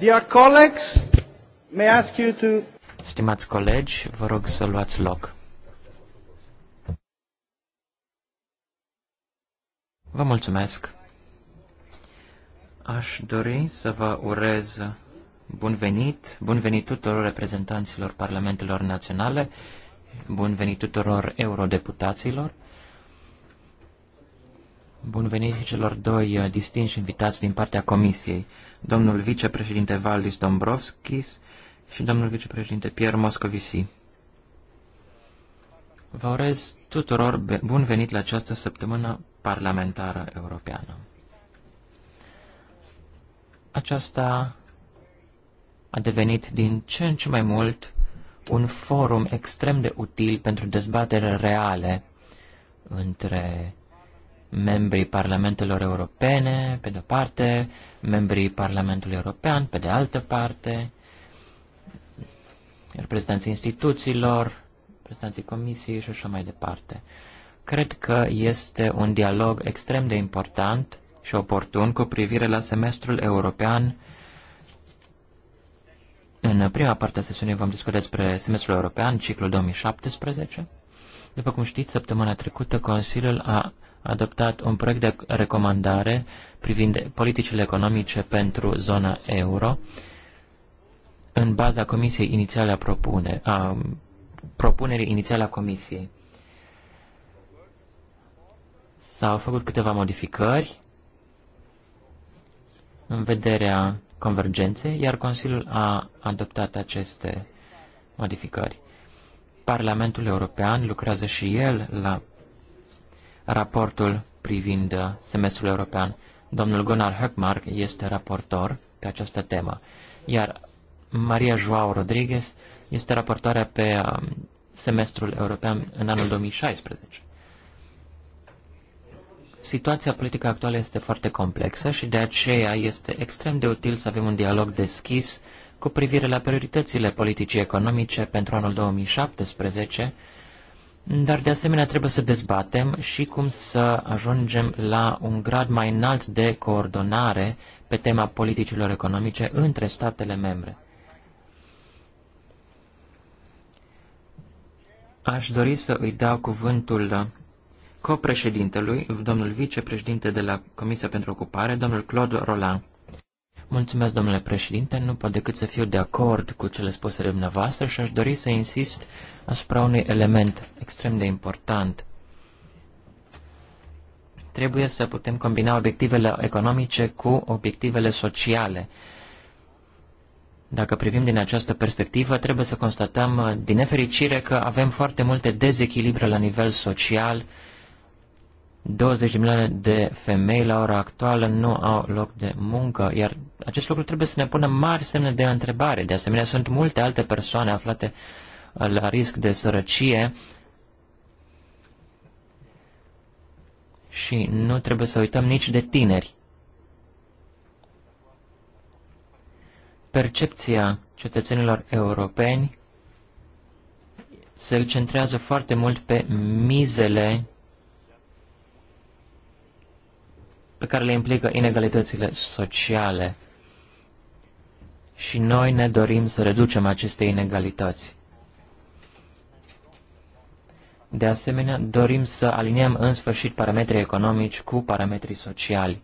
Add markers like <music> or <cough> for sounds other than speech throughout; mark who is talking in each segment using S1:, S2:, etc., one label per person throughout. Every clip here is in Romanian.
S1: Dear colleagues, may I ask you to...
S2: Stimați colegi, vă rog să luați loc. Vă mulțumesc. Aș dori să vă urez bun venit, bun venit tuturor reprezentanților parlamentelor naționale, bun venit tuturor eurodeputaților, bun venit celor doi distinși invitați din partea Comisiei domnul vicepreședinte Valdis Dombrovskis și domnul vicepreședinte Pierre Moscovici. Vă urez tuturor bun venit la această săptămână parlamentară europeană. Aceasta a devenit din ce în ce mai mult un forum extrem de util pentru dezbatere reale între membrii parlamentelor europene, pe de-o parte, membrii Parlamentului European, pe de altă parte, reprezentanții instituțiilor, reprezentanții comisiei și așa mai departe. Cred că este un dialog extrem de important și oportun cu privire la semestrul european. În prima parte a sesiunii vom discuta despre semestrul european, ciclul 2017. După cum știți, săptămâna trecută Consiliul a adoptat un proiect de recomandare privind politicile economice pentru zona euro în baza comisiei inițiale a, propune, a propunerii inițiale a comisiei. S-au făcut câteva modificări în vederea convergenței, iar Consiliul a adoptat aceste modificări. Parlamentul European lucrează și el la raportul privind semestrul european. Domnul Gunnar Höckmark este raportor pe această temă, iar Maria Joao Rodriguez este raportoarea pe um, semestrul european în anul 2016. Situația politică actuală este foarte complexă și de aceea este extrem de util să avem un dialog deschis cu privire la prioritățile politicii economice pentru anul 2017 dar de asemenea trebuie să dezbatem și cum să ajungem la un grad mai înalt de coordonare pe tema politicilor economice între statele membre. Aș dori să îi dau cuvântul copreședintelui, domnul vicepreședinte de la Comisia pentru Ocupare, domnul Claude Roland. Mulțumesc, domnule președinte, nu pot decât să fiu de acord cu cele spuse de dumneavoastră și aș dori să insist asupra unui element extrem de important. Trebuie să putem combina obiectivele economice cu obiectivele sociale. Dacă privim din această perspectivă, trebuie să constatăm, uh, din nefericire, că avem foarte multe dezechilibre la nivel social. 20 de milioane de femei la ora actuală nu au loc de muncă, iar acest lucru trebuie să ne pună mari semne de întrebare. De asemenea, sunt multe alte persoane aflate uh, la risc de sărăcie și nu trebuie să uităm nici de tineri. Percepția cetățenilor europeni se centrează foarte mult pe mizele pe care le implică inegalitățile sociale. Și noi ne dorim să reducem aceste inegalități. De asemenea, dorim să aliniem în sfârșit parametrii economici cu parametrii sociali.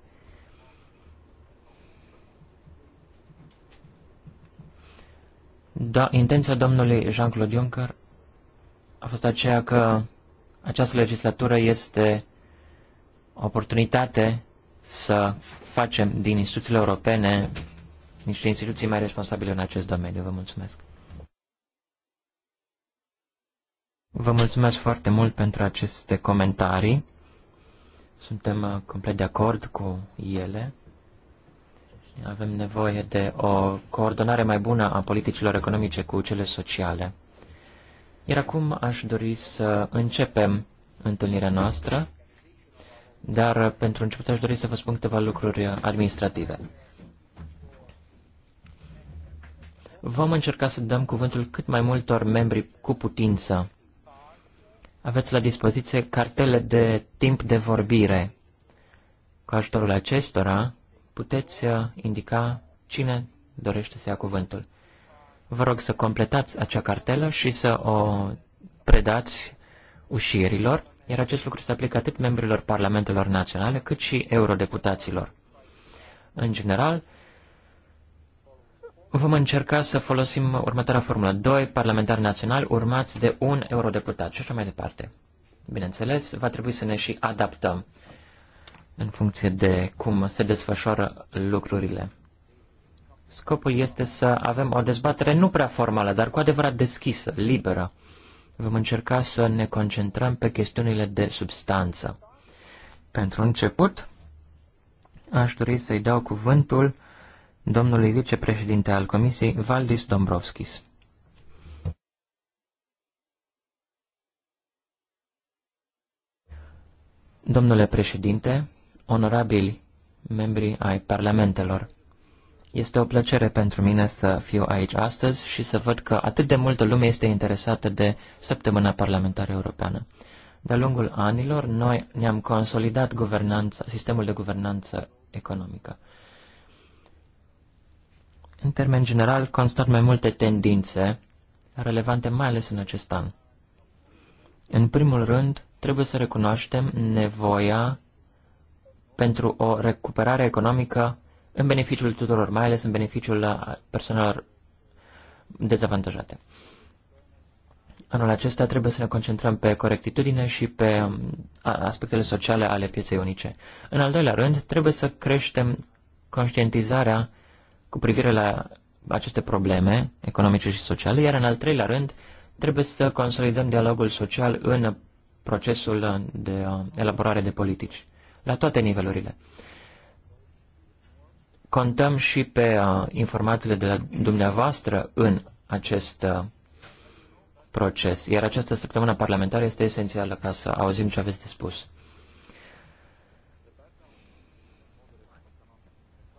S2: Da, intenția domnului Jean-Claude Juncker a fost aceea că această legislatură este o oportunitate să facem din instituțiile europene niște instituții mai responsabile în acest domeniu. Vă mulțumesc. Vă mulțumesc foarte mult pentru aceste comentarii. Suntem uh, complet de acord cu ele. Avem nevoie de o coordonare mai bună a politicilor economice cu cele sociale. Iar acum aș dori să începem întâlnirea noastră, dar uh, pentru început aș dori să vă spun câteva lucruri uh, administrative. Vom încerca să dăm cuvântul cât mai multor membri cu putință aveți la dispoziție cartele de timp de vorbire. Cu ajutorul acestora puteți uh, indica cine dorește să ia cuvântul. Vă rog să completați acea cartelă și să o predați ușierilor, iar acest lucru se aplică atât membrilor parlamentelor naționale cât și eurodeputaților. În general, Vom încerca să folosim următoarea formulă. Doi parlamentari naționali urmați de un eurodeputat și așa mai departe. Bineînțeles, va trebui să ne și adaptăm în funcție de cum se desfășoară lucrurile. Scopul este să avem o dezbatere nu prea formală, dar cu adevărat deschisă, liberă. Vom încerca să ne concentrăm pe chestiunile de substanță. Pentru început, aș dori să-i dau cuvântul domnului vicepreședinte al Comisiei, Valdis Dombrovskis. Domnule președinte, onorabili membri ai parlamentelor, este o plăcere pentru mine să fiu aici astăzi și să văd că atât de multă lume este interesată de Săptămâna Parlamentară Europeană. De-a lungul anilor, noi ne-am consolidat sistemul de guvernanță economică. În termen general, constat mai multe tendințe relevante mai ales în acest an. În primul rând, trebuie să recunoaștem nevoia pentru o recuperare economică în beneficiul tuturor, mai ales în beneficiul persoanelor dezavantajate. Anul acesta trebuie să ne concentrăm pe corectitudine și pe um, aspectele sociale ale pieței unice. În al doilea rând, trebuie să creștem conștientizarea cu privire la aceste probleme economice și sociale, iar în al treilea rând trebuie să consolidăm dialogul social în procesul de elaborare de politici, la toate nivelurile. Contăm și pe uh, informațiile de la dumneavoastră în acest uh, proces, iar această săptămână parlamentară este esențială ca să auzim ce aveți de spus.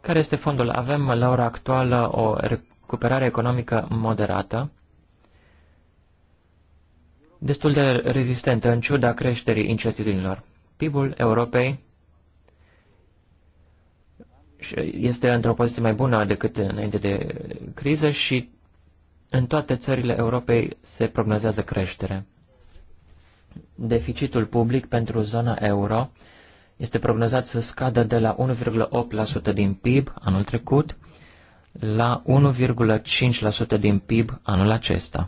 S2: Care este fondul? Avem la ora actuală o recuperare economică moderată, destul de rezistentă în ciuda creșterii incertitudinilor. PIB-ul Europei este într-o poziție mai bună decât înainte de criză și în toate țările Europei se prognozează creștere. Deficitul public pentru zona euro este prognozat să scadă de la 1,8% din PIB anul trecut la 1,5% din PIB anul acesta.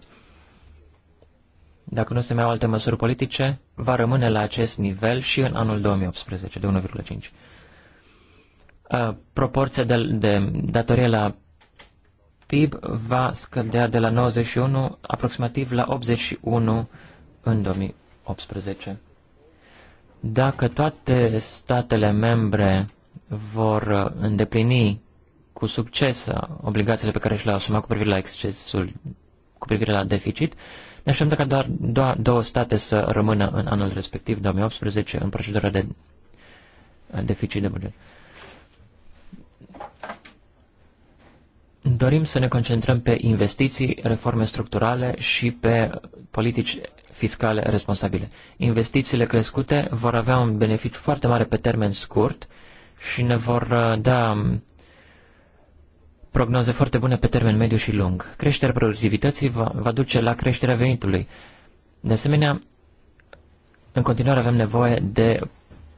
S2: Dacă nu se mai au alte măsuri politice, va rămâne la acest nivel și în anul 2018, de 1,5. Proporția de, de datorie la PIB va scădea de la 91 aproximativ la 81 în 2018. Dacă toate statele membre vor uh, îndeplini cu succes uh, obligațiile pe care și le-au asumat cu privire la excesul, cu privire la deficit, ne așteptăm ca doar, doar două state să rămână în anul respectiv, 2018, în procedura de uh, deficit de buget. Dorim să ne concentrăm pe investiții, reforme structurale și pe politici fiscale responsabile. Investițiile crescute vor avea un beneficiu foarte mare pe termen scurt și ne vor uh, da um, prognoze foarte bune pe termen mediu și lung. Creșterea productivității va, va duce la creșterea venitului. De asemenea, în continuare avem nevoie de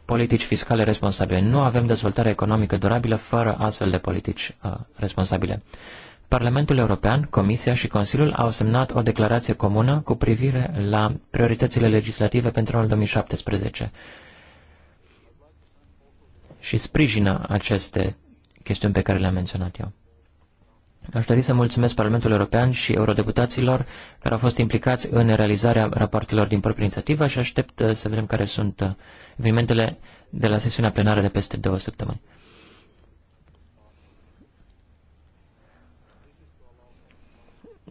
S2: politici fiscale responsabile. Nu avem dezvoltare economică durabilă fără astfel de politici uh, responsabile. Parlamentul European, Comisia și Consiliul au semnat o declarație comună cu privire la prioritățile legislative pentru anul 2017 și sprijină aceste chestiuni pe care le-am menționat eu. Aș dori să mulțumesc Parlamentul European și eurodeputaților care au fost implicați în realizarea rapoartelor din proprie inițiativă și aștept să vedem care sunt evenimentele de la sesiunea plenară de peste două săptămâni.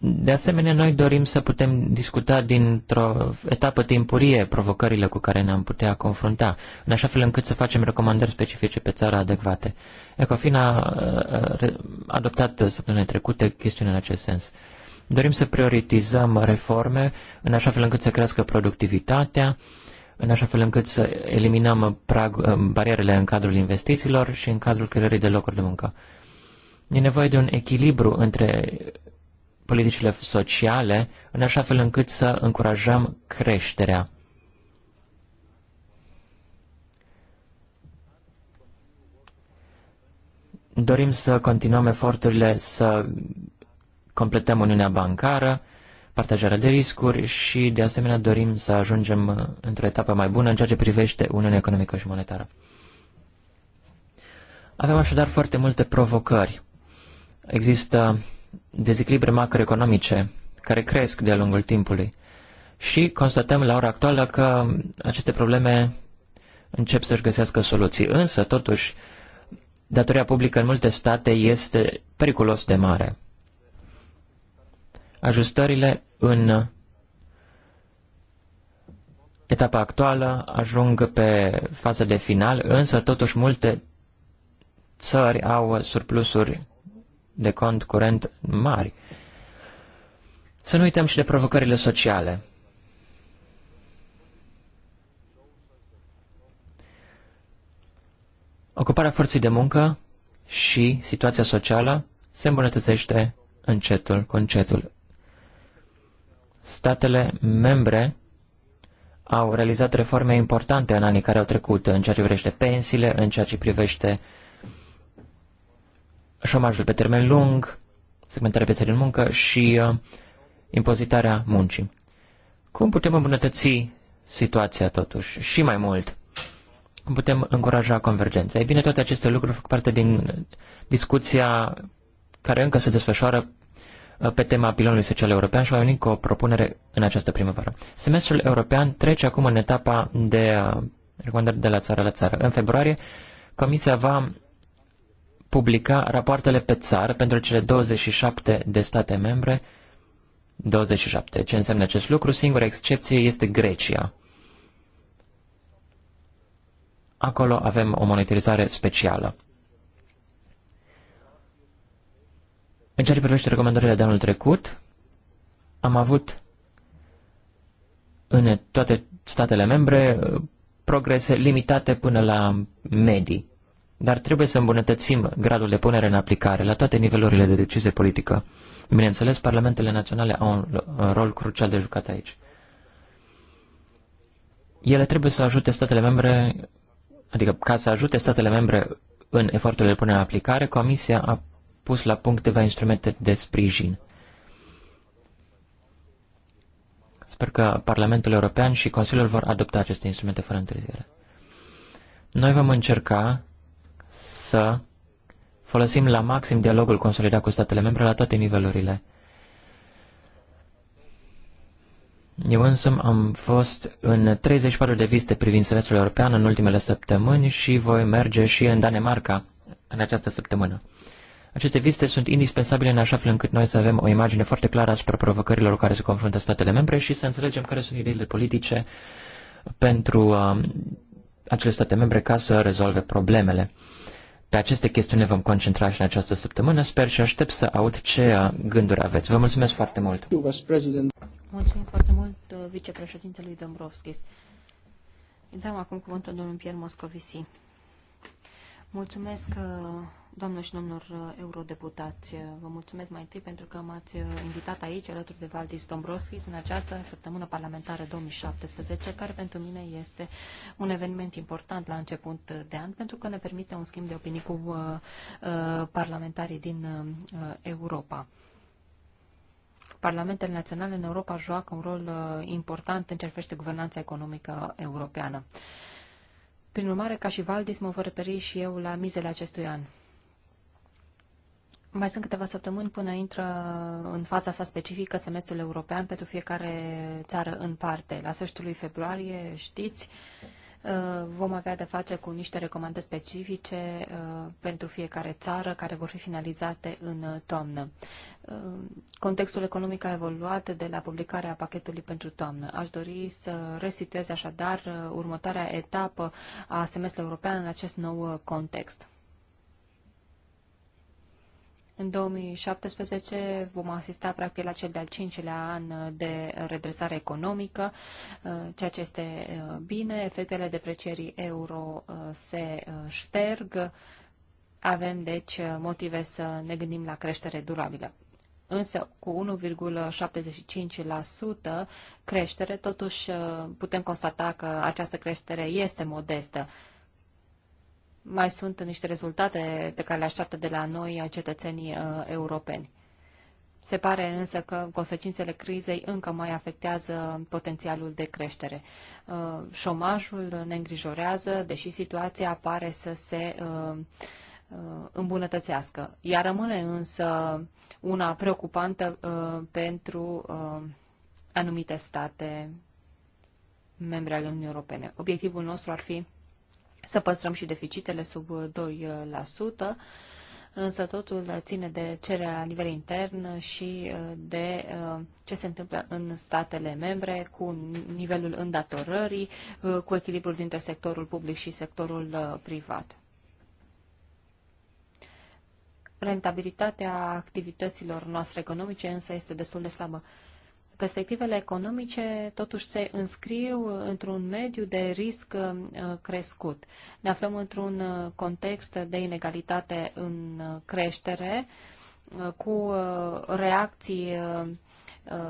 S2: De asemenea, noi dorim să putem discuta dintr-o etapă timpurie provocările cu care ne-am putea confrunta, în așa fel încât să facem recomandări specifice pe țara adecvate. Ecofin a adoptat săptămâna trecută chestiune în acest sens. Dorim să prioritizăm reforme în așa fel încât să crească productivitatea, în așa fel încât să eliminăm prag, barierele în cadrul investițiilor și în cadrul creării de locuri de muncă. E nevoie de un echilibru între politicile sociale în așa fel încât să încurajăm creșterea. Dorim să continuăm eforturile să completăm Uniunea Bancară, partajarea de riscuri și, de asemenea, dorim să ajungem într-o etapă mai bună în ceea ce privește Uniunea Economică și Monetară. Avem așadar foarte multe provocări. Există dezechilibre macroeconomice care cresc de-a lungul timpului. Și constatăm la ora actuală că aceste probleme încep să-și găsească soluții. Însă, totuși, datoria publică în multe state este periculos de mare. Ajustările în etapa actuală ajung pe fază de final, însă totuși multe țări au surplusuri de cont curent mari. Să nu uităm și de provocările sociale. Ocuparea forței de muncă și situația socială se îmbunătățește încetul cu încetul. Statele membre au realizat reforme importante în anii care au trecut în ceea ce privește pensiile, în ceea ce privește șomajul pe termen lung, segmentarea pieței din muncă și uh, impozitarea muncii. Cum putem îmbunătăți situația totuși și mai mult? Cum putem încuraja convergența? Ei bine, toate aceste lucruri fac parte din discuția care încă se desfășoară uh, pe tema pilonului social european și va veni cu o propunere în această primăvară. Semestrul european trece acum în etapa de uh, recomandări de la țară la țară. În februarie, Comisia va publica rapoartele pe țară pentru cele 27 de state membre. 27. Ce înseamnă acest lucru? Singura excepție este Grecia. Acolo avem o monitorizare specială. În ceea ce privește recomandările de anul trecut, am avut în toate statele membre uh, progrese limitate până la medii dar trebuie să îmbunătățim gradul de punere în aplicare la toate nivelurile de decizie politică. Bineînțeles, parlamentele naționale au un rol crucial de jucat aici. Ele trebuie să ajute statele membre, adică ca să ajute statele membre în eforturile de punere în aplicare, Comisia a pus la punct câteva instrumente de sprijin. Sper că Parlamentul European și Consiliul vor adopta aceste instrumente fără întârziere. Noi vom încerca să folosim la maxim dialogul consolidat cu statele membre la toate nivelurile. Eu însumi am fost în 34 de vizite privind semestrul european în ultimele săptămâni și voi merge și în Danemarca în această săptămână. Aceste vizite sunt indispensabile în așa fel încât noi să avem o imagine foarte clară asupra provocărilor cu care se confruntă statele membre și să înțelegem care sunt ideile politice pentru uh, acele state membre ca să rezolve problemele. Pe aceste chestiuni ne vom concentra și în această săptămână. Sper și aștept să aud ce uh, gânduri aveți. Vă mulțumesc foarte mult!
S3: Mulțumim foarte mult uh, vicepreședintelui Dombrovskis. Dăm acum cuvântul domnului Pierre Moscovici. Mulțumesc, uh, doamnă și domnilor uh, eurodeputați. Uh, vă mulțumesc mai întâi pentru că m-ați invitat aici, alături de Valdis Dombrovskis, în această săptămână parlamentară 2017, care pentru mine este un eveniment important la început de an, pentru că ne permite un schimb de opinii cu parlamentarii din Europa. Parlamentele naționale în Europa joacă un rol important în ce privește guvernanța economică europeană. Prin urmare, ca și Valdis, mă vor referi și eu la mizele acestui an. Mai sunt câteva săptămâni până intră în faza sa specifică semestrul european pentru fiecare țară în parte. La sfârșitul lui februarie, știți, uh, Uh, vom avea de face cu niște recomandări specifice uh, pentru fiecare țară care vor fi finalizate în uh, toamnă. Contextul economic a evoluat de la publicarea pachetului pentru toamnă. Aș dori să resituez așadar următoarea etapă a semestrului european în acest nou context. În 2017 vom asista practic la cel de-al cincilea an de redresare economică, uh, ceea ce este uh, bine. Efectele deprecierii euro uh, se șterg. Avem deci motive să ne gândim la creștere durabilă. Însă cu 1,75% creștere, totuși putem constata că această creștere este modestă mai sunt niște rezultate pe care le așteaptă de la noi cetățenii uh, europeni. Se pare însă că consecințele crizei încă mai afectează potențialul de creștere. Uh, șomajul ne îngrijorează, deși situația pare să se uh, îmbunătățească. Iar rămâne însă una preocupantă pentru anumite state membre ale Uniunii Europene. Obiectivul nostru ar fi să păstrăm și deficitele sub 2%, însă totul ține de cererea la nivel intern și uh, de uh, ce se întâmplă în statele membre cu nivelul îndatorării, uh, cu echilibrul dintre sectorul public și sectorul privat. Rentabilitatea activităților noastre economice însă este destul de slabă perspectivele economice totuși se înscriu într-un mediu de risc uh, crescut. Ne aflăm într-un uh, context de inegalitate în uh, creștere, cu reacții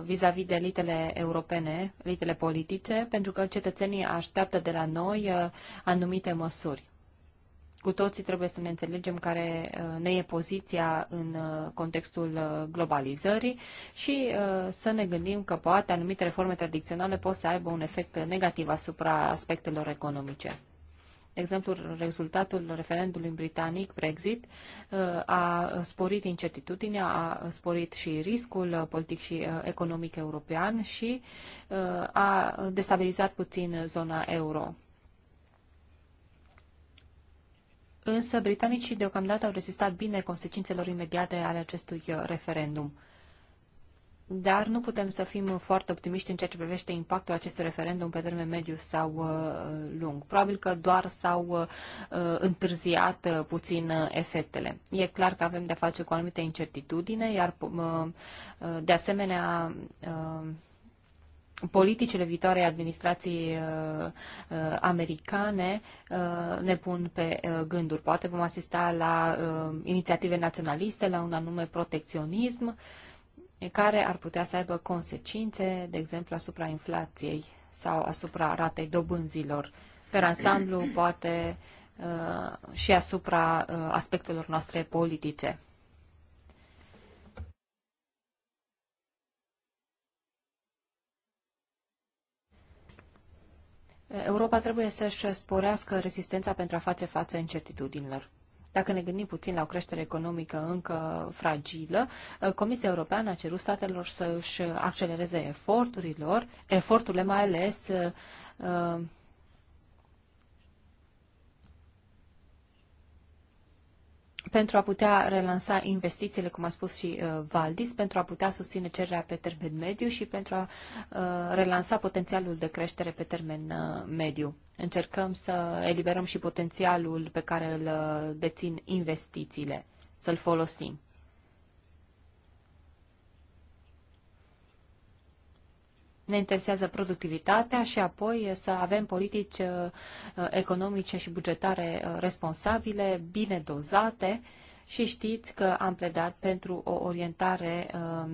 S3: vis-a-vis -vis de elitele europene, elitele politice, pentru că cetățenii așteaptă de la noi anumite măsuri. Cu toții trebuie să ne înțelegem care uh, ne e poziția în uh, contextul uh, globalizării și să ne gândim că poate anumite reforme tradiționale pot să aibă un efect negativ asupra aspectelor economice. De exemplu, rezultatul referendului britanic Brexit a sporit incertitudinea, a sporit și riscul politic și economic european și a destabilizat puțin zona euro. însă britanicii deocamdată au rezistat bine consecințelor imediate ale acestui uh, referendum. Dar nu putem să fim foarte optimiști în ceea ce privește impactul acestui referendum pe termen mediu sau uh, lung. Probabil că doar s-au uh, întârziat puțin efectele. E clar că avem de-a face cu anumite incertitudine, iar de asemenea politicile viitoare administrației uh, uh, americane uh, ne pun pe gânduri. Poate vom asista la inițiative naționaliste, la un anume protecționism, care ar putea să aibă consecințe, de exemplu, asupra inflației sau asupra ratei dobânzilor. Per ansamblu, poate și asupra aspectelor noastre politice. Europa trebuie să-și sporească rezistența pentru a face față incertitudinilor. Dacă ne gândim puțin la o creștere economică încă fragilă, Comisia Europeană a cerut statelor să își accelereze eforturile, eforturile mai ales uh, pentru a putea relansa investițiile, cum a spus și uh, Valdis, pentru a putea susține cererea pe termen mediu și pentru a uh, relansa potențialul de creștere pe termen uh, mediu. Încercăm să eliberăm și potențialul pe care îl uh, dețin investițiile, să-l folosim. ne interesează productivitatea și apoi să avem politici uh, economice și bugetare uh, responsabile, bine dozate și știți că am pledat pentru o orientare uh,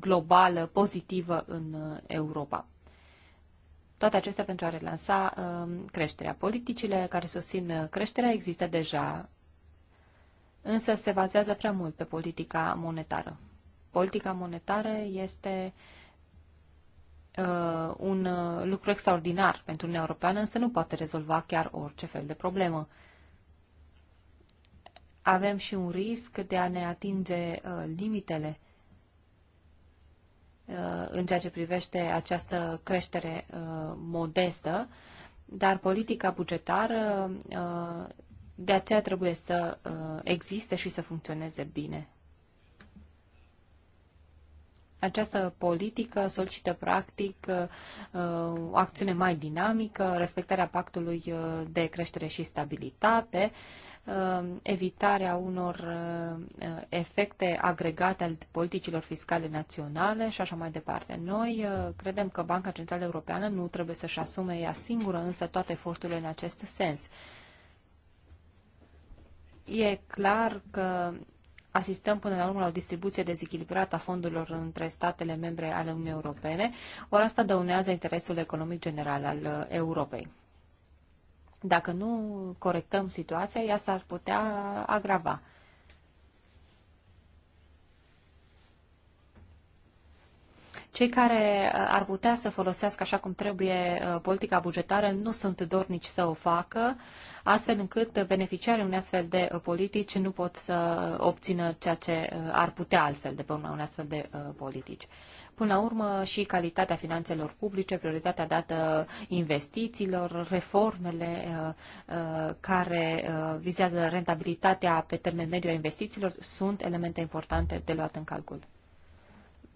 S3: globală, pozitivă în Europa. Toate acestea pentru a relansa creșterea. Politicile care susțin creșterea există deja, însă se bazează prea mult pe politica monetară. Politica monetară este uh, uh, un uh, lucru extraordinar pentru Uniunea Europeană, însă nu poate rezolva chiar orice fel de problemă. Avem și un risc de a ne atinge uh, limitele uh, în ceea ce privește această creștere uh, modestă, dar politica bugetară uh, de aceea trebuie să uh, existe și să funcționeze bine. Această politică solicită practic o uh, uh, acțiune mai dinamică, respectarea pactului uh, de creștere și stabilitate, evitarea unor efecte agregate ale politicilor fiscale naționale și așa mai departe. Noi credem că Banca Centrală Europeană nu trebuie să-și asume ea singură însă toate eforturile în acest sens. E clar că asistăm până la urmă la o distribuție dezechilibrată a fondurilor între statele membre ale Uniunii Europene, ori asta dăunează interesul economic general al uh, Europei. Dacă nu corectăm situația, ea s-ar putea agrava. Cei care uh, ar putea să folosească așa cum trebuie uh, politica bugetară nu sunt dornici să o facă, astfel încât beneficiarii unei astfel de uh, politici nu pot să obțină ceea ce ar putea altfel de pe urma unei astfel de politici. Până la urmă și calitatea finanțelor publice, prioritatea dată investițiilor, reformele care vizează rentabilitatea pe termen mediu a investițiilor sunt elemente importante de luat în calcul.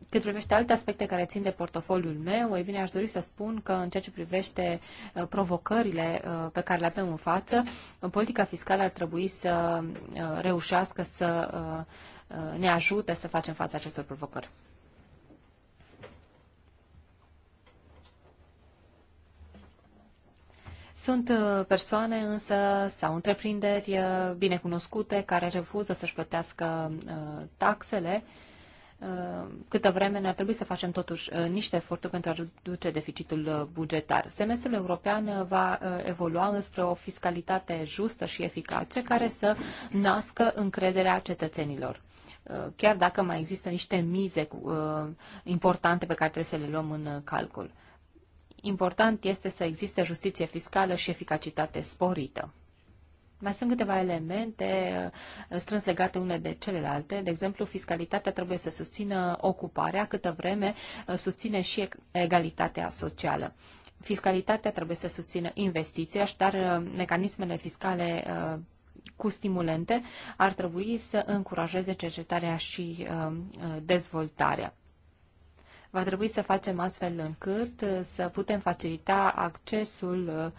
S3: Cât privește alte aspecte care țin de portofoliul meu, ei bine, aș dori să spun că în ceea ce privește uh, provocările uh, pe care le avem în față, uh, politica fiscală ar trebui să reușească să ne ajute să facem față acestor provocări. Sunt persoane însă sau întreprinderi binecunoscute care refuză să-și plătească taxele Uh, câtă vreme ne-ar trebui să facem totuși uh, niște eforturi pentru a reduce deficitul uh, bugetar. Semestrul european va evolua înspre o fiscalitate justă și eficace care să nască încrederea cetățenilor chiar dacă mai există niște mize importante pe care trebuie să le luăm în calcul. Important este să existe justiție fiscală și eficacitate sporită. Mai sunt câteva elemente uh, strâns legate unele de celelalte. De exemplu, fiscalitatea trebuie să susțină ocuparea câtă vreme uh, susține și egalitatea socială. Fiscalitatea trebuie să susțină investiția, dar uh, mecanismele fiscale cu stimulente ar trebui să încurajeze cercetarea și dezvoltarea va trebui să facem astfel încât să putem facilita accesul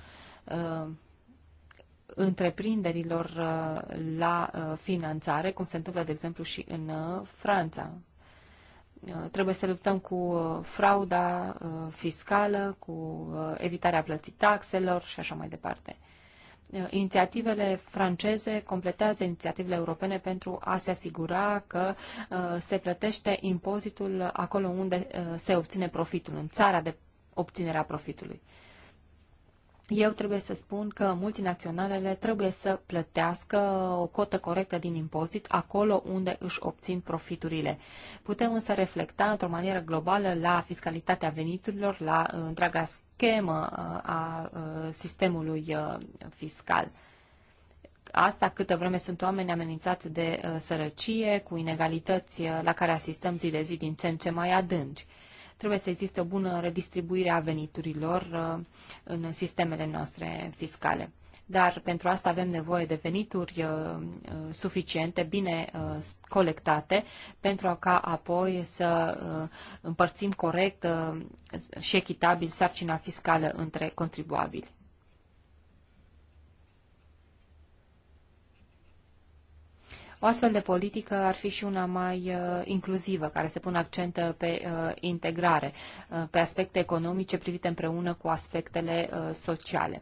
S3: întreprinderilor uh, la uh, finanțare, cum se întâmplă, de exemplu, și în uh, Franța. Trebuie să luptăm cu frauda fiscală, cu evitarea plății taxelor și așa mai departe. Inițiativele franceze completează inițiativele europene pentru a se asigura că se plătește impozitul acolo unde se obține profitul, în țara de obținerea profitului. Eu trebuie să spun că multinaționalele trebuie să plătească o cotă corectă din impozit acolo unde își obțin profiturile. Putem însă reflecta într-o manieră globală la fiscalitatea veniturilor, la uh, întreaga schemă uh, a uh, sistemului fiscal. Asta câtă vreme sunt oameni amenințați de sărăcie, cu inegalități la care asistăm zi de zi din ce în ce mai adânci. Trebuie să existe o bună redistribuire a veniturilor uh, în sistemele noastre fiscale. Dar pentru asta avem nevoie de venituri uh, uh, suficiente, bine colectate, pentru ca apoi să împărțim corect și echitabil sarcina fiscală între contribuabili. O astfel de politică ar fi și una mai uh, inclusivă, care se pune accent uh, pe uh, integrare, pe aspecte economice privite împreună cu aspectele sociale.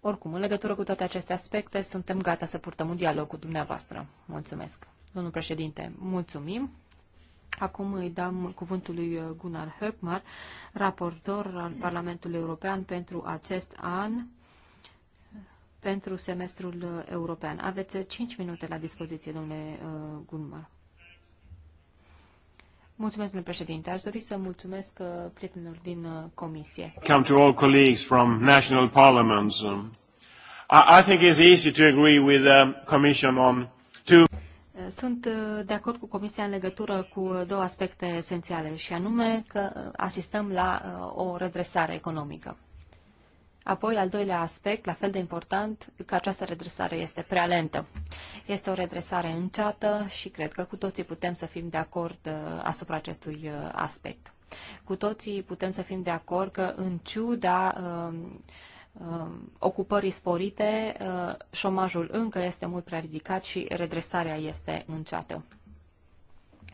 S3: Oricum, în legătură cu toate aceste aspecte, suntem gata să purtăm un dialog cu dumneavoastră. Mulțumesc. Domnul președinte, mulțumim. Acum îi dam cuvântul lui Gunnar Höckmar, raportor al Parlamentului European pentru acest an pentru semestrul uh, european. Aveți 5 uh, minute la dispoziție, domnule uh, Gunmar. Mulțumesc, domnule președinte. Aș dori să mulțumesc prietenilor din comisie.
S2: Come to all colleagues from national parliaments. Um, I, think it's easy to agree with the um, commission on two
S3: sunt de acord cu Comisia în legătură cu două aspecte esențiale, și anume că asistăm la o redresare economică. Apoi, al doilea aspect, la fel de important, că această redresare este prea lentă. Este o redresare înceată și cred că cu toții putem să fim de acord uh, asupra acestui uh, aspect. Cu toții putem să fim de acord că, în ciuda um, um, ocupării sporite, uh, șomajul încă este mult prea ridicat și redresarea este înceată.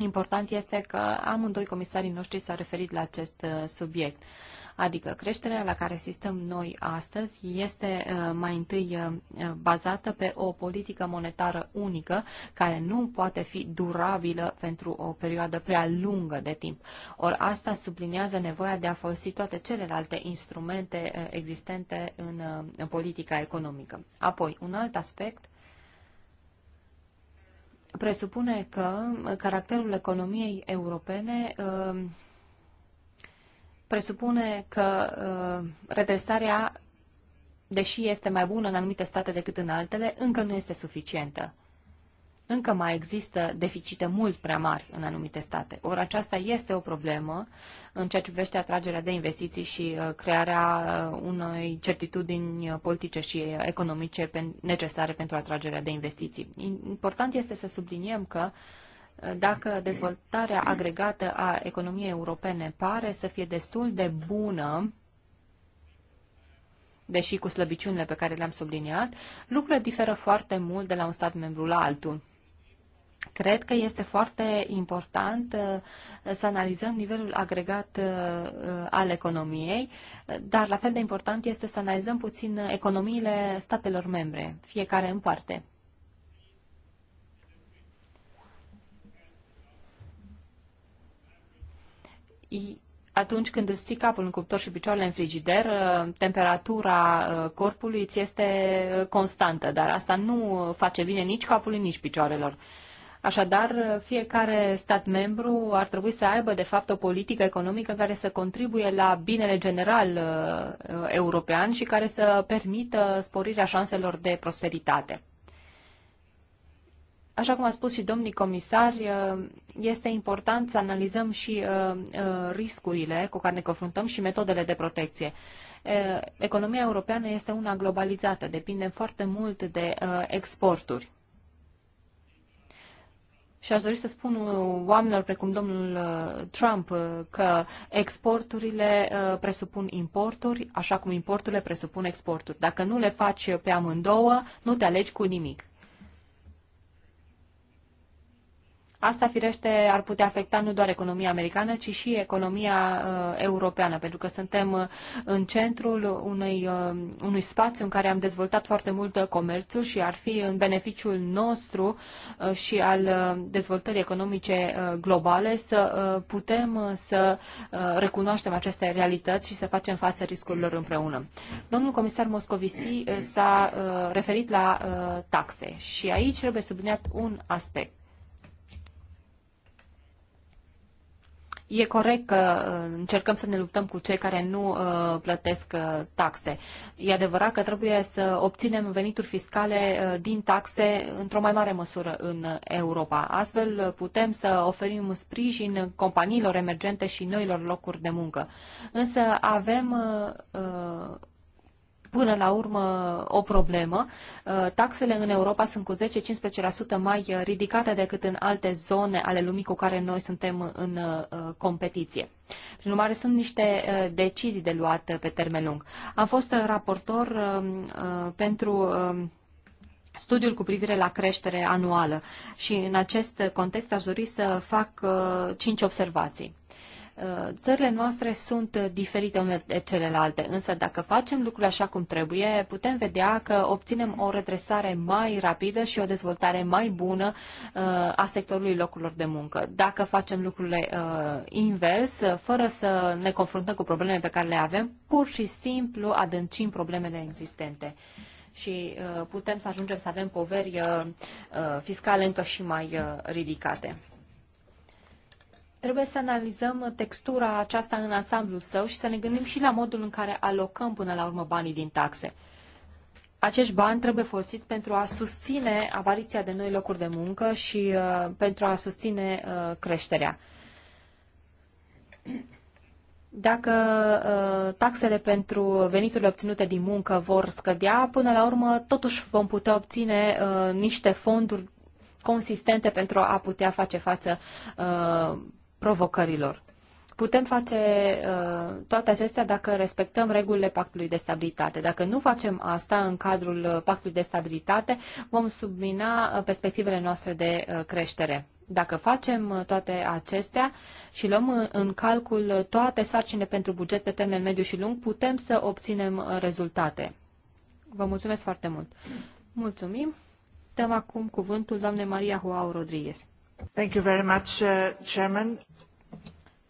S3: Important este că amândoi comisarii noștri s-au referit la acest uh, subiect. Adică creșterea la care asistăm noi astăzi este uh, mai întâi uh, bazată pe o politică monetară unică care nu poate fi durabilă pentru o perioadă prea lungă de timp. Ori asta subliniază nevoia de a folosi toate celelalte instrumente existente în politica economică. Apoi, un alt aspect presupune că caracterul economiei europene uh, presupune că uh, redresarea, deși este mai bună în anumite state decât în altele, încă nu este suficientă încă mai există deficite mult prea mari în anumite state. Ori aceasta este o problemă în ceea ce privește atragerea de investiții și uh, crearea uh, unei certitudini politice și economice necesare pentru atragerea de investiții. Important este să subliniem că uh, dacă dezvoltarea agregată a economiei europene pare să fie destul de bună, deși cu slăbiciunile pe care le-am subliniat, lucrurile diferă foarte mult de la un stat membru la altul. Cred că este foarte important uh, să analizăm nivelul agregat uh, uh, al economiei, dar la fel de important este să analizăm puțin economiile statelor membre, fiecare în parte. Atunci când îți ții capul în cuptor și picioarele în frigider, temperatura corpului ți este constantă, dar asta nu face bine nici capului, nici picioarelor. Așadar, fiecare stat membru ar trebui să aibă, de fapt, o politică economică care să contribuie la binele general uh, european și care să permită sporirea șanselor de prosperitate. Așa cum a spus și domnii comisari, uh, este important să analizăm și uh, riscurile cu care ne confruntăm și metodele de protecție. Economia europeană este una globalizată, depinde foarte mult de exporturi. Și aș dori să spun uh, oamenilor precum domnul uh, Trump uh, că exporturile presupun importuri, așa cum importurile presupun exporturi. Dacă nu le faci pe amândouă, nu te alegi cu nimic. Asta, firește, ar putea afecta nu doar economia americană, ci și economia uh, europeană, pentru că suntem uh, în centrul unei, uh, unui spațiu în care am dezvoltat foarte mult uh, comerțul și ar fi în beneficiul nostru uh, și al uh, dezvoltării economice uh, globale să uh, putem uh, să uh, recunoaștem aceste realități și să facem față riscurilor împreună. Domnul comisar Moscovici uh, s-a uh, referit la uh, taxe și aici trebuie subliniat un aspect E corect că uh, încercăm să ne luptăm cu cei care nu uh, plătesc uh, taxe. E adevărat că trebuie să obținem venituri fiscale din taxe într-o mai mare măsură în Europa. Astfel putem să oferim sprijin companiilor emergente și noilor locuri de muncă. Însă avem până la urmă o problemă. Uh, taxele în Europa sunt cu 10-15% mai uh, ridicate decât în alte zone ale lumii cu care noi suntem în uh, competiție. Prin urmare, sunt niște decizii de luat pe termen lung. Am fost raportor pentru studiul cu privire la creștere anuală și în acest context aș dori să fac cinci observații. Țările noastre sunt diferite unele de celelalte, însă dacă facem lucrurile așa cum trebuie, putem vedea că obținem o redresare mai rapidă și o dezvoltare mai bună uh, a sectorului locurilor de muncă. Dacă facem lucrurile uh, invers, uh, fără să ne confruntăm cu problemele pe care le avem, pur și simplu adâncim problemele existente și putem să ajungem să avem poveri fiscale încă și mai ridicate. Trebuie să analizăm textura aceasta în ansamblu său și să ne gândim și la modul în care alocăm până la urmă banii din taxe. Acești bani trebuie folosiți pentru a susține apariția de noi locuri de muncă și uh, pentru a susține uh, creșterea. Dacă uh, taxele pentru veniturile obținute din muncă vor scădea, până la urmă totuși vom putea obține uh, niște fonduri consistente pentru a putea face față uh, provocărilor. Putem face uh, toate acestea dacă respectăm regulile pactului de stabilitate. Dacă nu facem asta în cadrul uh, pactului de stabilitate, vom submina uh, perspectivele noastre de uh, creștere. Dacă facem uh, toate acestea și luăm în calcul toate sarcinile pentru buget pe termen mediu și lung, putem să obținem rezultate. Vă mulțumesc foarte mult. Mulțumim. Dăm acum cuvântul doamnei Maria Joao Rodriguez. Uh,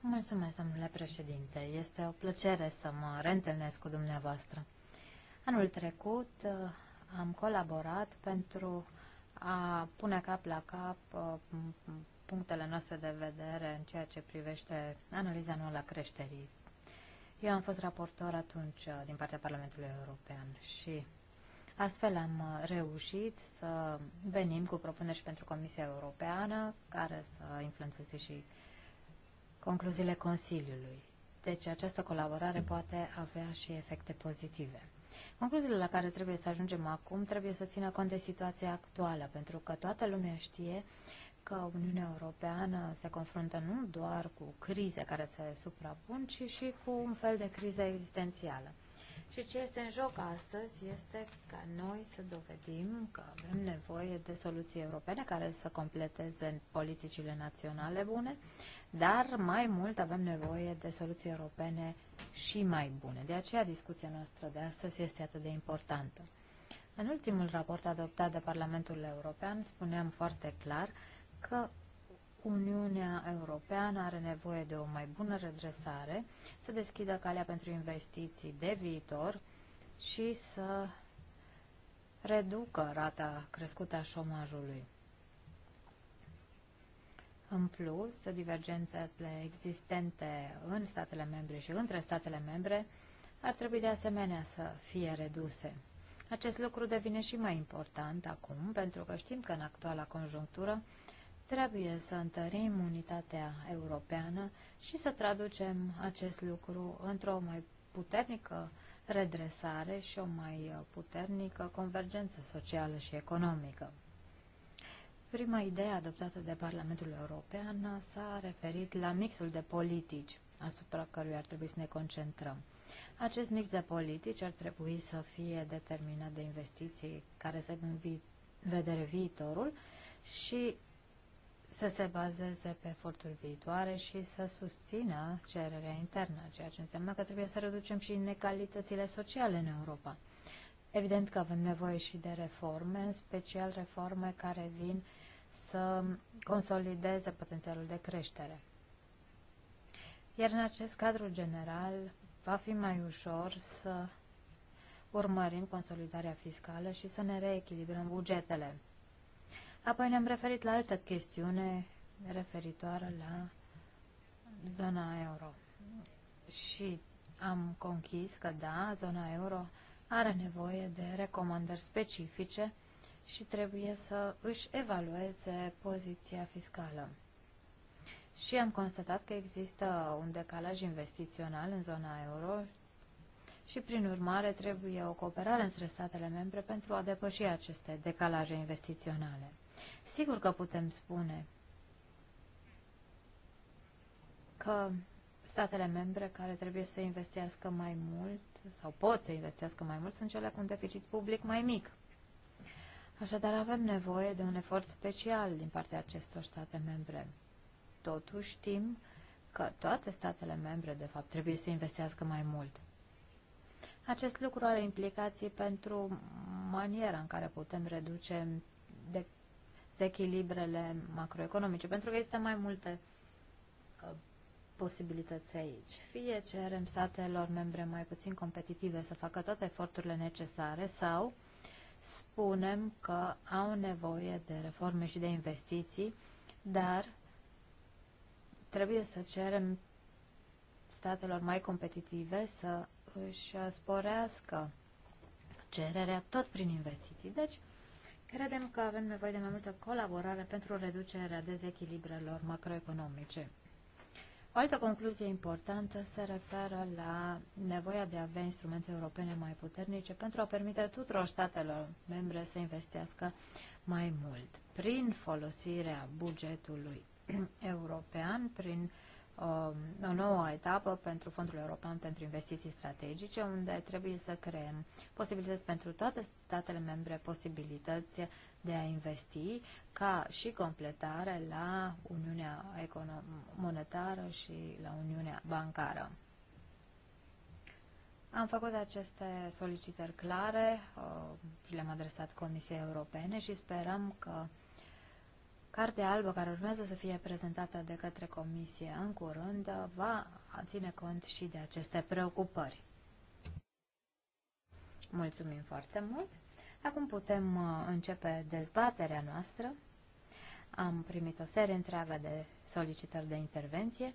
S4: Mulțumesc, domnule președinte. Este o plăcere să mă reîntâlnesc cu dumneavoastră. Anul trecut uh, am colaborat pentru a pune cap la cap uh, punctele noastre de vedere în ceea ce privește analiza anuală a creșterii. Eu am fost raportor atunci din partea Parlamentului European și Astfel am uh, reușit să venim cu propuneri și pentru Comisia Europeană, care să influențeze și concluziile Consiliului. Deci această colaborare poate avea și efecte pozitive. Concluziile la care trebuie să ajungem acum trebuie să țină cont de situația actuală, pentru că toată lumea știe că Uniunea Europeană se confruntă nu doar cu crize care se suprapun, ci și cu un fel de criză existențială. Și ce este în joc astăzi este ca noi să dovedim că avem nevoie de soluții europene care să completeze politicile naționale bune, dar mai mult avem nevoie de soluții europene și mai bune. De aceea discuția noastră de astăzi este atât de importantă. În ultimul raport adoptat de Parlamentul European spuneam foarte clar că Uniunea Europeană are nevoie de o mai bună redresare, să deschidă calea pentru investiții de viitor și să reducă rata crescută a șomajului. În plus, divergențele existente în statele membre și între statele membre ar trebui de asemenea să fie reduse. Acest lucru devine și mai important acum, pentru că știm că în actuala conjunctură Trebuie să întărim unitatea europeană și să traducem acest lucru într-o mai puternică redresare și o mai puternică convergență socială și economică. Prima idee adoptată de Parlamentul European s-a referit la mixul de politici asupra căruia ar trebui să ne concentrăm. Acest mix de politici ar trebui să fie determinat de investiții care să în vedere viitorul și să se bazeze pe eforturi viitoare și să susțină cererea internă, ceea ce înseamnă că trebuie să reducem și inegalitățile sociale în Europa. Evident că avem nevoie și de reforme, în special reforme care vin să consolideze potențialul de creștere. Iar în acest cadru general va fi mai ușor să urmărim consolidarea fiscală și să ne reechilibrăm bugetele. Apoi ne-am referit la altă chestiune referitoare la zona euro. Și am conchis că da, zona euro are nevoie de recomandări specifice și trebuie să își evalueze poziția fiscală. Și am constatat că există un decalaj investițional în zona euro și, prin urmare, trebuie o cooperare între statele membre pentru a depăși aceste decalaje investiționale. Sigur că putem spune că statele membre care trebuie să investească mai mult sau pot să investească mai mult sunt cele cu un deficit public mai mic. Așadar, avem nevoie de un efort special din partea acestor state membre. Totuși, știm că toate statele membre, de fapt, trebuie să investească mai mult. Acest lucru are implicații pentru maniera în care putem reduce de dezechilibrele macroeconomice, pentru că există mai multe uh, posibilități aici. Fie cerem statelor membre mai puțin competitive să facă toate eforturile necesare sau spunem că au nevoie de reforme și de investiții, dar trebuie să cerem statelor mai competitive să își sporească cererea tot prin investiții. Deci, Credem că avem nevoie de mai multă colaborare pentru reducerea dezechilibrelor macroeconomice. O altă concluzie importantă se referă la nevoia de a avea instrumente europene mai puternice pentru a permite tuturor statelor membre să investească mai mult prin folosirea bugetului <clears throat> european, prin uh, Um, o nouă etapă pentru Fondul European pentru Investiții Strategice, unde trebuie să creăm posibilități pentru toate statele membre, posibilități de a investi ca și completare la Uniunea Monetară și la Uniunea Bancară. Am făcut aceste solicitări clare uh, le-am adresat Comisiei Europene și sperăm că Cartea albă care urmează să fie prezentată de către Comisie în curând va ține cont și de aceste preocupări. Mulțumim foarte mult! Acum putem uh, începe dezbaterea noastră. Am primit o serie întreagă de solicitări de intervenție.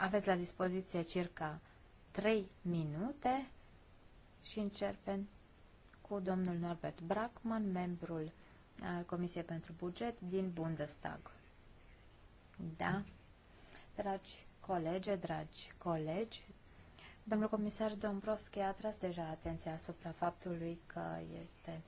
S4: Aveți la dispoziție circa 3 minute și începem cu domnul Norbert Brackman, membrul al uh, Comisiei pentru Buget din Bundestag. Da, dragi colege, dragi colegi, domnul comisar Dombrovski a tras deja atenția asupra faptului că este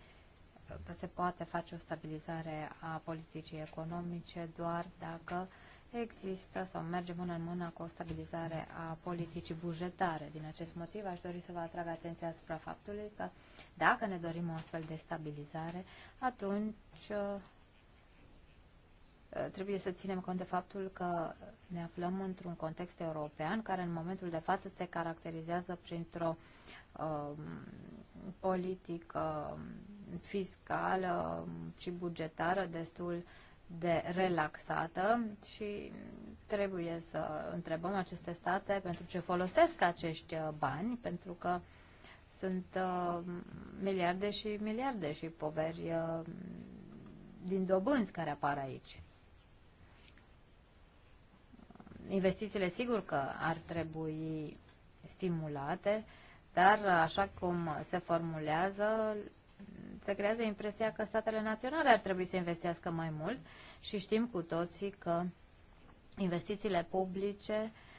S4: se poate face o stabilizare a politicii economice doar dacă există sau merge mână în mână cu o stabilizare a politicii bugetare. Din acest motiv aș dori să vă atrag atenția asupra faptului că dacă ne dorim o astfel de stabilizare, atunci Eh, trebuie să ținem cont de faptul că ne aflăm într-un context european care în momentul de față se caracterizează printr-o um, politică um, fiscală um, și bugetară destul de relaxată și trebuie să întrebăm aceste state pentru ce folosesc acești uh, bani, pentru că sunt uh, miliarde și miliarde și poveri uh, din dobânzi care apar aici. Investițiile sigur că ar trebui stimulate, dar așa cum se formulează, se creează impresia că statele naționale ar trebui să investească mai mult și știm cu toții că investițiile publice uh,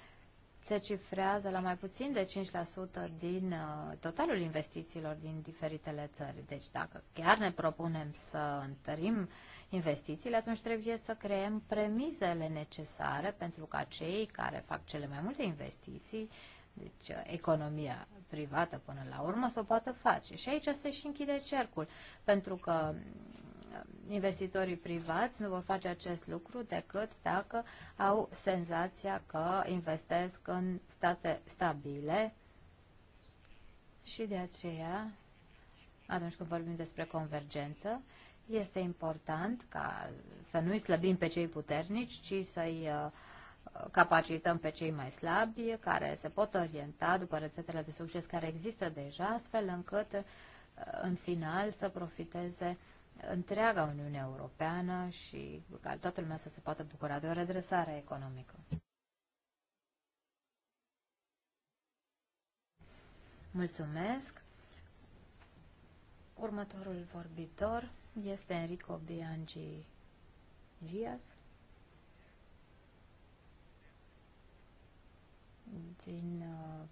S4: se cifrează la mai puțin de 5% din uh, totalul investițiilor din diferitele țări. Deci dacă chiar ne propunem să întărim investițiile, atunci trebuie să creăm premizele necesare pentru ca cei care fac cele mai multe investiții, deci uh, economia privată până la urmă, să o poată face. Și aici se și închide cercul, pentru că investitorii privați nu vor face acest lucru decât dacă au senzația că investesc în state stabile și de aceea, atunci când vorbim despre convergență, este important ca să nu-i slăbim pe cei puternici, ci să-i uh, capacităm pe cei mai slabi, care se pot orienta după rețetele de succes care există deja, astfel încât uh, în final să profiteze întreaga Uniune Europeană și ca toată lumea să se poată bucura de o redresare economică. Mulțumesc! Următorul vorbitor este Enrico Biangi Gias din uh,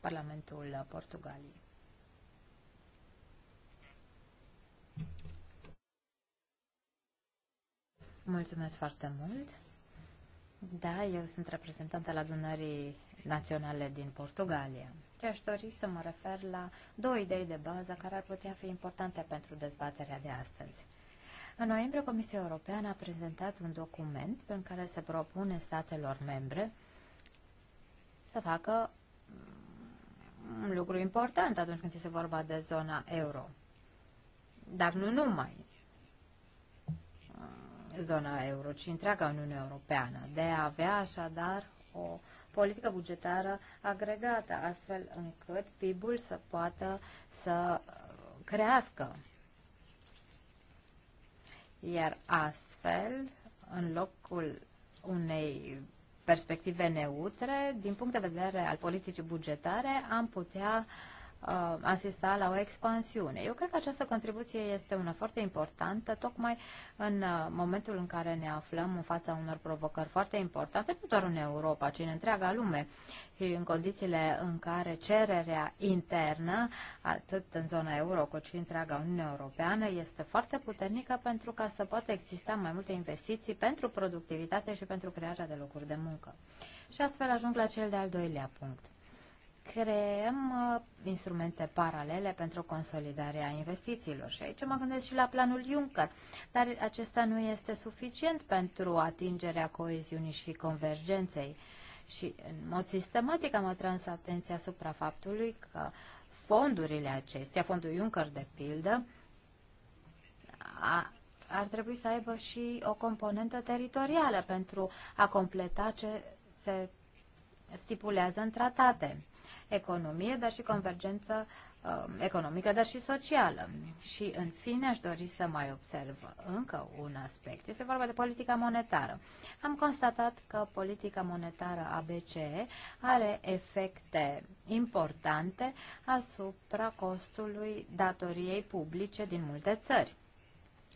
S4: Parlamentul Portugaliei. Mulțumesc foarte mult. Da, eu sunt reprezentant al adunării naționale din Portugalia. Și aș dori să mă refer la două idei de bază care ar putea fi importante pentru dezbaterea de astăzi. În noiembrie, Comisia Europeană a prezentat un document prin care se propune statelor membre să facă un lucru important atunci când este vorba de zona euro. Dar nu numai zona euro, ci întreaga Uniune Europeană, de a avea așadar o politică bugetară agregată, astfel încât PIB-ul să poată să crească. Iar astfel, în locul unei perspective neutre, din punct de vedere al politicii bugetare, am putea uh, uh, asista la o expansiune. Eu cred că această contribuție este una foarte importantă, tocmai în uh, momentul în care ne aflăm în fața unor provocări foarte importante, nu doar în Europa, ci în întreaga lume, și în condițiile în care cererea internă, atât în zona euro cât și întreaga Uniune Europeană, este foarte puternică pentru ca să poată exista mai multe investiții pentru productivitate și pentru crearea de locuri de muncă. Și astfel ajung la cel de-al doilea punct creăm uh, instrumente paralele pentru consolidarea investițiilor. Și aici mă gândesc și la planul Juncker, dar acesta nu este suficient pentru atingerea coeziunii și convergenței. Și în mod sistematic am atras atenția asupra faptului că fondurile acestea, fondul Juncker de pildă, a, ar trebui să aibă și o componentă teritorială pentru a completa ce se stipulează în tratate economie, dar și convergență um, economică, dar și socială. Și, în fine, aș dori să mai observ încă un aspect. Este vorba de politica monetară. Am constatat că politica monetară a BCE are efecte importante asupra costului datoriei publice din multe țări.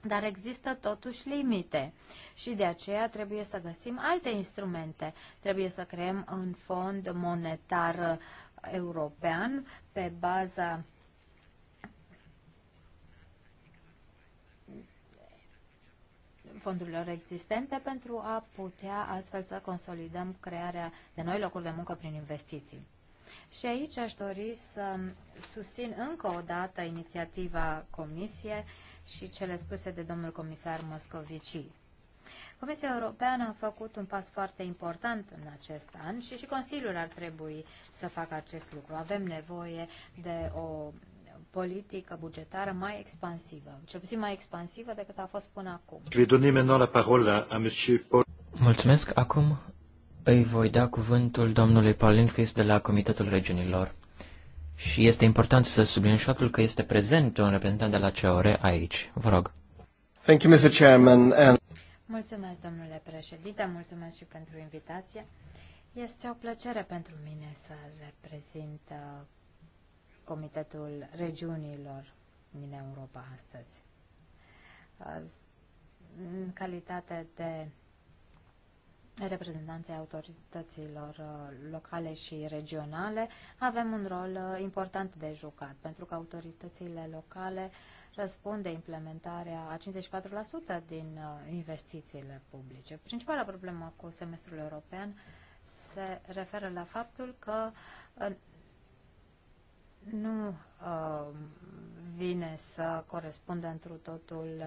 S4: Dar există totuși limite și de aceea trebuie să găsim alte instrumente. Trebuie să creăm un fond monetar uh, european pe baza fondurilor existente pentru a putea astfel să consolidăm crearea de noi locuri de muncă prin investiții. Și aici aș dori să susțin încă o dată inițiativa Comisie și cele spuse de domnul comisar Moscovici. Comisia Europeană a făcut un pas foarte important în acest an și și Consiliul ar trebui să facă acest lucru. Avem nevoie de o politică bugetară mai expansivă, cel puțin mai expansivă decât a fost până acum.
S2: Mulțumesc. Acum îi voi da cuvântul domnului Paul Lindfis de la Comitetul Regiunilor. Și este important să subliniem faptul că este prezent un reprezentant de la CEORE aici. Vă rog. Thank you, Mr. Chairman, and
S4: Mulțumesc, domnule președinte, mulțumesc și pentru invitație. Este o plăcere pentru mine să reprezint uh, Comitetul Regiunilor din Europa astăzi. Uh, în calitate de reprezentanții autorităților uh, locale și regionale, avem un rol uh, important de jucat, pentru că autoritățile locale răspund de implementarea a 54% din uh, investițiile publice. Principala problemă cu semestrul european se referă la faptul că nu vine să corespundă întru totul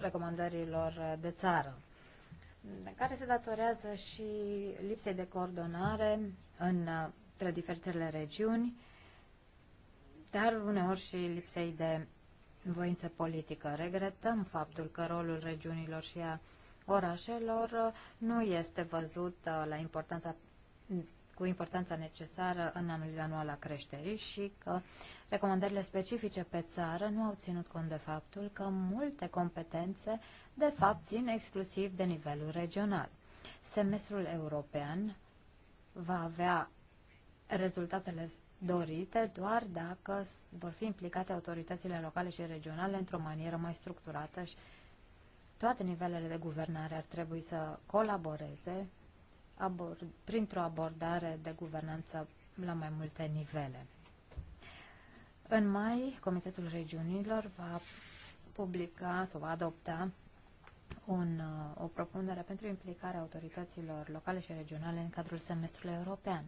S4: recomandărilor de țară care se datorează și lipsei de coordonare între diferitele regiuni, dar uneori și lipsei de voință politică. Regretăm faptul că rolul regiunilor și a orașelor nu este văzut uh, la importanța cu importanța necesară în anul anual a creșterii și că recomandările specifice pe țară nu au ținut cont de faptul că multe competențe de fapt țin exclusiv de nivelul regional. Semestrul european va avea rezultatele dorite doar dacă vor fi implicate autoritățile locale și regionale într-o manieră mai structurată și toate nivelele de guvernare ar trebui să colaboreze abord, printr-o abordare de guvernanță la mai multe nivele. În mai, Comitetul Regiunilor va publica sau va adopta un, uh, o propunere pentru implicarea autorităților locale și regionale în cadrul semestrului european.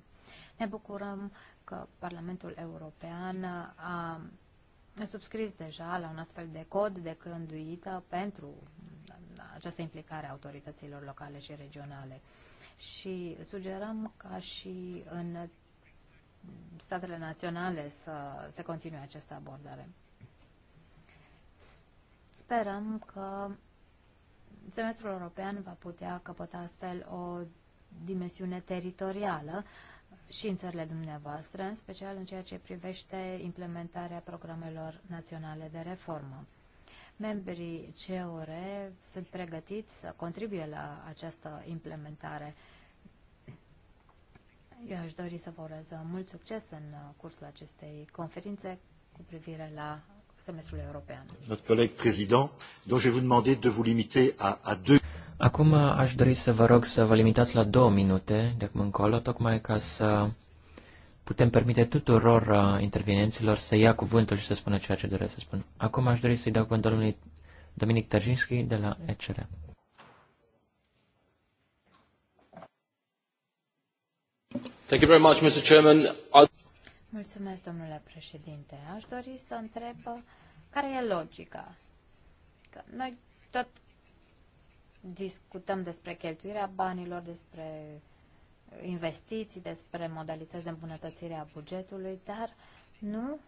S4: Ne bucurăm că Parlamentul European uh, a subscris deja la un astfel de cod de cânduită pentru uh, această implicare a autorităților locale și regionale și sugerăm ca și în statele naționale să se continue această abordare. Sperăm că semestrul european va putea căpăta astfel o dimensiune teritorială și în țările dumneavoastră, în special în ceea ce privește implementarea programelor naționale de reformă. Membrii CEOR sunt pregătiți să contribuie la această implementare. Eu aș dori să vă urez mult succes în cursul acestei conferințe
S1: cu privire la semestrul european.
S2: Notre coleg président,
S1: dont je vous demander de vous
S2: limiter à, à deux... Acum aș dori să vă rog să vă limitați la două minute de acum încolo, tocmai ca să putem permite tuturor uh, intervenienților să ia cuvântul și să spună ceea ce doresc să spun. Acum aș dori să-i dau cuvântul domnului Dominic Tărjinski de la ECR. Thank you very much, Mr. Chairman. I...
S4: Mulțumesc, domnule președinte. Aș dori să întreb uh, care e logica. Că noi tot discutăm despre cheltuirea banilor, despre investiții, despre modalități de îmbunătățire a bugetului, dar nu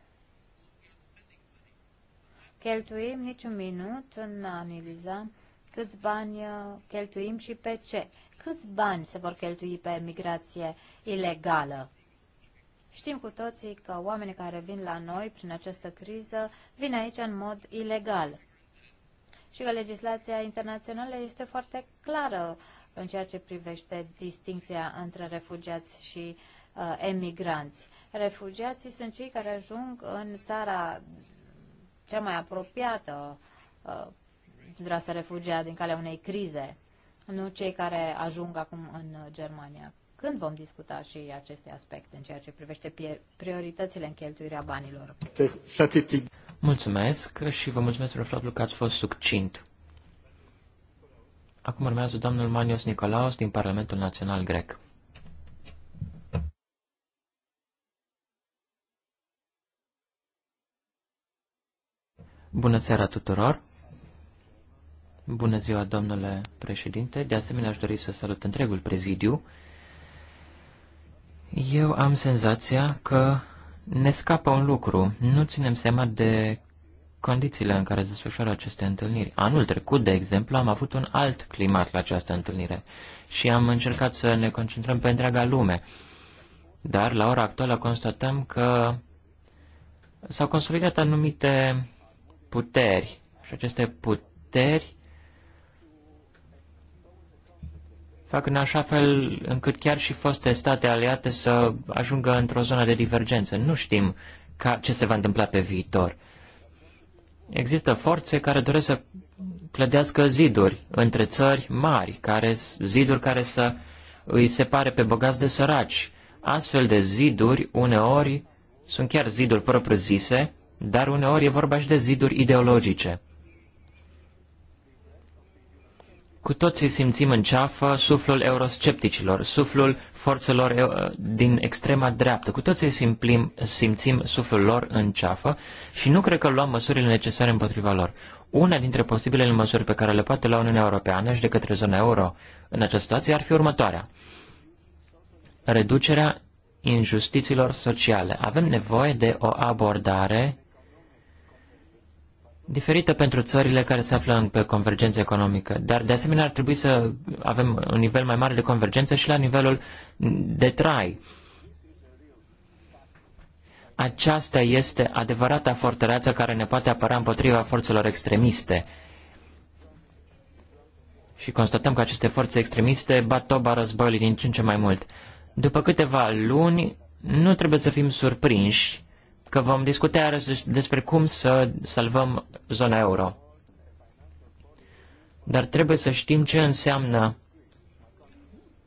S4: cheltuim niciun minut în a analiza câți bani uh, cheltuim și pe ce. Câți bani se vor cheltui pe migrație ilegală? Știm cu toții că oamenii care vin la noi prin această criză vin aici în mod ilegal. Și că legislația internațională este foarte clară în ceea ce privește distinția între refugiați și uh, emigranți. Refugiații sunt cei care ajung în țara cea mai apropiată uh, vrea să refugia din calea unei crize, nu cei care ajung acum în Germania. Când vom discuta și aceste aspecte în ceea ce privește prioritățile în cheltuirea banilor?
S2: Mulțumesc și vă mulțumesc pentru faptul că ați fost succint. Acum urmează domnul Manios Nicolaos din Parlamentul Național Grec. Bună seara tuturor! Bună ziua, domnule președinte! De asemenea, aș dori să salut întregul prezidiu. Eu am senzația că ne scapă un lucru. Nu ținem seama de condițiile în care se desfășoară aceste întâlniri. Anul trecut, de exemplu, am avut un alt climat la această întâlnire și am încercat să ne concentrăm pe întreaga lume. Dar la ora actuală constatăm că s-au consolidat anumite puteri și aceste puteri fac în așa fel încât chiar și foste state aliate să ajungă într-o zonă de divergență. Nu știm ca, ce se va întâmpla pe viitor există forțe care doresc să clădească ziduri între țări mari, care, ziduri care să îi separe pe bogați de săraci. Astfel de ziduri uneori sunt chiar ziduri propriu-zise, dar uneori e vorba și de ziduri ideologice. Cu toții simțim în ceafă suflul euroscepticilor, suflul forțelor uh, din extrema dreaptă. Cu toții simplim, simțim suflul lor în ceafă și nu cred că luăm măsurile necesare împotriva lor. Una dintre posibilele măsuri pe care le poate lua Uniunea Europeană și de către zona euro în această situație ar fi următoarea. Reducerea injustițiilor sociale. Avem nevoie de o abordare diferită pentru țările care se află în, pe convergență economică, dar de asemenea ar trebui să avem un nivel mai mare de convergență și la nivelul de trai. Aceasta este adevărata fortăreață care ne poate apăra împotriva forțelor extremiste. Și constatăm că aceste forțe extremiste bat toba războiului din ce în ce mai mult. După câteva luni, nu trebuie să fim surprinși că vom discuta despre cum să salvăm zona euro. Dar trebuie să știm ce înseamnă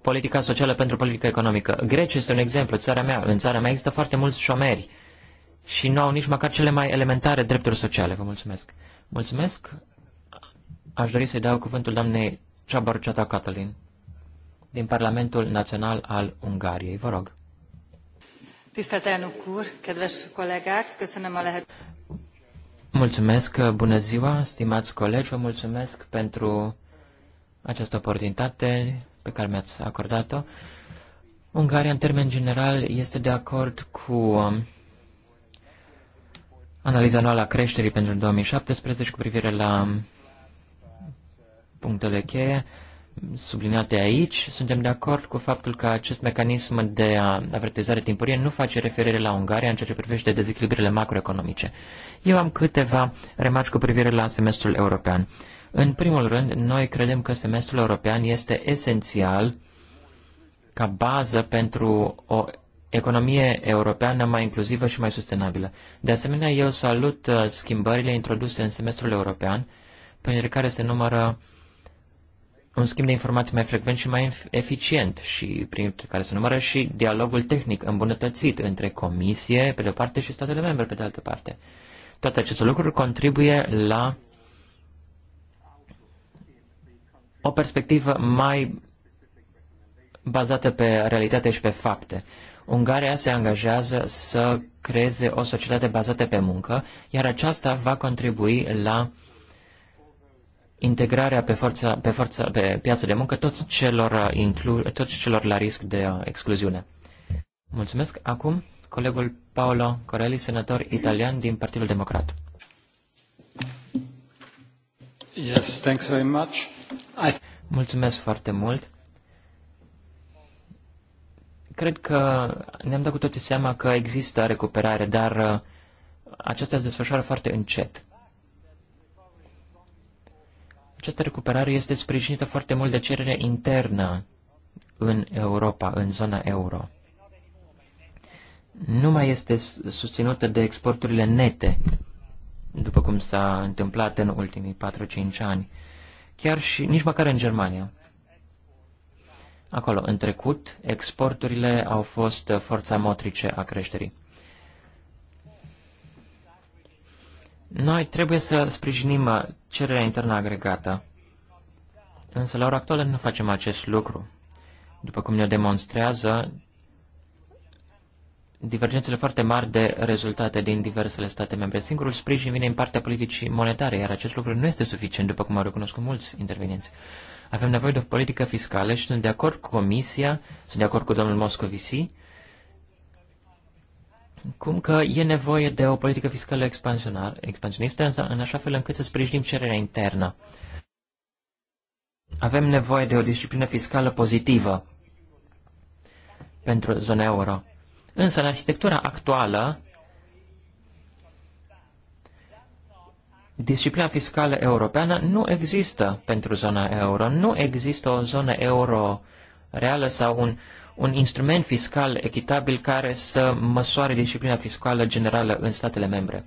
S2: politica socială pentru politica economică. Grecia este un exemplu, țara mea. În țara mea există foarte mulți șomeri și nu au nici măcar cele mai elementare drepturi sociale. Vă mulțumesc. Mulțumesc. Aș dori să-i dau cuvântul doamnei Ceabarciata Catalin din Parlamentul Național al Ungariei. Vă rog.
S3: Tisztelt elnök úr, kedves kollégák, köszönöm a
S2: Mulțumesc, bună ziua, stimați colegi, vă mulțumesc pentru această oportunitate pe care mi-ați acordat-o. Ungaria, în termen general, este de acord cu um, analiza anuală a creșterii pentru 2017 cu privire la um, punctele cheie subliniate aici, suntem de acord cu faptul că acest mecanism de avertizare timpurie nu face referire la Ungaria în ceea ce privește dezechilibrele macroeconomice. Eu am câteva remarci cu privire la semestrul european. În primul rând, noi credem că semestrul european este esențial ca bază pentru o economie europeană mai inclusivă și mai sustenabilă. De asemenea, eu salut uh, schimbările introduse în semestrul european, prin care se numără un schimb de informații mai frecvent și mai eficient și prin care se numără și dialogul tehnic îmbunătățit între comisie, pe de-o parte, și statele membre, pe de altă parte. Toate aceste lucruri contribuie la o perspectivă mai bazată pe realitate și pe fapte. Ungaria se angajează să creeze o societate bazată pe muncă, iar aceasta va contribui la integrarea pe, forța, pe, forța, pe piața de muncă toți celor, uh, inclu, toți celor la risc de uh, excluziune. Mulțumesc. Acum, colegul Paolo Corelli, senator italian din Partidul Democrat. Yes, thanks very much. I... Mulțumesc foarte mult. Cred că ne-am dat cu toții seama că există recuperare, dar uh, aceasta se desfășoară foarte încet. Această recuperare este sprijinită foarte mult de cerere internă în Europa, în zona euro. Nu mai este susținută de exporturile nete, după cum s-a întâmplat în ultimii 4-5 ani. Chiar și nici măcar în Germania. Acolo, în trecut, exporturile au fost forța motrice a creșterii. Noi trebuie să sprijinim uh, cererea internă agregată, însă la ora actuală nu facem acest lucru. După cum ne demonstrează divergențele foarte mari de rezultate din diversele state membre. Singurul sprijin vine în partea politicii monetare, iar acest lucru nu este suficient, după cum au recunoscut mulți intervenienți. Avem nevoie de o politică fiscală și sunt de acord cu Comisia, sunt de acord cu domnul Moscovici, cum că e nevoie de o politică fiscală expansionistă, însă în așa fel încât să sprijinim cererea internă. Avem nevoie de o disciplină fiscală pozitivă pentru zona euro. Însă, în arhitectura actuală, disciplina fiscală europeană nu există pentru zona euro. Nu există o zonă euro reală sau un uh, un instrument fiscal echitabil care să măsoare disciplina fiscală generală în statele membre.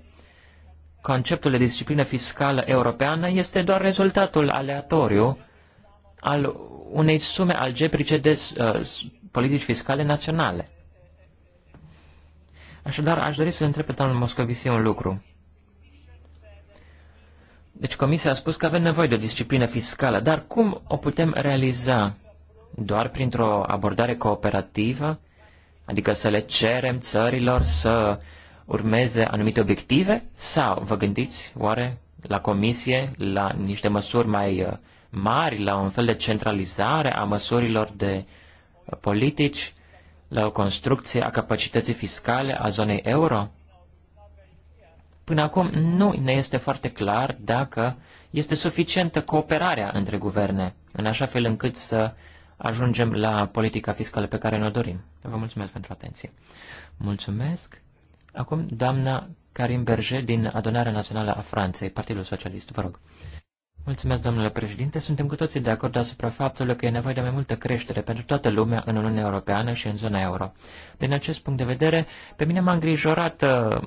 S2: Conceptul de disciplină fiscală europeană este doar rezultatul aleatoriu al unei sume algebrice de uh, politici fiscale naționale. Așadar, aș dori să întreb pe domnul Moscovici un lucru. Deci Comisia a spus că avem nevoie de o disciplină fiscală, dar cum o putem realiza? Doar printr-o abordare cooperativă, adică să le cerem țărilor să urmeze anumite obiective? Sau vă gândiți oare la comisie, la niște măsuri mai uh, mari, la un fel de centralizare a măsurilor de uh, politici, la o construcție a capacității fiscale a zonei euro? Până acum nu ne este foarte clar dacă este suficientă cooperarea între guverne, în așa fel încât să ajungem la politica fiscală pe care ne-o dorim. Vă mulțumesc pentru atenție. Mulțumesc. Acum, doamna Karim Berger din Adunarea Națională a Franței, Partidul Socialist, vă rog. Mulțumesc, domnule președinte. Suntem cu toții de acord asupra faptului că e nevoie de mai multă creștere pentru toată lumea în Uniunea Europeană și în zona euro. Din acest punct de vedere, pe mine m-a îngrijorat uh,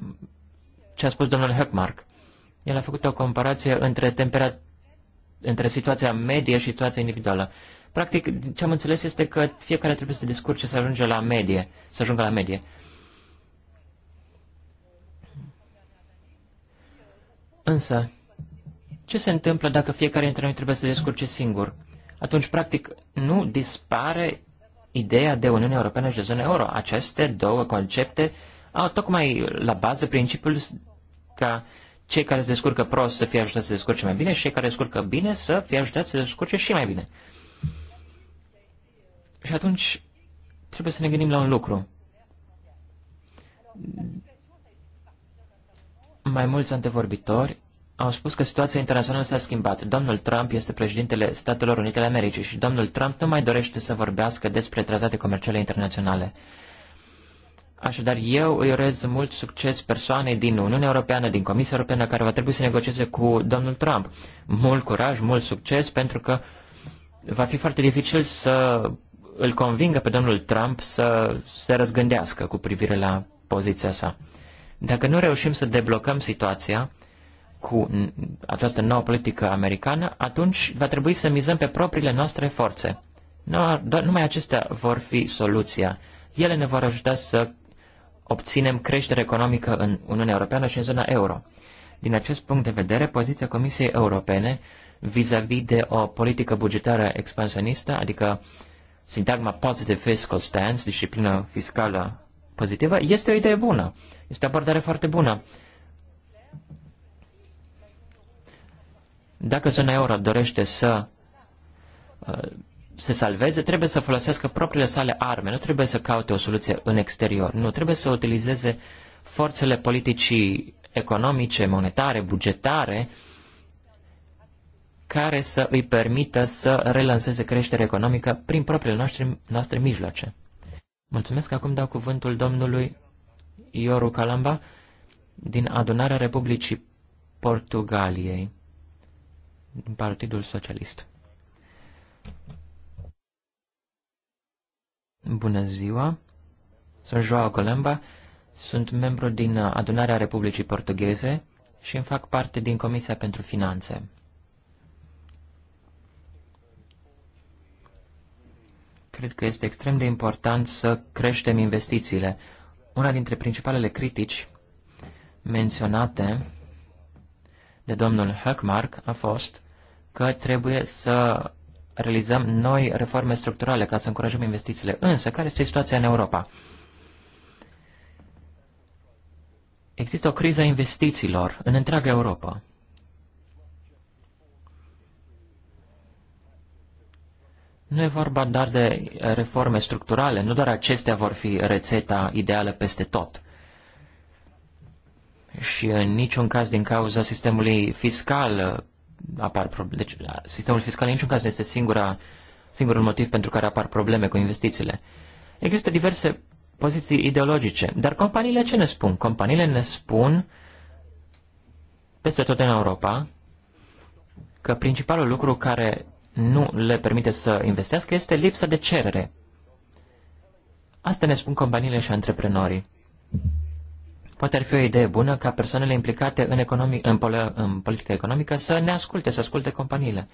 S2: ce a spus domnul Höckmark. El a făcut o comparație între, tempera- între situația medie și situația individuală. Practic, ce am înțeles este că fiecare trebuie să descurce să ajungă la medie, să ajungă la medie. Însă, ce se întâmplă dacă fiecare dintre noi trebuie să descurce singur? Atunci, practic, nu dispare ideea de Uniune Europeană și de zona euro. Aceste două concepte au tocmai la bază principiul ca cei care se descurcă prost să fie ajutați să se descurce mai bine și cei care se descurcă bine să fie ajutați să se descurce și mai bine. Și atunci trebuie să ne gândim la un lucru. Mai mulți antevorbitori au spus că situația internațională s-a schimbat. Domnul Trump este președintele Statelor Unite ale Americii și domnul Trump nu mai dorește să vorbească despre tratate comerciale internaționale. Așadar, eu îi urez mult succes persoanei din Uniunea Europeană, din Comisia Europeană, care va trebui să negocieze cu domnul Trump. Mult curaj, mult succes, pentru că va fi foarte dificil să îl convingă pe domnul Trump să se răzgândească cu privire la poziția sa. Dacă nu reușim să deblocăm situația cu această nouă politică americană, atunci va trebui să mizăm pe propriile noastre forțe. Numai acestea vor fi soluția. Ele ne vor ajuta să obținem creștere economică în Uniunea Europeană și în zona euro. Din acest punct de vedere, poziția Comisiei Europene vis-a-vis -vis de o politică bugetară expansionistă, adică uh, sintagma positive fiscal stance, disciplina fiscală pozitivă, este o idee bună. Este o abordare foarte bună. Dacă zona euro dorește să uh, se salveze, trebuie să folosească propriile sale arme, nu trebuie să caute o soluție în exterior, nu, trebuie să utilizeze forțele politicii economice, monetare, bugetare, uh, care să îi permită să relanseze creșterea economică prin propriile noastre, noastre mijloace. Mulțumesc, acum dau cuvântul domnului Ioru Calamba din adunarea Republicii Portugaliei, din Partidul Socialist. Bună ziua! Sunt Joao Colamba, sunt membru din adunarea Republicii Portugheze și îmi fac parte din Comisia pentru Finanțe. Cred că este extrem de important să creștem investițiile. Una dintre principalele critici menționate de domnul Höckmark a fost că trebuie să realizăm noi reforme structurale ca să încurajăm investițiile. Însă, care este situația în Europa? Există o criză investițiilor în întreaga Europa. Nu e vorba doar de reforme structurale, nu doar acestea vor fi rețeta ideală peste tot. Și în niciun caz din cauza sistemului fiscal uh, apar probleme. Deci uh, sistemul fiscal în niciun caz nu este singura, singurul motiv pentru care apar probleme cu investițiile. Există diverse poziții ideologice, dar companiile ce ne spun? Companiile ne spun peste tot în Europa că principalul lucru care nu le permite să investească este lipsa de cerere. Asta ne spun companiile și antreprenorii. Poate ar fi o idee bună ca persoanele implicate în, economic, în, pol- în politica economică să ne asculte, să asculte companiile.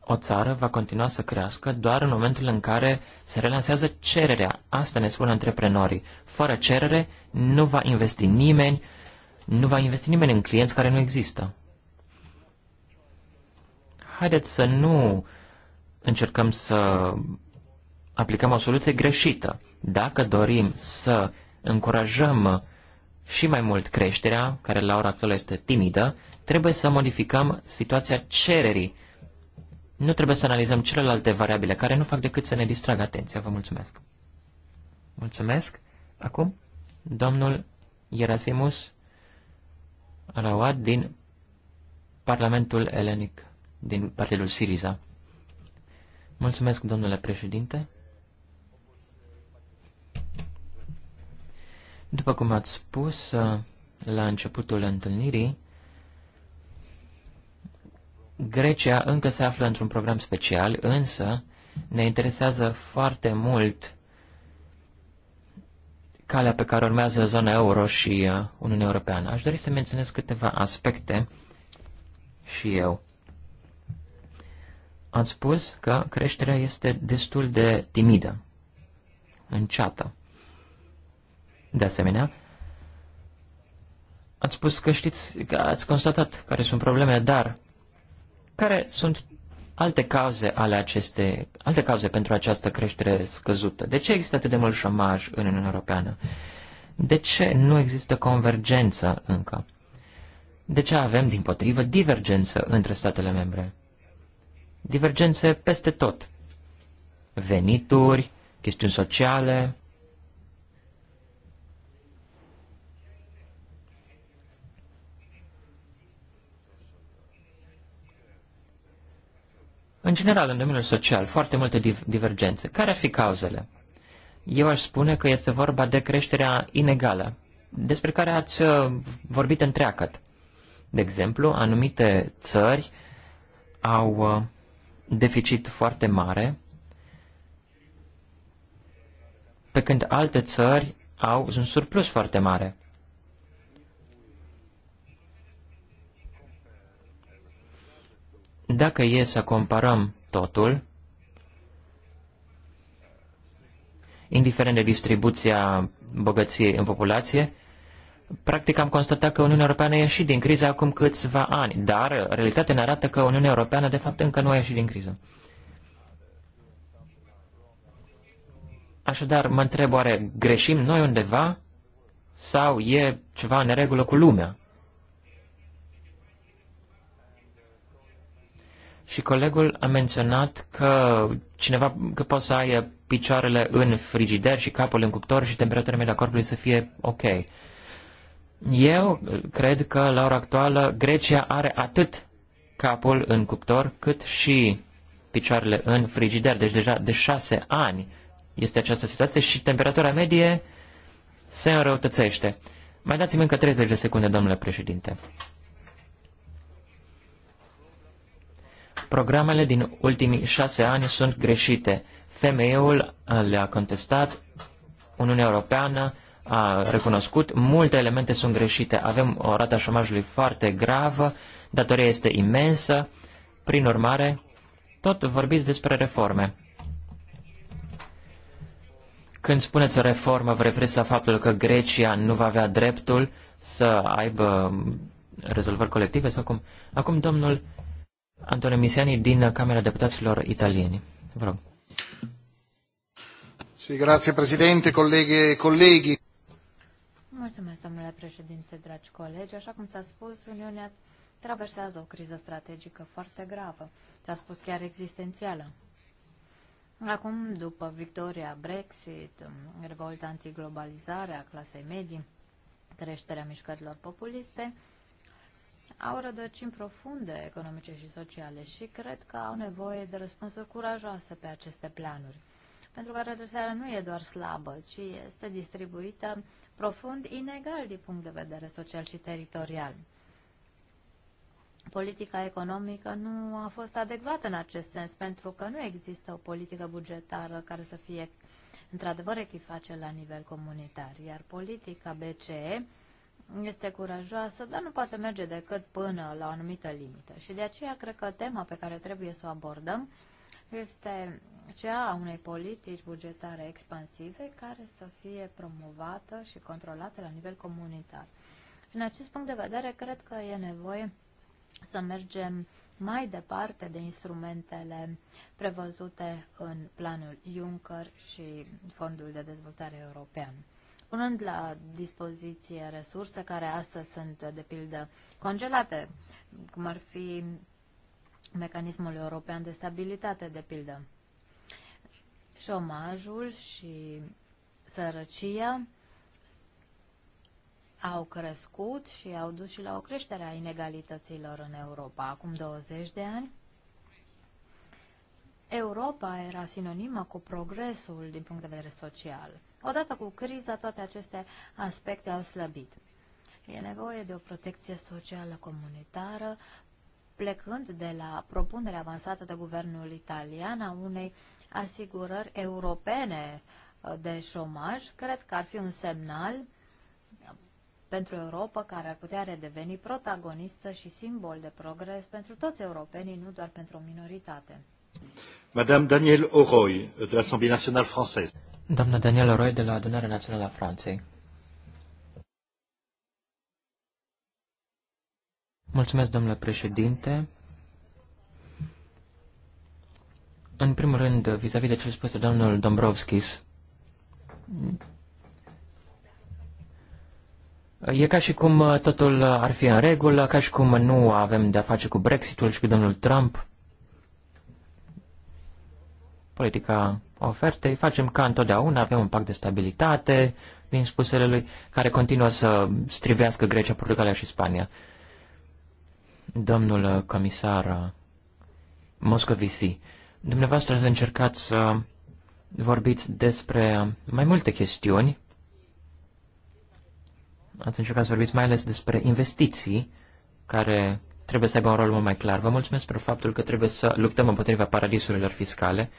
S2: O țară va continua să crească doar în momentul în care se relansează cererea. Asta ne spun antreprenorii. Fără cerere nu va investi nimeni, nu va investi nimeni în clienți care nu există haideți să nu încercăm să aplicăm o soluție greșită. Dacă dorim să încurajăm și mai mult creșterea, care la ora actuală este timidă, trebuie să modificăm situația cererii. Nu trebuie să analizăm celelalte variabile care nu fac decât să ne distragă atenția. Vă mulțumesc. Mulțumesc. Acum, domnul Ierasimus Rawat din Parlamentul Elenic din Partidul Siriza. Mulțumesc, domnule președinte. După cum ați spus la începutul întâlnirii, Grecia încă se află într-un program special, însă ne interesează foarte mult calea pe care urmează zona euro și uh, Uniunea Europeană. Aș dori să menționez câteva aspecte și eu ați spus că creșterea este destul de timidă, înceată. De asemenea, ați spus că știți, că ați constatat care sunt problemele, dar care sunt alte cauze ale aceste, alte cauze pentru această creștere scăzută? De ce există atât de mult șomaj în Uniunea Europeană? De ce nu există convergență încă? De ce avem, din potrivă, divergență între statele membre? divergențe peste tot. Venituri, chestiuni sociale. În general, în domeniul social, foarte multe divergențe. Care ar fi cauzele? Eu aș spune că este vorba de creșterea inegală, despre care ați uh, vorbit întreagăt. De exemplu, anumite țări au uh, deficit foarte mare, pe când alte țări au un surplus foarte mare. Dacă e să comparăm totul, indiferent de distribuția bogăției în populație, practic am constatat că Uniunea Europeană a ieșit din criză acum câțiva ani, dar realitatea ne arată că Uniunea Europeană de fapt încă nu a ieșit din criză. Așadar, mă întreb, oare greșim noi undeva sau e ceva în regulă cu lumea? Și colegul a menționat că cineva că poate să aibă picioarele în frigider și capul în cuptor și temperatura media corpului să fie ok. Eu cred că la ora actuală Grecia are atât capul în cuptor cât și picioarele în frigider. Deci deja de șase ani este această situație și temperatura medie se înrăutățește. Mai dați-mi încă 30 de secunde, domnule președinte. Programele din ultimii șase ani sunt greșite. Femeiul le-a contestat, Uniunea Europeană a recunoscut, multe elemente sunt greșite. Avem o rată a șomajului foarte gravă, datoria este imensă, prin urmare, tot vorbiți despre reforme. Când spuneți reformă, vă referiți la faptul că Grecia nu va avea dreptul să aibă rezolvări colective sau cum? Acum domnul Antonio Misiani din Camera Deputaților Italieni. Vă rog. Sì, grazie Presidente, colleghe e colleghi.
S4: Mulțumesc, domnule președinte, dragi colegi. Așa cum s-a spus, Uniunea traversează o criză strategică foarte gravă, s-a spus chiar existențială. Acum, după victoria Brexit, revolta antiglobalizare a clasei medii, creșterea mișcărilor populiste, au rădăcini profunde economice și sociale și cred că au nevoie de răspunsuri curajoase pe aceste planuri. Pentru că rădăcina nu e doar slabă, ci este distribuită profund inegal din punct de vedere social și teritorial. Politica economică nu a fost adecvată în acest sens, pentru că nu există o politică bugetară care să fie într-adevăr echiface la nivel comunitar, iar politica BCE este curajoasă, dar nu poate merge decât până la o anumită limită. Și de aceea cred că tema pe care trebuie să o abordăm este cea a unei politici bugetare expansive care să fie promovată și controlată la nivel comunitar. În acest punct de vedere, cred că e nevoie să mergem mai departe de instrumentele prevăzute în planul Juncker și Fondul de Dezvoltare European. Punând la dispoziție resurse care astăzi sunt, de pildă, congelate, cum ar fi mecanismul european de stabilitate, de pildă. Șomajul și sărăcia au crescut și au dus și la o creștere a inegalităților în Europa. Acum 20 de ani, Europa era sinonimă cu progresul din punct de vedere social. Odată cu criza, toate aceste aspecte au slăbit. E nevoie de o protecție socială comunitară plecând de la propunerea avansată de guvernul italian a unei asigurări europene uh, de șomaj, cred că ar fi un semnal pentru Europa care ar putea redeveni protagonistă și simbol de progres pentru toți europenii, nu doar pentru o minoritate.
S1: Madame Danielle Oroy, de l'Assemblée
S2: nationale française.
S3: Doamna Danielle Oroy
S2: de la Adunarea Națională a Franței. Mulțumesc, domnule președinte. În primul rând, vis-a-vis -vis de ce spuse domnul Dombrovskis, e ca și cum totul ar fi în regulă, ca și cum nu avem de-a face cu Brexitul și cu domnul Trump. Politica ofertei facem ca întotdeauna, avem un pact de stabilitate, din spusele lui, care continuă să strivească Grecia, Portugalia și Spania. Domnul comisar Moscovici, dumneavoastră ați încercat să vorbiți despre mai multe chestiuni. Ați încercat să vorbiți mai ales despre investiții, care trebuie să aibă un rol mult mai clar. Vă mulțumesc pentru faptul că trebuie să luptăm împotriva paradisurilor fiscale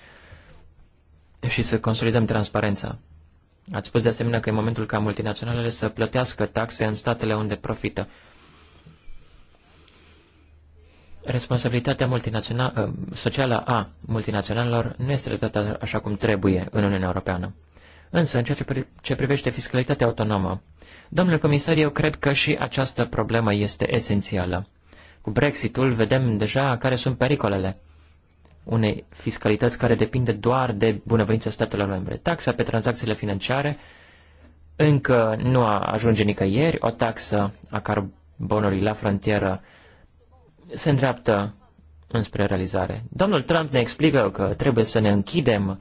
S2: și să consolidăm transparența. Ați spus de asemenea că e momentul ca multinaționalele să plătească taxe în statele unde profită responsabilitatea ă, socială a multinaționalelor nu este tratată așa cum trebuie în Uniunea Europeană. Însă, în ceea ce, pri- ce privește fiscalitatea autonomă, domnule comisar, eu cred că și această problemă este esențială. Cu Brexitul vedem deja care sunt pericolele unei fiscalități care depinde doar de bunăvoința statelor membre. Taxa pe tranzacțiile financiare încă nu a ajunge nicăieri, o taxă a carbonului la frontieră se îndreaptă înspre realizare. Domnul Trump ne explică că trebuie să ne închidem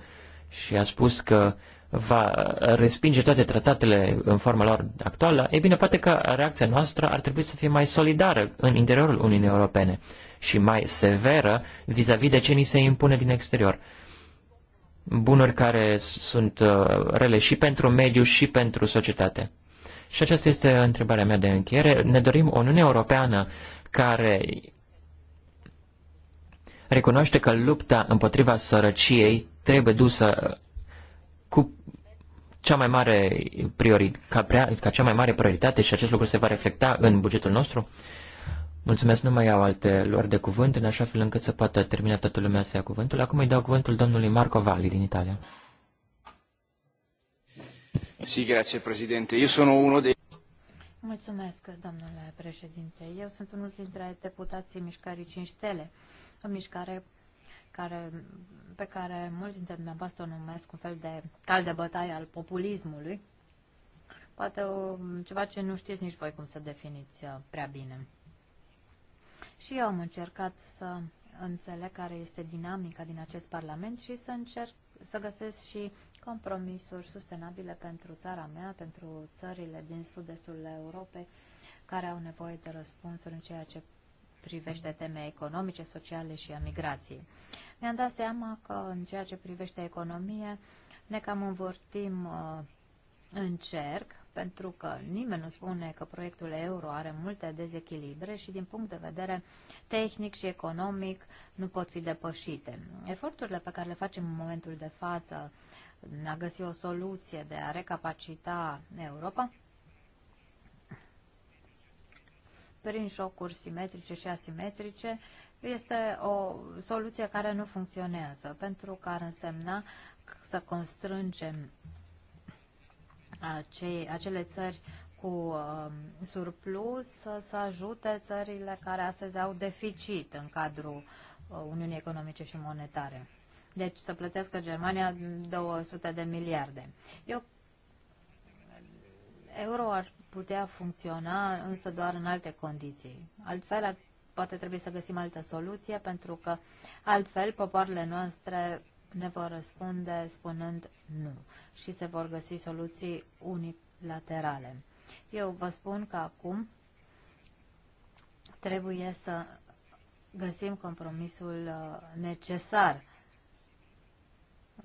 S2: și a spus că va respinge toate tratatele în forma lor actuală, e bine, poate că reacția noastră ar trebui să fie mai solidară în interiorul Uniunii Europene și mai severă vis-a-vis -vis de ce ni se impune din exterior. Bunuri care sunt uh, rele și pentru mediu și pentru societate. Și aceasta este întrebarea mea de încheiere. Ne dorim o Uniune Europeană care recunoaște că lupta împotriva sărăciei trebuie dusă cu cea mai mare priori, ca, prea, ca cea mai mare prioritate și acest lucru se va reflecta în bugetul nostru. Mulțumesc, nu mai iau alte lor de cuvânt, în așa fel încât să poată termina toată lumea să ia cuvântul. Acum îi dau cuvântul domnului Marco Valli din Italia.
S1: Sì, grazie Presidente. Io sono uno dei...
S4: Mulțumesc, domnule președinte. Eu sunt unul dintre deputații Mișcării 5 Stele mișcare care, pe care mulți dintre dumneavoastră o numesc un fel de cal de bătaie al populismului. Poate o, ceva ce nu știți nici voi cum să definiți uh, prea bine. Și eu am încercat să înțeleg care este dinamica din acest Parlament și să încerc să găsesc și compromisuri sustenabile pentru țara mea, pentru țările din sud-estul Europei, care au nevoie de răspunsuri în ceea ce privește teme economice, sociale și a migrației. Mi-am dat seama că în ceea ce privește economie ne cam învârtim uh, în cerc, pentru că nimeni nu spune că proiectul euro are multe dezechilibre și din punct de vedere tehnic și economic nu pot fi depășite. Eforturile pe care le facem în momentul de față a găsi o soluție de a recapacita Europa prin șocuri simetrice și asimetrice este o soluție care nu funcționează, pentru că ar însemna să constrângem acei, acele țări cu uh, surplus să, să ajute țările care astăzi au deficit în cadrul uh, Uniunii Economice și Monetare. Deci să plătească Germania 200 de miliarde. Eu, euro ar putea funcționa, însă doar în alte condiții. Altfel, ar, poate trebuie să găsim altă soluție, pentru că altfel popoarele noastre ne vor răspunde spunând nu și se vor găsi soluții unilaterale. Eu vă spun că acum trebuie să găsim compromisul uh, necesar,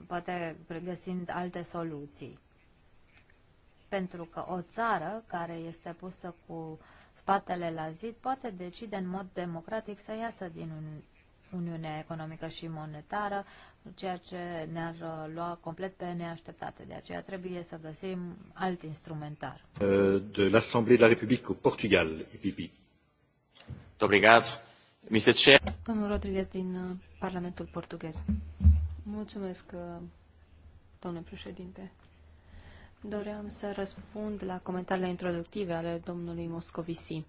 S4: poate găsind alte soluții. Pentru că o țară care este pusă cu spatele la zid poate decide în mod democratic să iasă din Uniunea Economică și Monetară, ceea ce ne-ar uh, lua complet pe neașteptate. De aceea trebuie să găsim alt instrumentar.
S1: Uh, de l'Assemblée
S2: de la République au Portugal, EPP.
S3: Domnul Rodriguez din uh, Parlamentul Portughez. Mulțumesc, domnule președinte. Doream să răspund la comentariile introductive ale domnului Moscovici.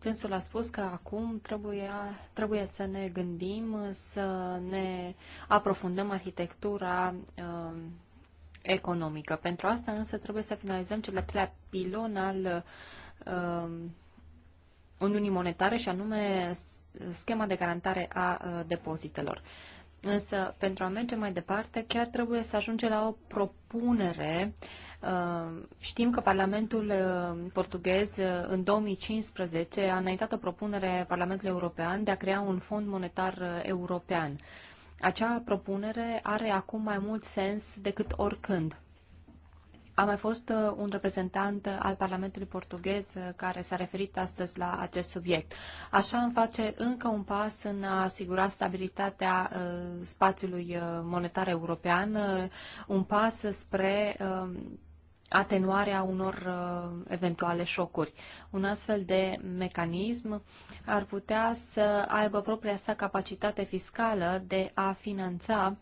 S3: Dânsul a spus că acum trebuie, trebuie să ne gândim, să ne aprofundăm arhitectura uh, economică. Pentru asta însă trebuie să finalizăm cel de-al pilon al uh, Uniunii Monetare și anume schema de garantare a uh, depozitelor. Însă, pentru a merge mai departe, chiar trebuie să ajunge la o propunere uh, Uh, știm că Parlamentul uh, portughez uh, în 2015 a înaintat o propunere Parlamentului European de a crea un fond monetar european. Acea propunere are acum mai mult sens decât oricând. A mai fost un reprezentant al Parlamentului portughez care s-a referit astăzi la acest subiect. Așa îmi face încă un pas în a asigura stabilitatea spațiului monetar european, un pas spre atenuarea unor uh, eventuale șocuri. Un astfel de mecanism ar putea să aibă propria sa capacitate fiscală de a finanța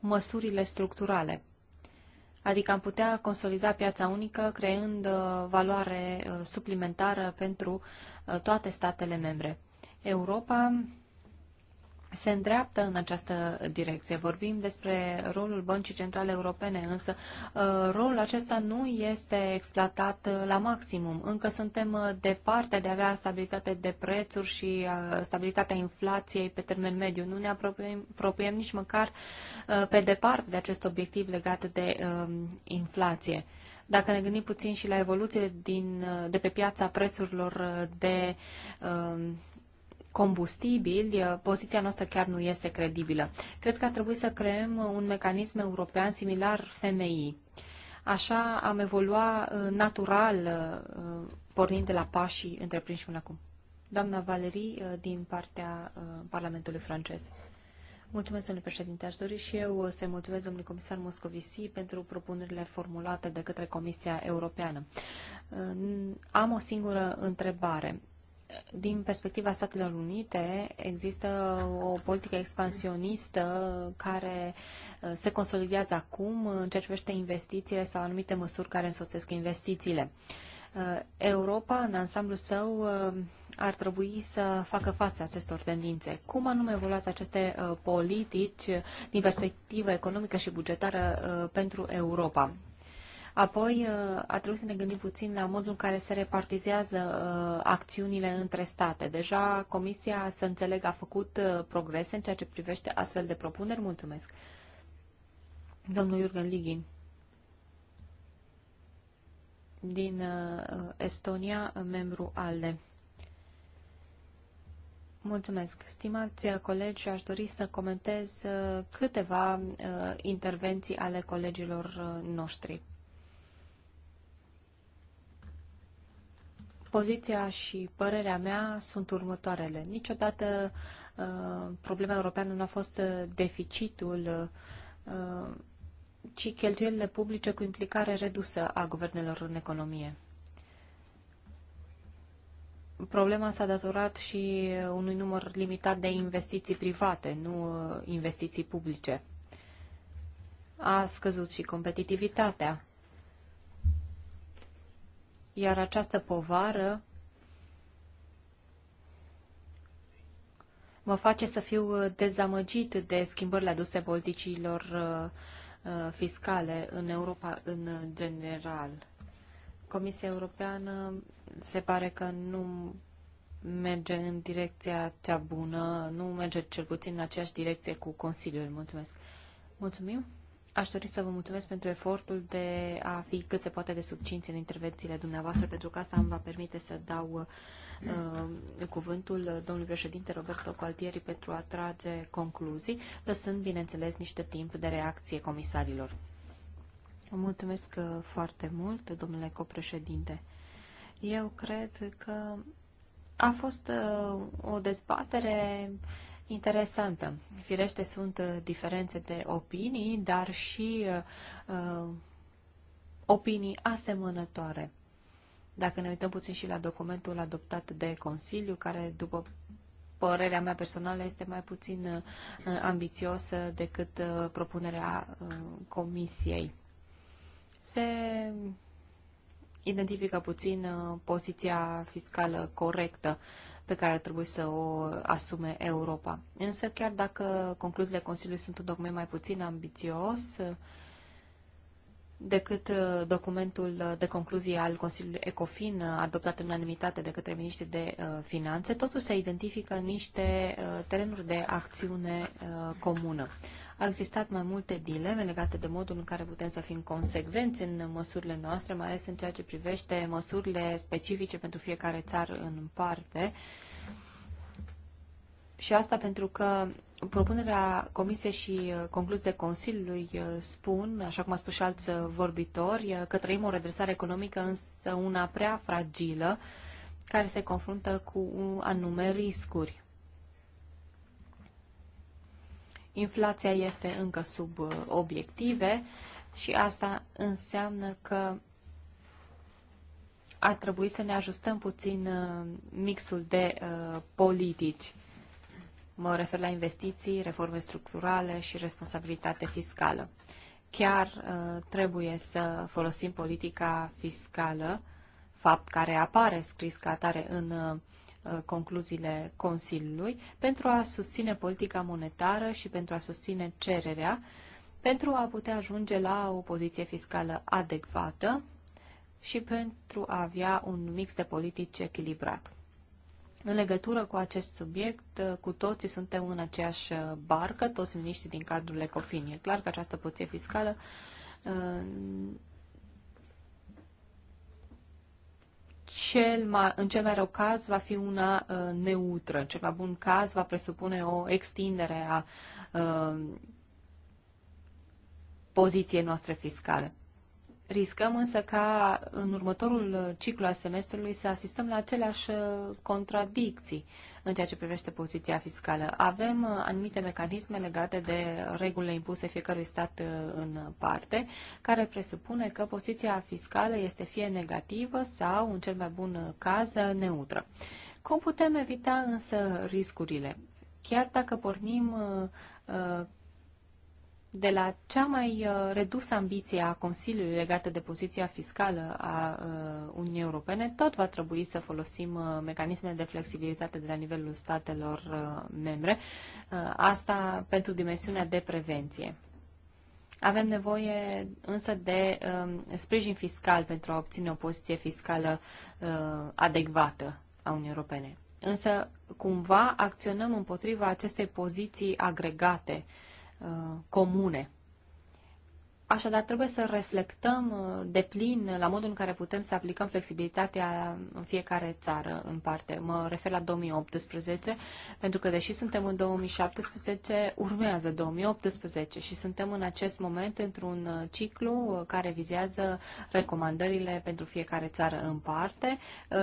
S3: măsurile structurale. Adică am putea consolida piața unică creând uh, valoare uh, suplimentară pentru toate statele membre. Europa se îndreaptă în această direcție. Vorbim despre rolul Băncii Centrale Europene, însă uh, rolul acesta nu este exploatat uh, la maximum. Încă suntem uh, departe de a avea stabilitate de prețuri și stabilitatea inflației pe termen mediu. Nu ne apropiem, apropiem nici măcar pe departe de acest obiectiv legat de inflație. Dacă ne gândim puțin și la evoluție din, de pe piața prețurilor de uh, combustibili, poziția noastră chiar nu este credibilă. Cred că ar trebui să creăm un mecanism european similar FMI. Așa am evoluat uh, natural, uh, pornind de la pașii întreprinși până acum. Doamna Valerie, uh, din partea Parlamentului francez. Mulțumesc, domnule președinte. Aș dori și eu să-i mulțumesc domnului comisar Moscovici pentru propunerile formulate de către Comisia Europeană. Am o singură întrebare din perspectiva Statelor Unite, există o politică expansionistă care uh, se consolidează acum în ceea ce privește investițiile sau anumite măsuri care însoțesc investițiile. Uh, Europa, în ansamblu său, uh, ar trebui să facă față acestor tendințe. Cum anume evoluați aceste politici din perspectivă economică și bugetară pentru Europa? Apoi uh, a trebuit să ne gândim puțin la modul în care se repartizează uh, acțiunile între state. Deja Comisia, să înțeleg, a făcut uh, progrese în ceea ce privește astfel de propuneri. Mulțumesc. Domnul Jurgen Ligin din Estonia, membru ALDE. Mulțumesc. Stimați colegi, aș dori să comentez câteva intervenții ale colegilor noștri. Poziția și părerea mea sunt următoarele. Niciodată uh, problema europeană nu a fost uh, deficitul, uh, ci cheltuielile publice cu implicare redusă a guvernelor în economie. Problema s-a datorat și unui număr limitat de investiții private, nu uh, investiții publice. A scăzut și competitivitatea iar această povară mă face să fiu uh, dezamăgit de schimbările aduse politicilor uh, uh, fiscale în Europa în general. Comisia Europeană se pare că nu merge în direcția cea bună, nu merge cel puțin în aceeași direcție cu Consiliul. Mulțumesc. Mulțumim. Aș dori să vă mulțumesc pentru efortul de a fi cât se poate de subținți în intervențiile dumneavoastră, pentru că asta îmi va permite să dau uh, cuvântul domnului președinte Roberto Gualtieri pentru a trage concluzii, lăsând, bineînțeles, niște timp de reacție comisarilor. Mulțumesc uh, foarte mult, domnule copreședinte. Eu cred că a fost uh, o dezbatere uh, interesantă. Firește, sunt uh, diferențe de opinii, dar și uh, uh, opinii asemănătoare. Dacă ne uităm puțin și la documentul adoptat de Consiliu, care, după părerea mea personală, este mai puțin uh, uh ambițios decât uh, propunerea uh, Comisiei. Se identifică puțin poziția fiscală corectă pe care ar trebui să o asume Europa. Însă, chiar dacă concluziile Consiliului sunt un document mai puțin ambițios decât uh, documentul de concluzie al Consiliului ECOFIN uh, adoptat în unanimitate de către miniștrii de uh, finanțe, totuși se identifică niște terenuri de acțiune comună. Au existat mai multe dileme legate de modul în care putem să fim consecvenți în măsurile noastre, mai ales în ceea ce privește măsurile specifice pentru fiecare țară în parte. Și asta pentru că propunerea Comisiei și uh, concluziile Consiliului uh, spun, așa cum a spus și alți uh, vorbitori, că trăim o redresare economică, însă una prea fragilă, care se confruntă cu anume riscuri. inflația este încă sub uh, obiective și asta înseamnă că ar trebui să ne ajustăm puțin uh, mixul de uh, politici. Mă refer la investiții, reforme structurale și responsabilitate fiscală. Chiar trebuie să folosim politica fiscală, fapt care apare scris ca atare în Uh, concluziile Consiliului pentru a susține politica monetară și pentru a susține cererea, pentru a putea ajunge la o poziție fiscală adecvată și pentru a avea un mix de politici echilibrat. În legătură cu acest subiect, uh, cu toții suntem în aceeași uh, barcă, toți miniștrii din cadrul ECOFIN. E clar că această poziție fiscală cel mai, în cel mai rău caz va fi una uh, neutră, în cel mai bun caz va presupune o extindere a uh, poziției noastre fiscale. Riscăm însă ca în următorul ciclu al semestrului să asistăm la aceleași uh, contradicții în ceea ce privește poziția fiscală. Avem uh, anumite mecanisme legate de regulile impuse fiecărui stat uh, în parte, care presupune că poziția fiscală este fie negativă sau, în cel mai bun caz, neutră. Cum putem evita însă riscurile? Chiar dacă pornim de la cea mai uh, redusă ambiție a Consiliului legată de poziția fiscală a uh, Uniunii Europene, tot va trebui să folosim uh, mecanisme de flexibilitate de la nivelul statelor membre, asta pentru dimensiunea de prevenție. Avem nevoie însă de um, sprijin fiscal pentru a obține o poziție fiscală adecvată a Uniunii Europene. Însă, cumva, acționăm împotriva acestei poziții agregate uh, Uh, comune Așadar, trebuie să reflectăm uh, de plin uh, la modul în care putem să aplicăm flexibilitatea în fiecare țară în parte. Mă refer la 2018, pentru că deși suntem în 2017, urmează 2018 și suntem în acest moment într-un uh, ciclu care vizează recomandările pentru fiecare țară în parte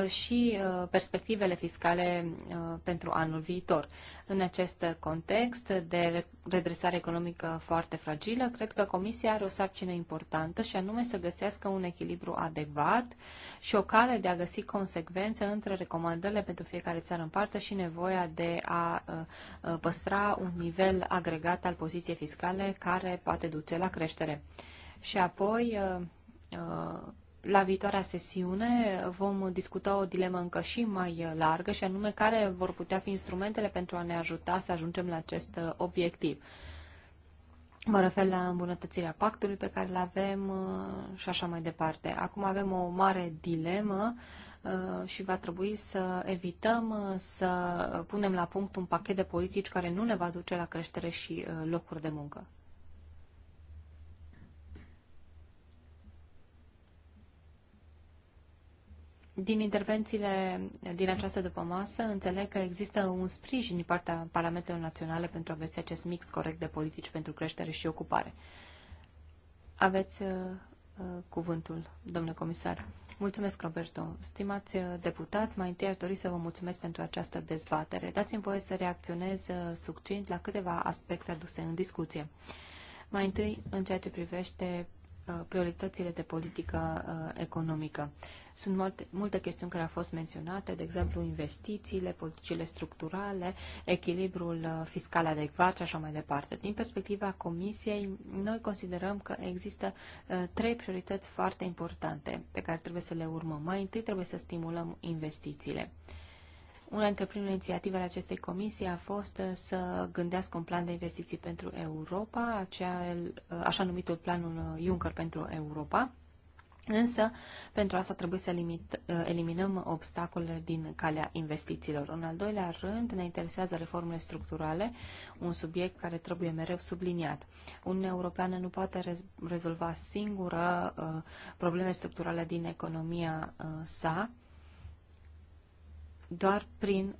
S3: și perspectivele fiscale pentru anul viitor. În acest context de redresare economică foarte fragilă, cred că Comisia are o sarcină importantă și anume să găsească un echilibru adecvat și o cale de a găsi consecvențe între recomandările pentru fiecare țară în parte și nevoia de a uh, uh, păstra un nivel agregat al poziției fiscale care poate duce la creștere. Și apoi uh, la viitoarea sesiune vom discuta o dilemă încă și mai largă și anume care vor putea fi instrumentele pentru a ne ajuta să ajungem la acest obiectiv. Mă refer la îmbunătățirea pactului pe care îl avem uh, și așa mai departe. Acum avem o mare dilemă uh, și va trebui să evităm uh, să punem la punct un pachet de politici care nu ne va duce la creștere și locuri de muncă. Din intervențiile din această masă, înțeleg că există un sprijin din partea Parlamentelor Naționale pentru a găsi acest mix corect de politici pentru creștere și ocupare. Aveți uh, uh cuvântul, domnule comisar. Mulțumesc, Roberto. Stimați uh, deputați, mai întâi aș dori să vă mulțumesc pentru această dezbatere. Dați-mi voie să reacționez uh, succint la câteva aspecte aduse în discuție. Mai întâi, în ceea ce privește Uh, prioritățile de politică uh, economică. Sunt multe, multe chestiuni care au fost menționate, de exemplu investițiile, politicile structurale, echilibrul uh, fiscal adecvat și așa mai departe. Din perspectiva Comisiei, noi considerăm că există trei priorități foarte importante pe care trebuie să le urmăm. Mai întâi trebuie să stimulăm investițiile. Una dintre primele inițiative ale acestei comisii a fost uh, să gândească un plan de investiții pentru Europa, acel, uh, așa numitul planul uh, Juncker pentru Europa. Însă, pentru asta trebuie să limit, eliminăm obstacolele din calea investițiilor. În al doilea rând, ne interesează reformele structurale, un subiect care trebuie mereu subliniat. Uniunea Europeană nu poate rezolva singură uh, probleme structurale din economia uh, sa, doar prin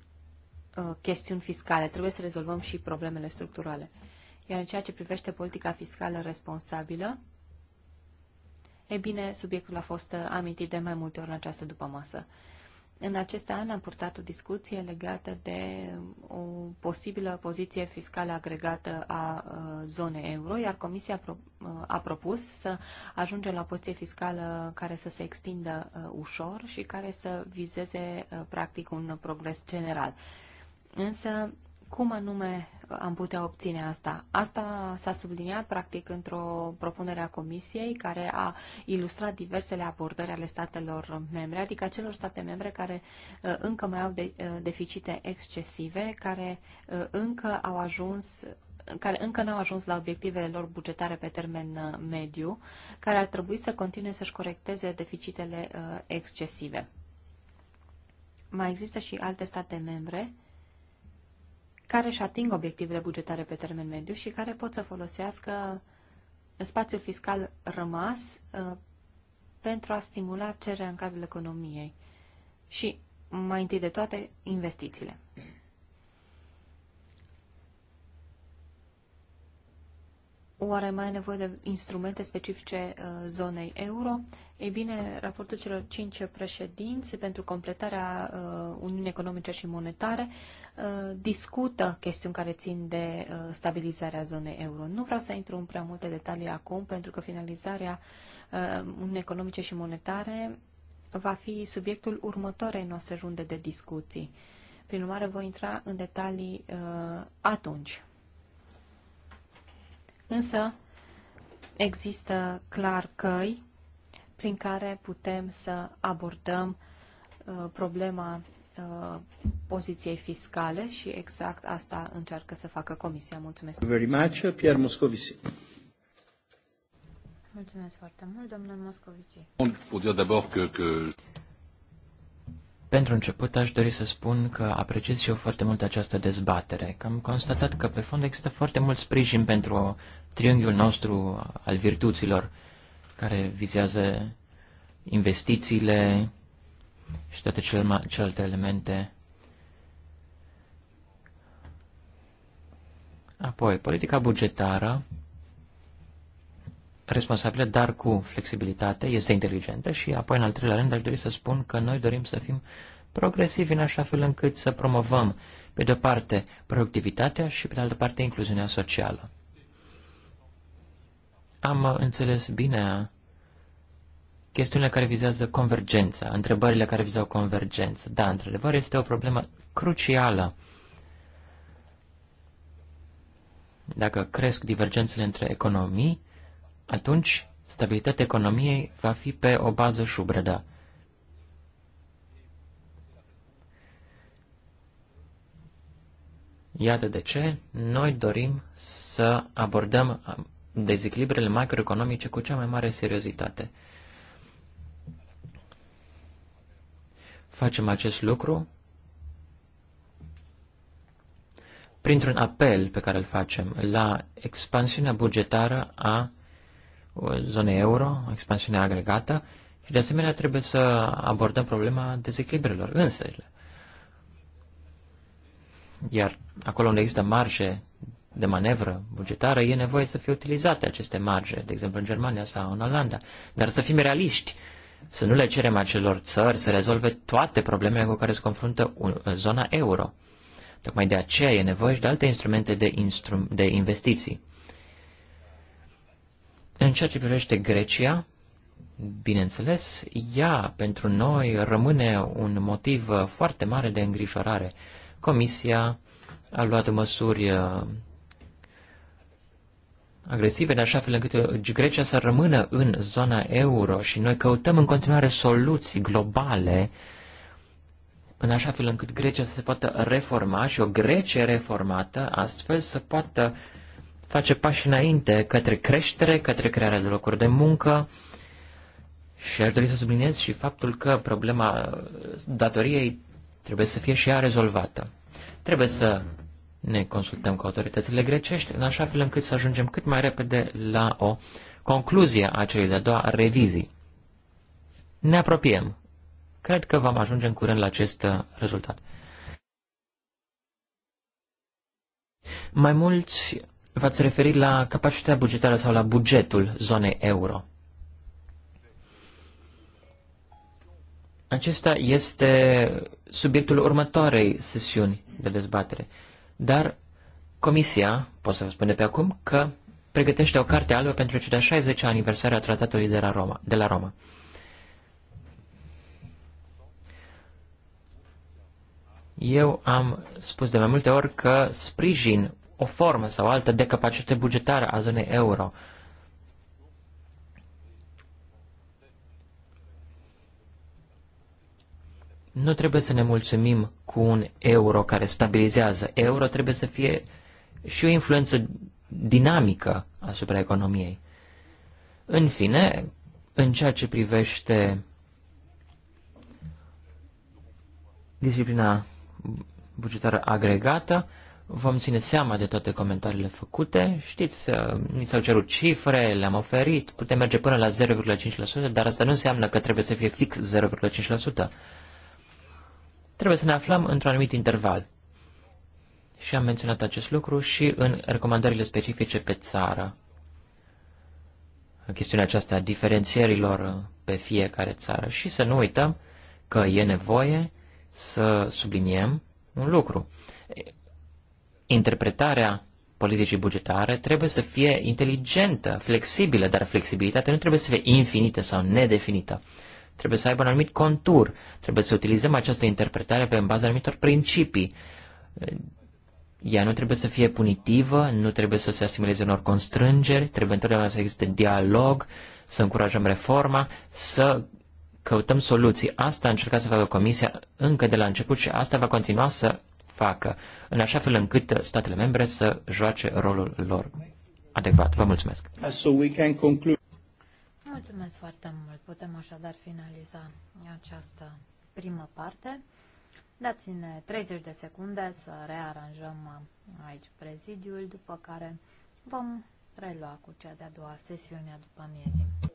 S3: uh, chestiuni fiscale. Trebuie să rezolvăm și problemele structurale. Iar în ceea ce privește politica fiscală responsabilă, e bine, subiectul a fost uh, amintit de mai multe ori în această dupămasă. masă. În acest an am purtat o discuție legată de o posibilă poziție fiscală agregată a zonei euro, iar Comisia a propus să ajungem la o poziție fiscală care să se extindă ușor și care să vizeze practic un progres general. Însă cum anume am putea obține asta? Asta s-a subliniat practic într-o propunere a Comisiei care a ilustrat diversele abordări ale statelor membre, adică acelor state membre care uh, încă mai au uh, deficite excesive, care uh, încă au ajuns care încă n-au ajuns la obiectivele lor bugetare pe termen mediu, care ar trebui să continue să-și corecteze deficitele excesive. Mai există și alte state membre care își ating obiectivele bugetare pe termen mediu și care pot să folosească spațiul fiscal rămas uh, pentru a stimula cererea în cadrul economiei și, mai întâi de toate, investițiile. Oare mai e nevoie de instrumente specifice uh, zonei euro? Ei bine, raportul celor cinci președinți pentru completarea uh, Uniunii Economice și Monetare uh, discută chestiuni care țin de stabilizarea zonei euro. Nu vreau să intru în prea multe detalii acum, pentru că finalizarea Uniunii Economice și Monetare va fi subiectul următoarei noastre runde de discuții. Prin urmare, voi intra în detalii atunci însă există clar căi prin care putem să abordăm uh, problema uh, poziției fiscale și exact asta încearcă să facă Comisia. Mulțumesc.
S1: Very much, uh, Pierre Moscovici.
S3: Mulțumesc foarte mult, domnul
S1: Moscovici.
S2: Pentru început, aș dori să spun că apreciez și eu foarte mult această dezbatere, că am constatat că pe fond există foarte mult sprijin pentru triunghiul nostru al virtuților, care vizează investițiile și toate celelalte elemente. Apoi, politica bugetară, responsabilă, dar cu flexibilitate, este inteligentă și apoi, în al treilea rând, aș dori să spun că noi dorim să fim progresivi în așa fel încât să promovăm, pe de-o parte, productivitatea și, pe de altă parte, incluziunea socială am înțeles bine chestiunile care vizează convergența, întrebările care vizează convergență. Da, într-adevăr, este o problemă crucială. Dacă cresc divergențele între economii, atunci stabilitatea economiei va fi pe o bază șubredă. Iată de ce noi dorim să abordăm dezechilibrele macroeconomice cu cea mai mare seriozitate. Facem acest lucru printr-un apel pe care îl facem la expansiunea bugetară a zonei euro, expansiunea agregată, și de asemenea trebuie să abordăm problema dezechilibrelor însele. Iar acolo unde există marge de manevră bugetară, e nevoie să fie utilizate aceste marge, de exemplu în Germania sau în Olanda. Dar să fim realiști, să nu le cerem acelor țări să rezolve toate problemele cu care se confruntă zona euro. Tocmai de aceea e nevoie și de alte instrumente de, instru- de investiții. În ceea ce privește Grecia, bineînțeles, ea pentru noi rămâne un motiv foarte mare de îngrijorare. Comisia a luat măsuri uh, agresive, în așa fel încât uh, Grecia să rămână în zona euro și noi căutăm în continuare soluții globale în așa fel încât Grecia să se poată reforma și o Grecie reformată astfel să poată face pași înainte către creștere, către crearea de locuri de muncă și aș dori să subliniez și faptul că problema uh, datoriei trebuie să fie și ea rezolvată. Trebuie să ne consultăm cu autoritățile grecești, în așa fel încât să ajungem cât mai repede la o concluzie a celei de-a doua revizii. Ne apropiem. Cred că vom ajunge în curând la acest uh, rezultat. Mai mulți v-ați referit la capacitatea bugetară sau la bugetul zonei euro. Acesta este subiectul următoarei sesiuni de dezbatere. Dar Comisia, pot să vă spune pe acum, că pregătește o carte albă pentru cea de-a 60-a aniversare a tratatului de la Roma. De la Roma. Eu am spus de mai multe ori că sprijin o formă sau altă de capacitate bugetară a zonei euro. Nu trebuie să ne mulțumim cu un euro care stabilizează. Euro trebuie să fie și o influență dinamică asupra economiei. În fine, în ceea ce privește disciplina bugetară agregată, vom ține seama de toate comentariile făcute. Știți, mi uh, s-au cerut cifre, le-am oferit, putem merge până la 0,5%, dar asta nu înseamnă că trebuie să fie fix 0,5% trebuie să ne aflăm într-un anumit interval. Și am menționat acest lucru și în recomandările specifice pe țară. În chestiunea aceasta a diferențierilor pe fiecare țară. Și să nu uităm că e nevoie să subliniem un lucru. Interpretarea politicii bugetare trebuie să fie inteligentă, flexibilă, dar flexibilitatea nu trebuie să fie infinită sau nedefinită trebuie să aibă un anumit contur, trebuie să utilizăm această interpretare pe baza anumitor principii. Ea nu trebuie să fie punitivă, nu trebuie să se asimileze unor constrângeri, trebuie întotdeauna să existe dialog, să încurajăm reforma, să căutăm soluții. Asta a încercat să facă Comisia încă de la început și asta va continua să facă, în așa fel încât statele membre să joace rolul lor adecvat. Vă mulțumesc.
S1: So we can conclude.
S4: Mulțumesc foarte mult. Putem așadar finaliza această primă parte. Dați-ne 30 de secunde să rearanjăm aici prezidiul, după care vom relua cu cea de-a doua sesiune după miezii.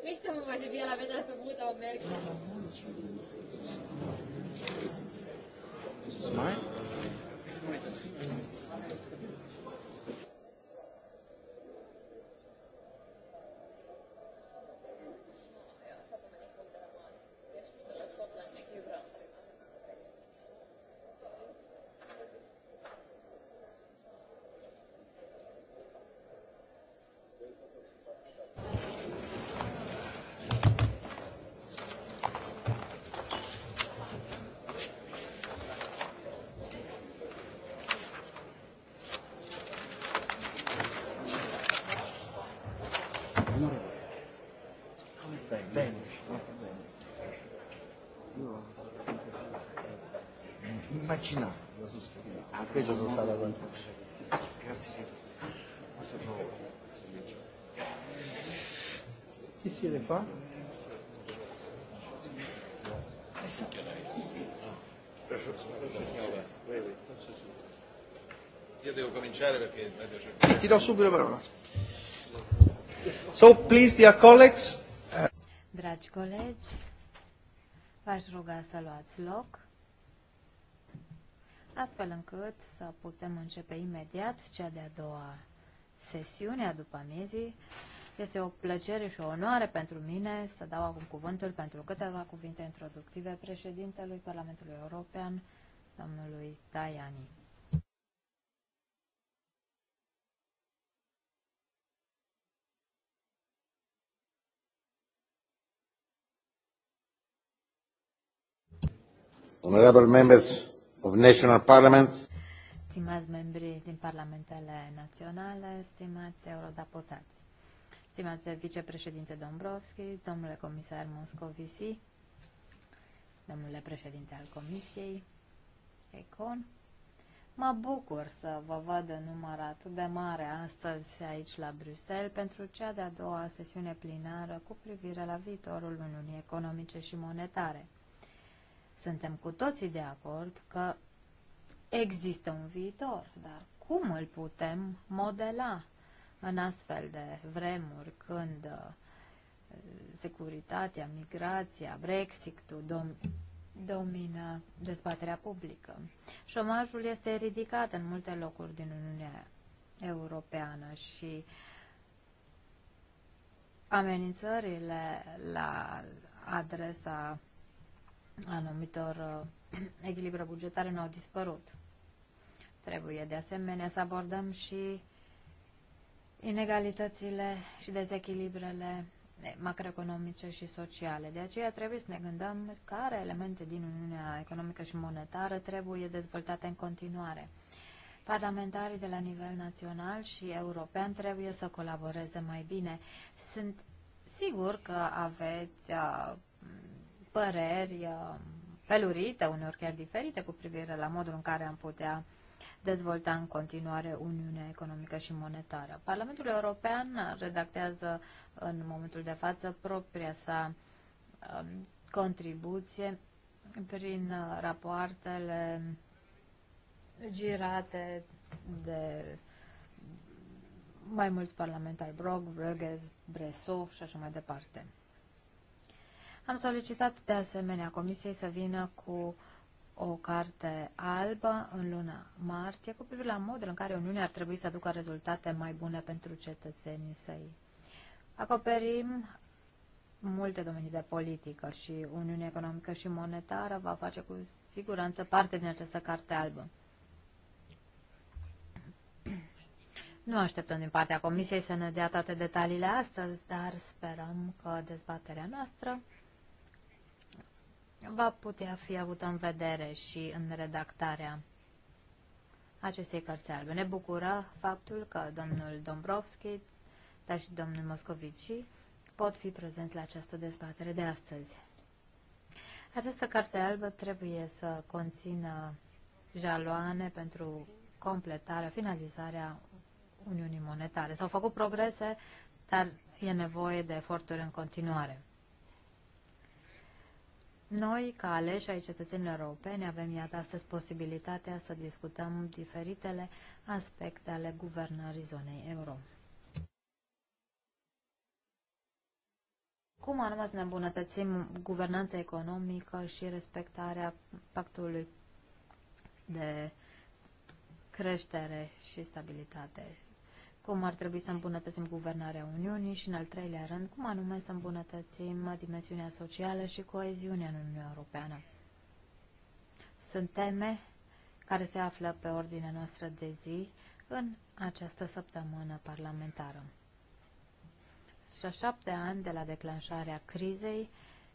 S1: Questo <laughs> mi face via la metà dovuta a me.
S3: Smile?
S1: Danish. Danish. Danish. a Ah, questo sono stato con... Grazie sempre. Chi siete qua? Io devo cominciare perché... ti do
S2: subito la parola.
S1: So, please, dear colleagues,
S4: Dragi colegi, v-aș ruga să luați loc, astfel încât să putem începe imediat cea de-a doua sesiune a după amiezii. Este o plăcere și o onoare pentru mine să dau acum cuvântul pentru câteva cuvinte introductive președintelui Parlamentului European, domnului Tajani.
S1: Honorable members of national parliaments.
S4: Stimați membri din parlamentele naționale, stimați eurodeputați, stimați vicepreședinte Dombrovski, domnule comisar Moscovici, domnule președinte al Comisiei Econ, mă bucur să vă văd în număr atât de mare astăzi aici la Bruxelles pentru cea de-a doua sesiune plenară cu privire la viitorul Uniunii Economice și Monetare – suntem cu toții de acord că există un viitor, dar cum îl putem modela în astfel de vremuri când uh, securitatea, migrația, Brexitul dom- domină dezbaterea publică. Șomajul este ridicat în multe locuri din Uniunea Europeană și amenințările la adresa anumitor uh, echilibre bugetare nu au dispărut. Trebuie de asemenea să abordăm și inegalitățile și dezechilibrele macroeconomice și sociale. De aceea trebuie să ne gândăm care elemente din Uniunea Economică și Monetară trebuie dezvoltate în continuare. Parlamentarii de la nivel național și european trebuie să colaboreze mai bine. Sunt sigur că aveți uh, păreri uh, felurite, uneori chiar diferite, cu privire la modul în care am putea dezvolta în continuare Uniunea Economică și Monetară. Parlamentul European redactează în momentul de față propria sa um, contribuție prin uh, rapoartele girate de mai mulți parlamentari, Brog, Brugges, Bresso și așa mai departe. Am solicitat de asemenea Comisiei să vină cu o carte albă în luna martie cu privire la modul în care Uniunea ar trebui să aducă rezultate mai bune pentru cetățenii săi. Acoperim multe domenii de politică și Uniunea Economică și Monetară va face cu siguranță parte din această carte albă. Nu așteptăm din partea Comisiei să ne dea toate detaliile astăzi, dar sperăm că dezbaterea noastră va putea fi avută în vedere și în redactarea acestei cărți albe. Ne bucură faptul că domnul Dombrovski, dar și domnul Moscovici pot fi prezenți la această dezbatere de astăzi. Această carte albă trebuie să conțină jaloane pentru completarea, finalizarea Uniunii Monetare. S-au făcut progrese, dar e nevoie de eforturi în continuare. Noi, ca aleși ai cetățenilor europeni, avem iată astăzi posibilitatea să discutăm diferitele aspecte ale guvernării zonei euro. Cum anume să ne îmbunătățim guvernanța economică și respectarea pactului de creștere și stabilitate cum ar trebui să îmbunătățim guvernarea Uniunii și, în al treilea rând, cum anume să îmbunătățim dimensiunea socială și coeziunea în Uniunea Europeană. Sunt teme care se află pe ordinea noastră de zi în această săptămână parlamentară. Și a șapte ani de la declanșarea crizei,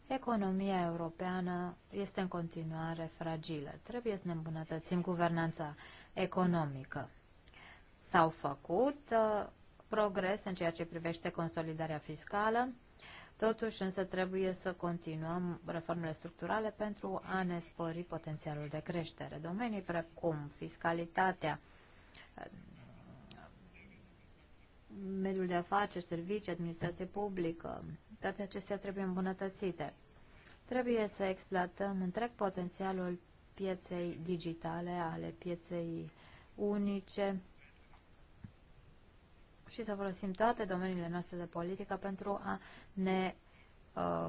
S4: economia europeană este în continuare fragilă. Trebuie să ne îmbunătățim guvernanța economică S-au făcut uh, progres în ceea ce privește consolidarea fiscală, totuși însă trebuie să continuăm reformele structurale pentru a ne spori potențialul de creștere. Domenii precum fiscalitatea, uh, mediul de afaceri, servicii, administrație publică, toate acestea trebuie îmbunătățite. Trebuie să exploatăm întreg potențialul pieței digitale, ale pieței unice, și să folosim toate domeniile noastre de politică pentru a ne uh,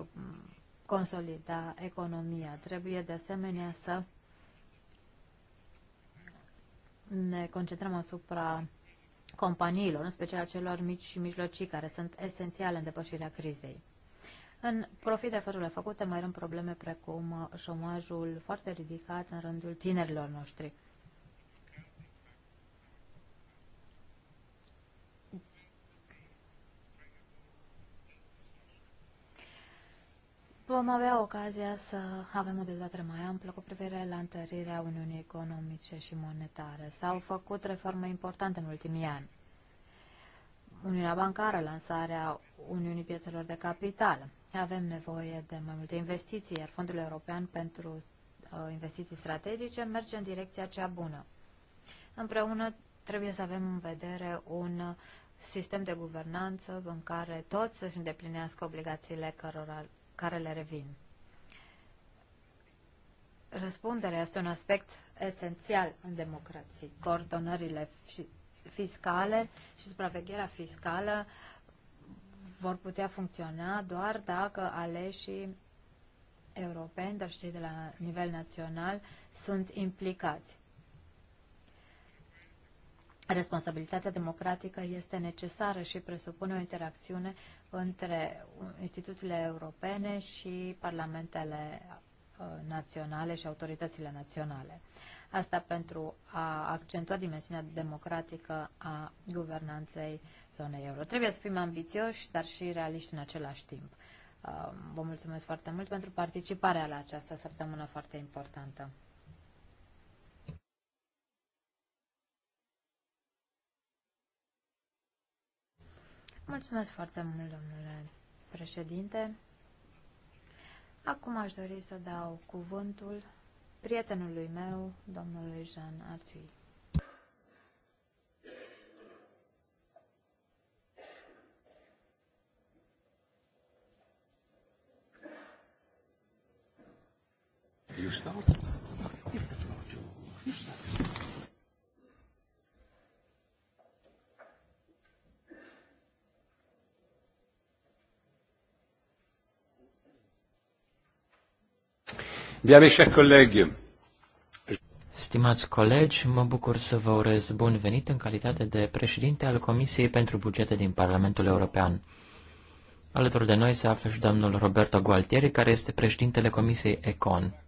S4: consolida economia. Trebuie de asemenea să ne concentrăm asupra companiilor, în special celor mici și mijlocii, care sunt esențiale în depășirea crizei. În profit de eforturile făcute mai rând probleme precum șomajul foarte ridicat în rândul tinerilor noștri. vom avea ocazia să avem o dezbatere mai amplă cu privire la întărirea Uniunii Economice și Monetare. S-au făcut reforme importante în ultimii ani. Uniunea bancară, lansarea Uniunii Piețelor de Capital. Avem nevoie de mai multe investiții, iar Fondul European pentru uh, Investiții Strategice merge în direcția cea bună. Împreună trebuie să avem în vedere un sistem de guvernanță în care toți să-și îndeplinească obligațiile cărora care le revin. Răspunderea este un aspect esențial în democrații. Coordonările fiscale și supravegherea fiscală vor putea funcționa doar dacă aleșii europeni, dar și cei de la nivel național, sunt implicați. Responsabilitatea democratică este necesară și presupune o interacțiune între instituțiile europene și parlamentele uh, naționale și autoritățile naționale. Asta pentru a accentua dimensiunea democratică a guvernanței zonei euro. Trebuie să fim ambițioși, dar și realiști în același timp. Uh, vă mulțumesc foarte mult pentru participarea la această săptămână foarte importantă. Mulțumesc foarte mult, domnule președinte. Acum aș dori să dau cuvântul prietenului meu, domnului Jean Artui.
S1: You start? Bien, mes chers collègues.
S2: Stimați colegi, mă bucur să vă urez bun venit în calitate de președinte al Comisiei pentru Bugete din Parlamentul European. Alături de noi se află și domnul Roberto Gualtieri, care este președintele Comisiei ECON.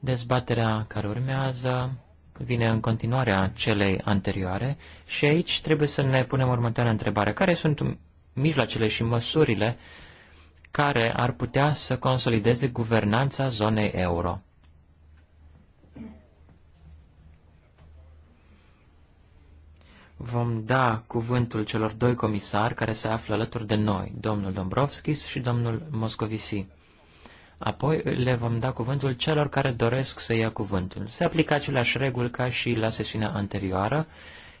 S2: Dezbaterea care urmează vine în continuarea celei anterioare și aici trebuie să ne punem următoarea întrebare. Care sunt mijloacele și măsurile uh, care ar putea să consolideze guvernanța zonei euro. Vom da cuvântul celor doi comisari care se află alături de noi, domnul Dombrovskis și domnul Moscovici. Apoi le vom da cuvântul celor care doresc să ia cuvântul. Se aplică aceleași reguli ca și la sesiunea anterioară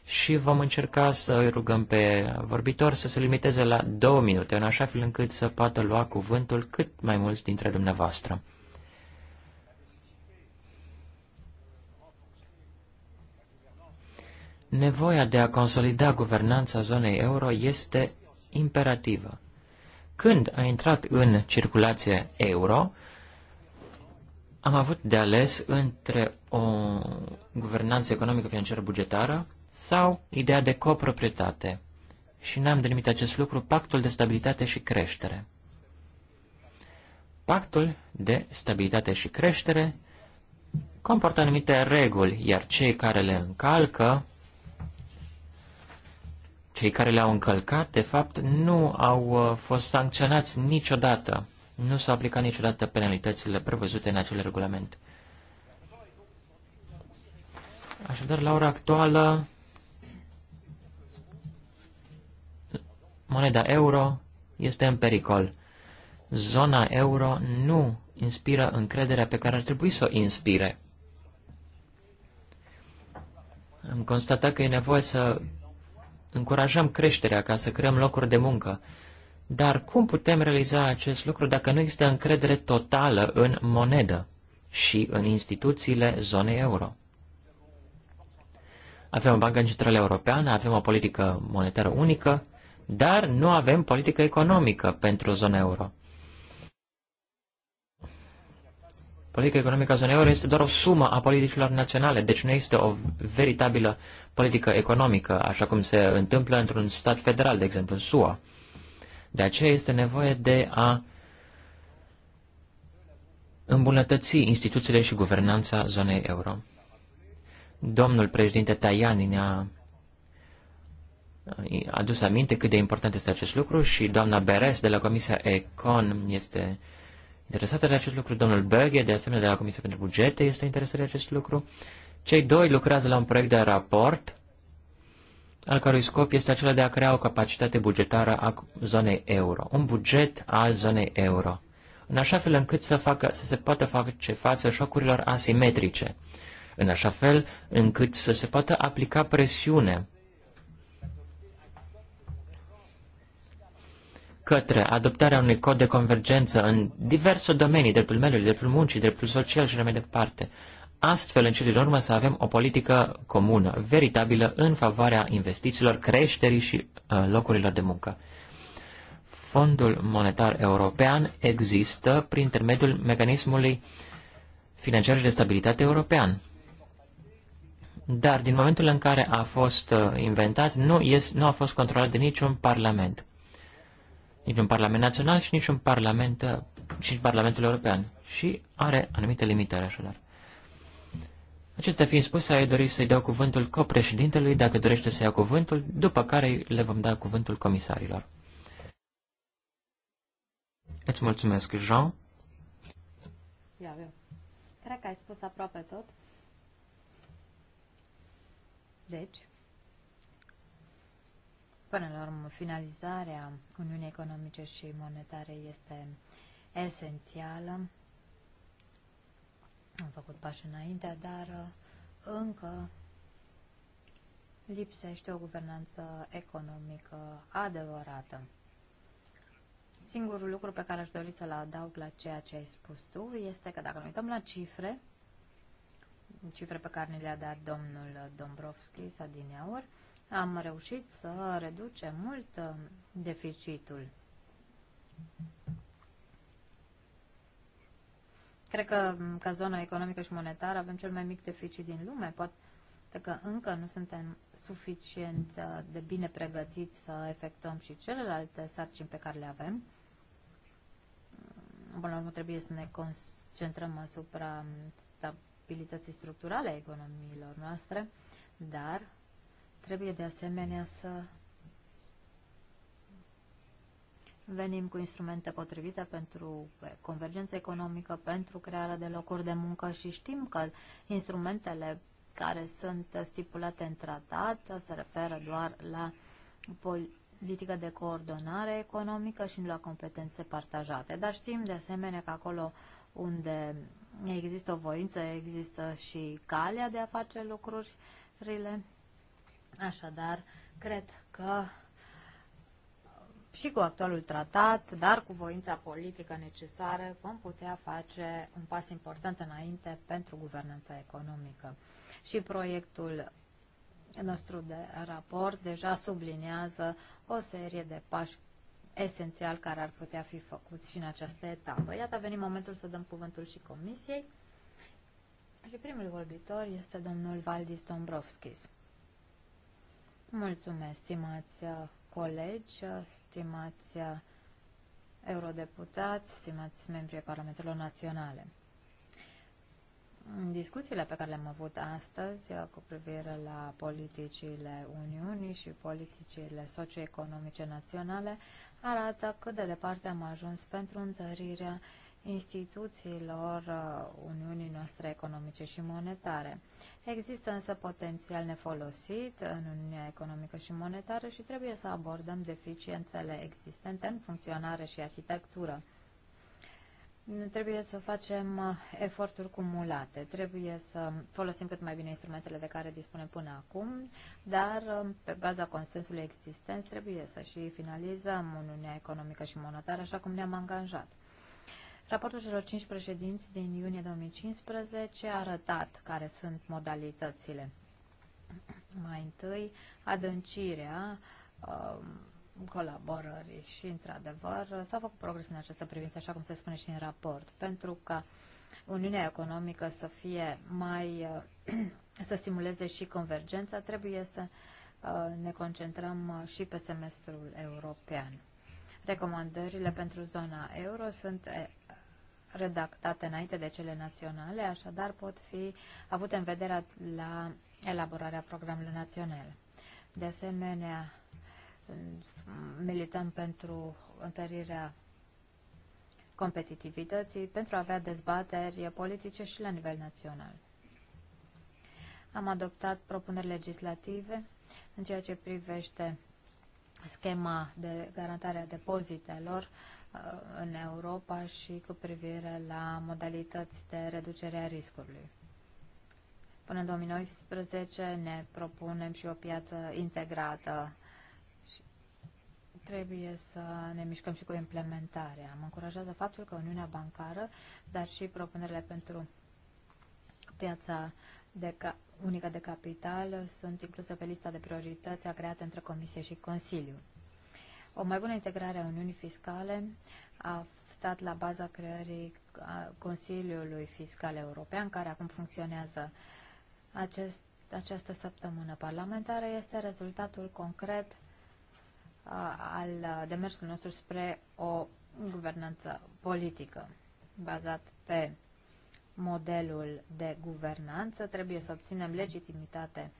S2: și vom încerca să îi rugăm pe vorbitor să se limiteze la două minute, în așa fel încât să poată lua cuvântul cât mai mulți dintre dumneavoastră. Nevoia de a consolida guvernanța zonei euro este imperativă. Când a intrat în circulație euro, am avut de ales între o guvernanță economică, financiară, bugetară sau ideea de coproprietate. Și n-am denumit acest lucru pactul de stabilitate și creștere. Pactul de stabilitate și creștere comportă anumite reguli, iar cei care le încalcă, cei care le-au încălcat, de fapt, nu au uh, fost sancționați niciodată. Nu s-au aplicat niciodată penalitățile prevăzute în acel regulament. Așadar, la ora actuală, moneda euro este în pericol. Zona euro nu inspiră încrederea pe care ar trebui să o inspire. Am constatat că e nevoie să încurajăm creșterea ca să creăm locuri de muncă. Dar cum putem realiza acest lucru dacă nu există încredere totală în monedă și în instituțiile zonei euro? Avem o bancă centrală europeană, avem o politică monetară unică, dar nu avem politică economică pentru zona euro. Politica economică a zonei euro este doar o sumă a politicilor naționale, deci nu există o veritabilă politică economică, așa cum se întâmplă într-un stat federal, de exemplu SUA. De aceea este nevoie de a îmbunătăți instituțiile și guvernanța zonei euro. Domnul președinte Tajani ne-a adus aminte cât de important este acest lucru și doamna Beres de la Comisia Econ este interesată de acest lucru, domnul Böge de asemenea de la Comisia pentru Bugete este interesat de acest lucru. Cei doi lucrează la un proiect de raport al cărui scop este acela de a crea o capacitate bugetară a zonei euro, un buget al zonei euro, în așa fel încât să, facă, să se poată face față șocurilor asimetrice, în așa fel încât să se poată aplica presiune către adoptarea unui cod de convergență în diverse domenii, dreptul mediului, dreptul muncii, dreptul social și mai departe. Astfel, în cele din urmă, să avem o politică comună, veritabilă, în favoarea investițiilor, creșterii și uh, locurilor de muncă. Fondul Monetar European există prin intermediul mecanismului financiar și de stabilitate european. Dar din momentul în care a fost uh, inventat, nu, este, nu a fost controlat de niciun parlament niciun parlament național și niciun parlament eh, și Parlamentul European și are anumite limitări așadar. Acestea fiind spuse, ai dori să-i dau cuvântul copreședintelui, dacă dorește să ia cuvântul, după care le vom da cuvântul comisarilor. Îți mulțumesc, Jean.
S4: Ia, eu. Cred că ai spus aproape tot. Deci, Până la urmă, finalizarea Uniunii Economice și Monetare este esențială. Am făcut pași înainte, dar uh, încă lipsește o guvernanță economică adevărată. Singurul lucru pe care aș dori să-l adaug la ceea ce ai spus tu este că dacă ne uităm la cifre, cifre pe care ne le-a dat domnul Dombrovski sau din Iaur, am reușit să reducem mult uh, deficitul. Cred că ca zona economică și monetară avem cel mai mic deficit din lume. Poate că încă nu suntem suficient uh, de bine pregătiți să efectuăm și celelalte sarcini pe care le avem. Până la urmă trebuie să ne concentrăm asupra stabilității structurale a economiilor noastre, dar Trebuie de asemenea să venim cu instrumente potrivite pentru convergență economică, pentru crearea de locuri de muncă și știm că instrumentele care sunt stipulate în tratat se referă doar la politică de coordonare economică și nu la competențe partajate. Dar știm de asemenea că acolo unde există o voință, există și calea de a face lucrurile Așadar, cred că uh, și cu actualul tratat, dar cu voința politică necesară, vom putea face un pas important înainte pentru guvernanța economică. Și proiectul nostru de raport deja subliniază o serie de pași esențial care ar putea fi făcuți și în această etapă. Iată, a venit momentul să dăm cuvântul și comisiei. Și primul vorbitor este domnul Valdis Dombrovskis. Mulțumesc, stimați uh, colegi, uh, stimați uh, eurodeputați, stimați membrii Parlamentelor Naționale. discuțiile pe care le-am avut astăzi cu privire la politicile Uniunii și politicile socioeconomice naționale arată cât de departe am ajuns pentru întărirea instituțiilor uh, Uniunii noastre economice și monetare. Există însă potențial nefolosit în Uniunea economică și monetară și trebuie să abordăm deficiențele existente în funcționare și arhitectură. Trebuie să facem uh, eforturi cumulate, trebuie să folosim cât mai bine instrumentele de care dispunem până acum, dar uh, pe baza consensului existent trebuie să și finalizăm Uniunea Economică și Monetară așa cum ne-am angajat. Raportul celor cinci președinți din iunie 2015 a arătat care sunt modalitățile. Mai întâi, adâncirea um, colaborării și, într-adevăr, s-a făcut progres în această privință, așa cum se spune și în raport, pentru că Uniunea Economică să fie mai, uh, <clears throat> să stimuleze și convergența, trebuie să uh, ne concentrăm uh, și pe semestrul european. Recomandările pentru zona euro sunt redactate înainte de cele naționale, așadar pot fi avute în vedere la elaborarea programului național. De asemenea, milităm pentru întărirea competitivității, pentru a avea dezbateri politice și la nivel național. Am adoptat propuneri legislative în ceea ce privește schema de garantare a depozitelor Uh, în Europa și cu privire la modalități de reducere a riscului. Până în 2019 ne propunem și o piață integrată și trebuie să ne mișcăm și cu implementarea. Mă încurajează faptul că Uniunea Bancară, dar și propunerile pentru piața de ca- unică de capital sunt incluse pe lista de priorități a creată între Comisie și Consiliu. O mai bună integrare a Uniunii Fiscale a stat la baza creării Consiliului Fiscal European, care acum funcționează acest, această săptămână parlamentară, este rezultatul concret al demersului nostru spre o guvernanță politică bazat pe modelul de guvernanță. Trebuie să obținem legitimitate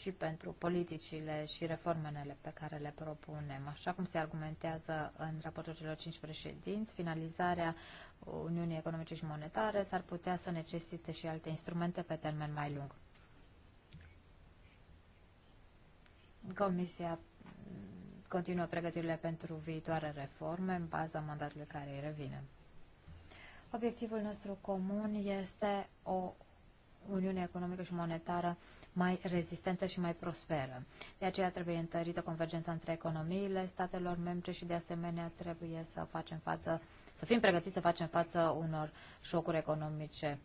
S4: și pentru politicile și reformele pe care le propunem. Așa cum se argumentează în raportul celor cinci președinți, finalizarea Uniunii Economice și Monetare s-ar putea să necesite și alte instrumente pe termen mai lung. Comisia continuă pregătirile pentru viitoare reforme în baza mandatului care îi revine. Obiectivul nostru comun este o Uniune Economică și Monetară mai rezistentă și mai prosperă. De aceea trebuie întărită convergența între economiile statelor membre și de asemenea trebuie să facem față, să fim pregătiți să facem față unor șocuri economice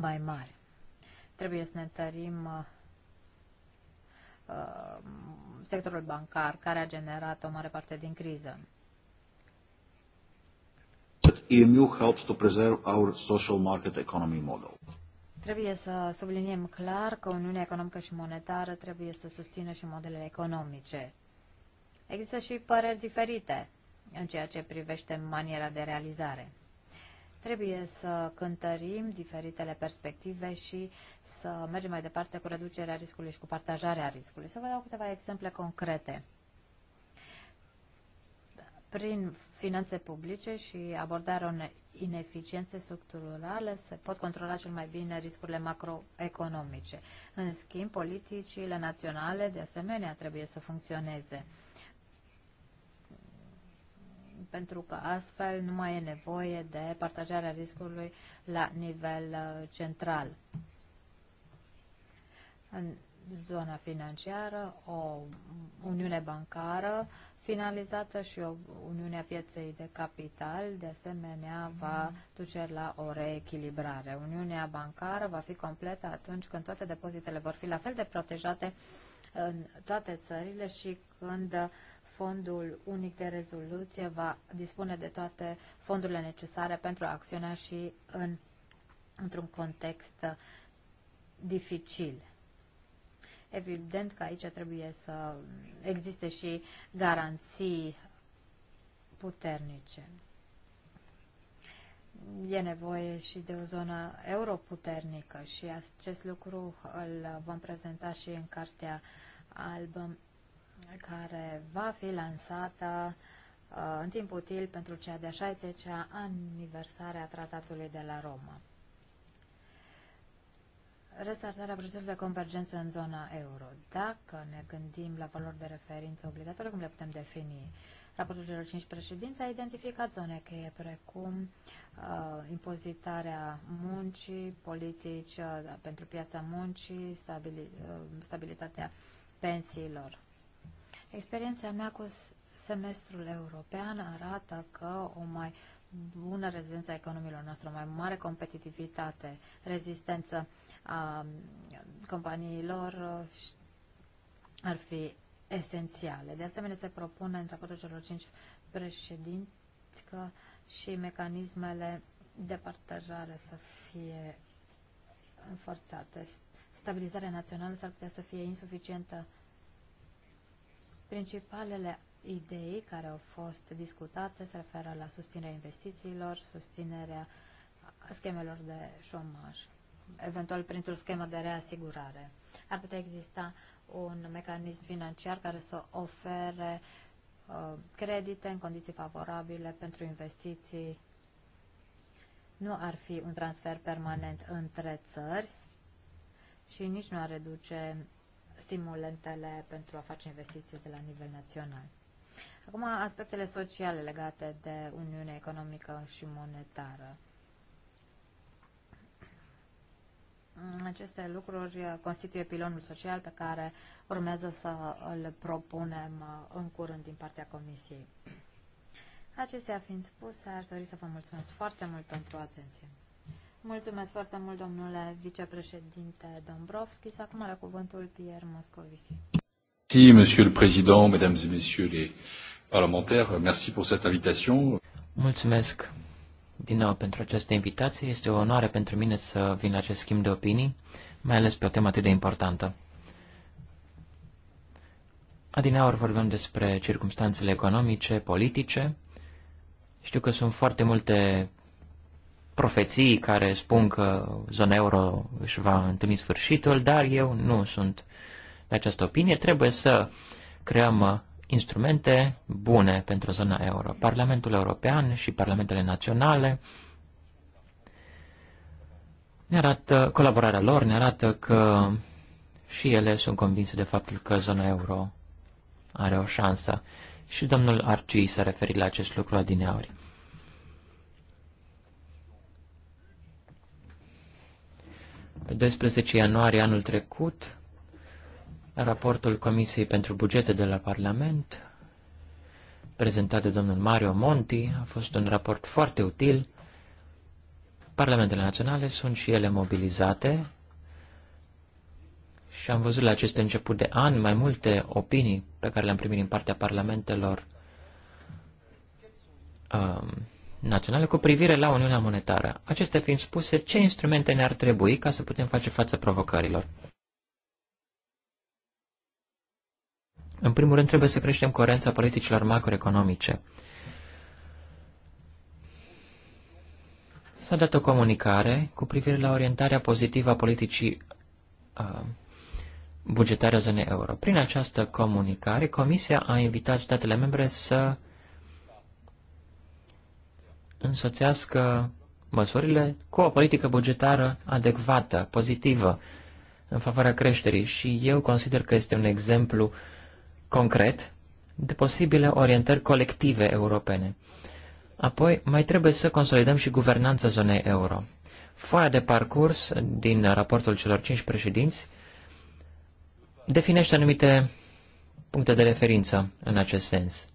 S4: mai mari. Trebuie să ne întărim uh, sectorul bancar care a generat o mare parte din criză.
S1: EMU helps to preserve our social market economy model.
S4: Trebuie să subliniem clar că Uniunea Economică și Monetară trebuie să susțină și modelele economice. Există și păreri diferite în ceea ce privește maniera de realizare. Trebuie să cântărim diferitele perspective și să mergem mai departe cu reducerea riscului și cu partajarea riscului. Să vă dau câteva exemple concrete. Prin finanțe publice și abordarea unei ineficiențe structurale se pot controla cel mai bine riscurile macroeconomice. În schimb, politicile naționale de asemenea trebuie să funcționeze pentru că astfel nu mai e nevoie de partajarea riscului la nivel uh, central. În zona financiară, o uniune bancară finalizată și o Uniunea Pieței de Capital, de asemenea, va mhm. duce la o reechilibrare. Uniunea bancară va fi completă atunci când toate depozitele vor fi la fel de protejate în toate țările și când fondul unic de rezoluție va dispune de toate fondurile necesare pentru a acționa și în, într-un context dificil. Evident că aici trebuie să existe și garanții puternice. E nevoie și de o zonă europuternică și acest lucru îl vom prezenta și în cartea albă care va fi lansată uh, în timp util pentru cea de-a 60-a aniversare a Tratatului de la Roma restartarea procesului de convergență în zona euro. Dacă ne gândim la valori de referință obligatorie, cum le putem defini? Raportul celor 5 președinți a identificat zone cheie precum uh, impozitarea muncii, politici uh, da, pentru piața muncii, stabili, uh, stabilitatea pensiilor. Experiența mea cu semestrul european arată că o mai bună rezistență a economiilor noastre, o mai mare competitivitate, rezistență a um, companiilor uh, ar fi esențiale. De asemenea, se propune în raportul celor cinci președinți că și mecanismele de partajare să fie înforțate. Stabilizarea națională s-ar putea să fie insuficientă. Principalele idei care au fost discutate se referă la susținerea investițiilor, susținerea schemelor de șomaj, eventual printr-o schemă de reasigurare. Ar putea exista un mecanism financiar care să ofere uh, credite în condiții favorabile pentru investiții. Nu ar fi un transfer permanent între țări și nici nu ar reduce stimulentele pentru a face investiții de la nivel național. Acum, aspectele sociale legate de Uniunea Economică și Monetară. Aceste lucruri constituie pilonul social pe care urmează să îl propunem uh, în curând din partea Comisiei. Acestea fiind spuse, aș dori să vă mulțumesc foarte mult pentru atenție. Mulțumesc foarte mult, domnule vicepreședinte Dombrovski. Acum are cuvântul Pierre Moscovici.
S1: Merci, Monsieur le Président, Mesdames et Messieurs les parlementaires. Merci pour cette invitation.
S2: Mulțumesc din nou pentru această invitație. Este o onoare pentru mine să vin la acest schimb de opinii, mai ales pe o temă atât de importantă. Adineaur vorbim despre circumstanțele economice, politice. Știu că sunt foarte multe profeții care spun că zona euro își va întâlni sfârșitul, dar eu nu sunt de această opinie, trebuie să creăm uh, instrumente bune pentru zona euro. Parlamentul European și parlamentele naționale ne arată, colaborarea lor ne arată că și ele sunt convinse de faptul că zona euro are o șansă. Și domnul Arci s-a referit la acest lucru adineauri. Pe 12 ianuarie anul trecut, raportul Comisiei pentru Bugete de la Parlament, prezentat de domnul Mario Monti, a fost un raport foarte util. Parlamentele naționale sunt și ele mobilizate și am văzut la acest început de an mai multe opinii pe care le-am primit din partea parlamentelor um, naționale cu privire la Uniunea Monetară. Acestea fiind spuse, ce instrumente ne-ar trebui ca să putem face față provocărilor? În primul rând, trebuie să creștem coerența politicilor macroeconomice. S-a dat o comunicare cu privire la orientarea pozitivă a politicii uh, bugetare a zonei euro. Prin această comunicare, Comisia a invitat statele membre să însoțească măsurile cu o politică bugetară adecvată, pozitivă, în favoarea creșterii și eu consider că este un exemplu concret de posibile orientări colective europene. Apoi, mai trebuie să consolidăm și guvernanța zonei euro. Foaia de parcurs din raportul celor cinci președinți definește anumite puncte de referință în acest sens.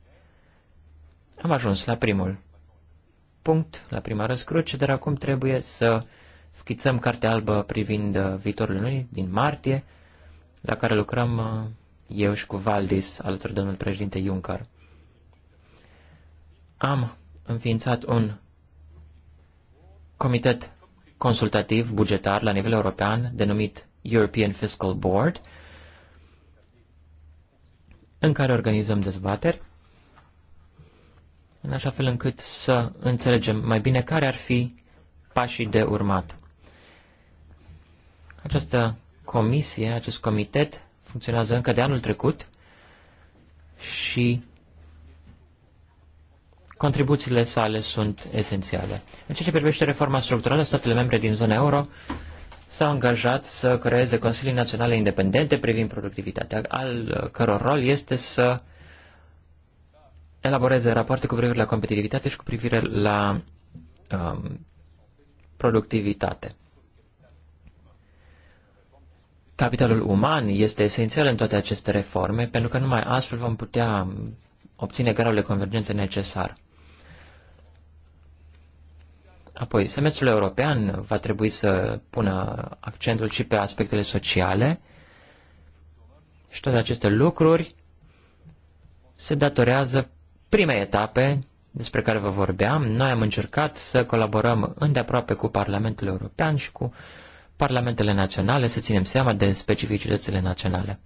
S2: Am ajuns la primul punct, la prima răscruce, dar acum trebuie să schițăm cartea albă privind viitorul lunii din martie, la care lucrăm uh, eu și cu Valdis, alături de domnul președinte Juncker. Am înființat un comitet consultativ bugetar la nivel european, denumit European Fiscal Board, în care organizăm dezbateri, în așa fel încât să înțelegem mai bine care ar fi pașii de urmat. Această comisie, acest comitet, funcționează încă de anul trecut și contribuțiile sale sunt esențiale. În ceea ce privește reforma structurală, statele membre din zona euro s-au angajat să creeze Consilii Naționale Independente privind productivitatea, al căror rol este să elaboreze rapoarte cu privire la competitivitate și cu privire la um, productivitate. Capitalul uman este esențial în toate aceste reforme, pentru că numai astfel vom putea obține gradul de convergență necesar. Apoi, semestrul european va trebui să pună accentul și pe aspectele sociale și toate aceste lucruri se datorează primei etape despre care vă vorbeam. Noi am încercat să colaborăm îndeaproape cu Parlamentul European și cu uh, parlamentele naționale, să ținem seama de specificitățile naționale.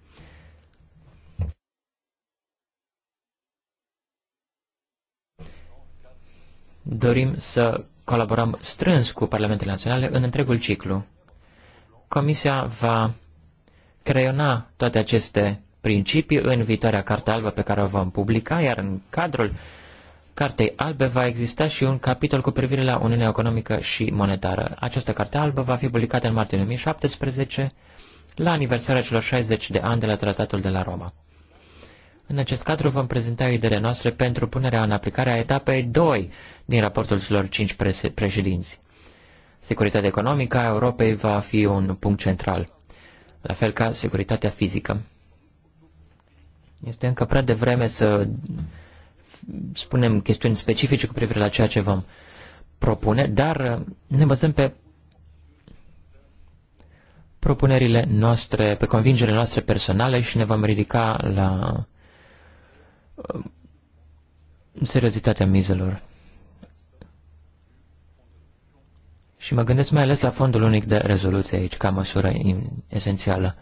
S2: Dorim să colaborăm strâns cu parlamentele naționale în întregul ciclu. Comisia va creiona toate aceste principii în viitoarea carte albă pe care o vom publica, iar în cadrul Cartei albe va exista și un capitol cu privire la Uniunea Economică și Monetară. Această carte albă va fi publicată în martie 2017, la aniversarea celor 60 de ani de la Tratatul de la Roma. În acest cadru vom prezenta ideile noastre pentru punerea în aplicare a etapei 2 din raportul celor 5 președinți. Securitatea economică a Europei va fi un punct central, la fel ca securitatea fizică. Este încă prea devreme să spunem chestiuni specifice cu privire la ceea ce vom propune, dar uh, ne bazăm pe propunerile noastre, pe convingerile noastre personale și ne vom ridica la uh, seriozitatea mizelor. Și mă gândesc mai ales la fondul unic de rezoluție aici, ca măsură esențială.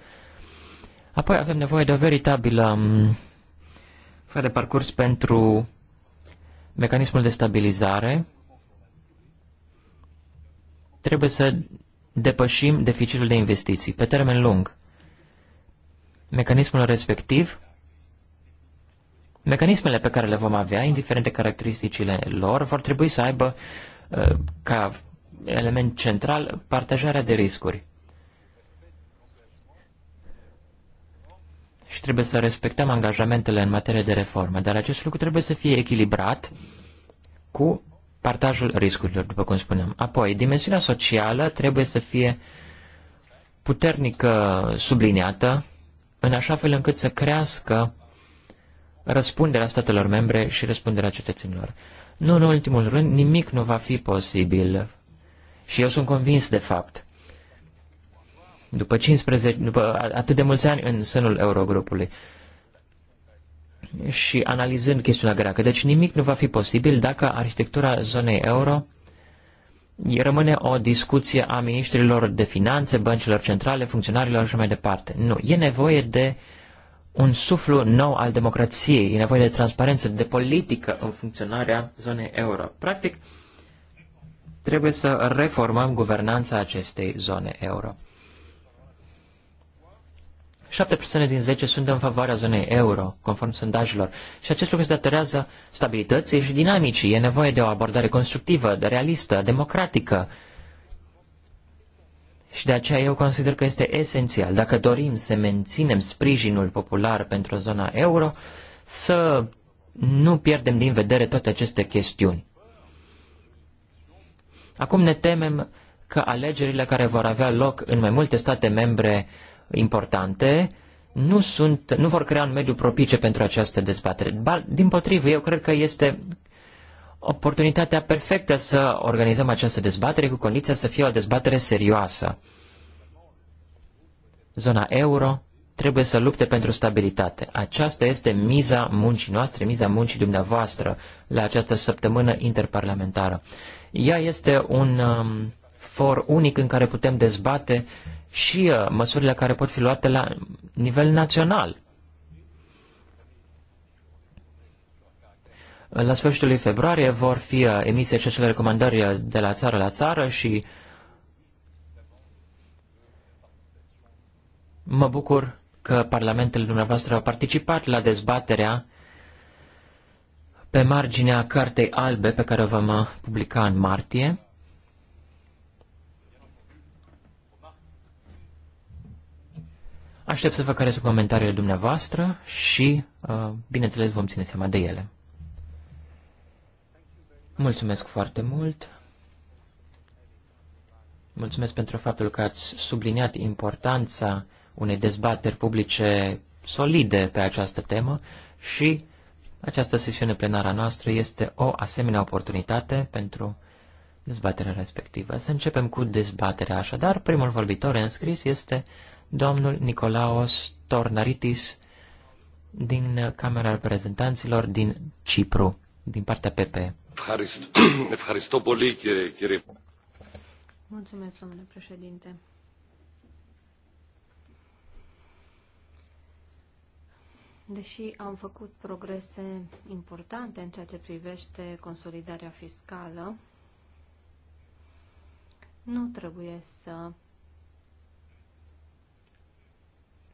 S2: Apoi avem nevoie de o veritabilă um, fără de parcurs pentru mecanismul de stabilizare trebuie să depășim deficitul de investiții pe termen lung. Mecanismul respectiv, mecanismele pe care le vom avea, indiferent de caracteristicile lor, vor trebui să aibă uh, ca element central partajarea de riscuri. și trebuie să respectăm angajamentele în materie de reformă, dar acest lucru trebuie să fie echilibrat cu partajul riscurilor, după cum spuneam. Apoi, dimensiunea socială trebuie să fie puternic uh, subliniată, în așa fel încât să crească răspunderea statelor membre și răspunderea cetățenilor. Nu în ultimul rând, nimic nu va fi posibil și eu sunt convins de fapt după, 15, după atât de mulți ani în sânul Eurogrupului și analizând chestiunea greacă. Deci nimic nu va fi posibil dacă arhitectura zonei euro rămâne o discuție a ministrilor de finanțe, băncilor centrale, funcționarilor și mai departe. Nu, e nevoie de un suflu nou al democrației, e nevoie de transparență, de politică în funcționarea zonei euro. Practic, trebuie să reformăm guvernanța acestei zone euro. 7 persoane din 10 sunt în favoarea zonei euro, conform sondajelor, și acest lucru se datorează stabilității și dinamicii. E nevoie de o abordare constructivă, realistă, democratică. Și de aceea eu consider că este esențial, dacă dorim să menținem sprijinul popular pentru zona euro, să nu pierdem din vedere toate aceste chestiuni. Acum ne temem că alegerile care vor avea loc în mai multe state membre importante nu, sunt, nu vor crea un mediu propice pentru această dezbatere. Ba, din potrivă, eu cred că este oportunitatea perfectă să organizăm această dezbatere cu condiția să fie o dezbatere serioasă. Zona euro trebuie să lupte pentru stabilitate. Aceasta este miza muncii noastre, miza muncii dumneavoastră la această săptămână interparlamentară. Ea este un um, for unic în care putem dezbate și uh, măsurile care pot fi luate la nivel național. Uh, la sfârșitul lui februarie vor fi uh, emise și acele recomandări de la țară la țară și mă bucur că parlamentele dumneavoastră au participat la dezbaterea pe marginea cartei albe pe care o vom publica în martie. Aștept să vă care sunt comentariile dumneavoastră și, uh, bineînțeles, vom ține seama de ele. Mulțumesc foarte mult! Mulțumesc pentru faptul că ați subliniat importanța unei dezbateri publice solide pe această temă și această sesiune plenară a noastră este o asemenea oportunitate pentru dezbaterea respectivă. Să începem cu dezbaterea așadar. Primul vorbitor înscris este domnul Nicolaos Tornaritis din Camera Reprezentanților din Cipru, din partea PP.
S1: <clears throat>
S3: Mulțumesc, domnule președinte. Deși am făcut progrese importante în ceea ce privește consolidarea fiscală, nu trebuie să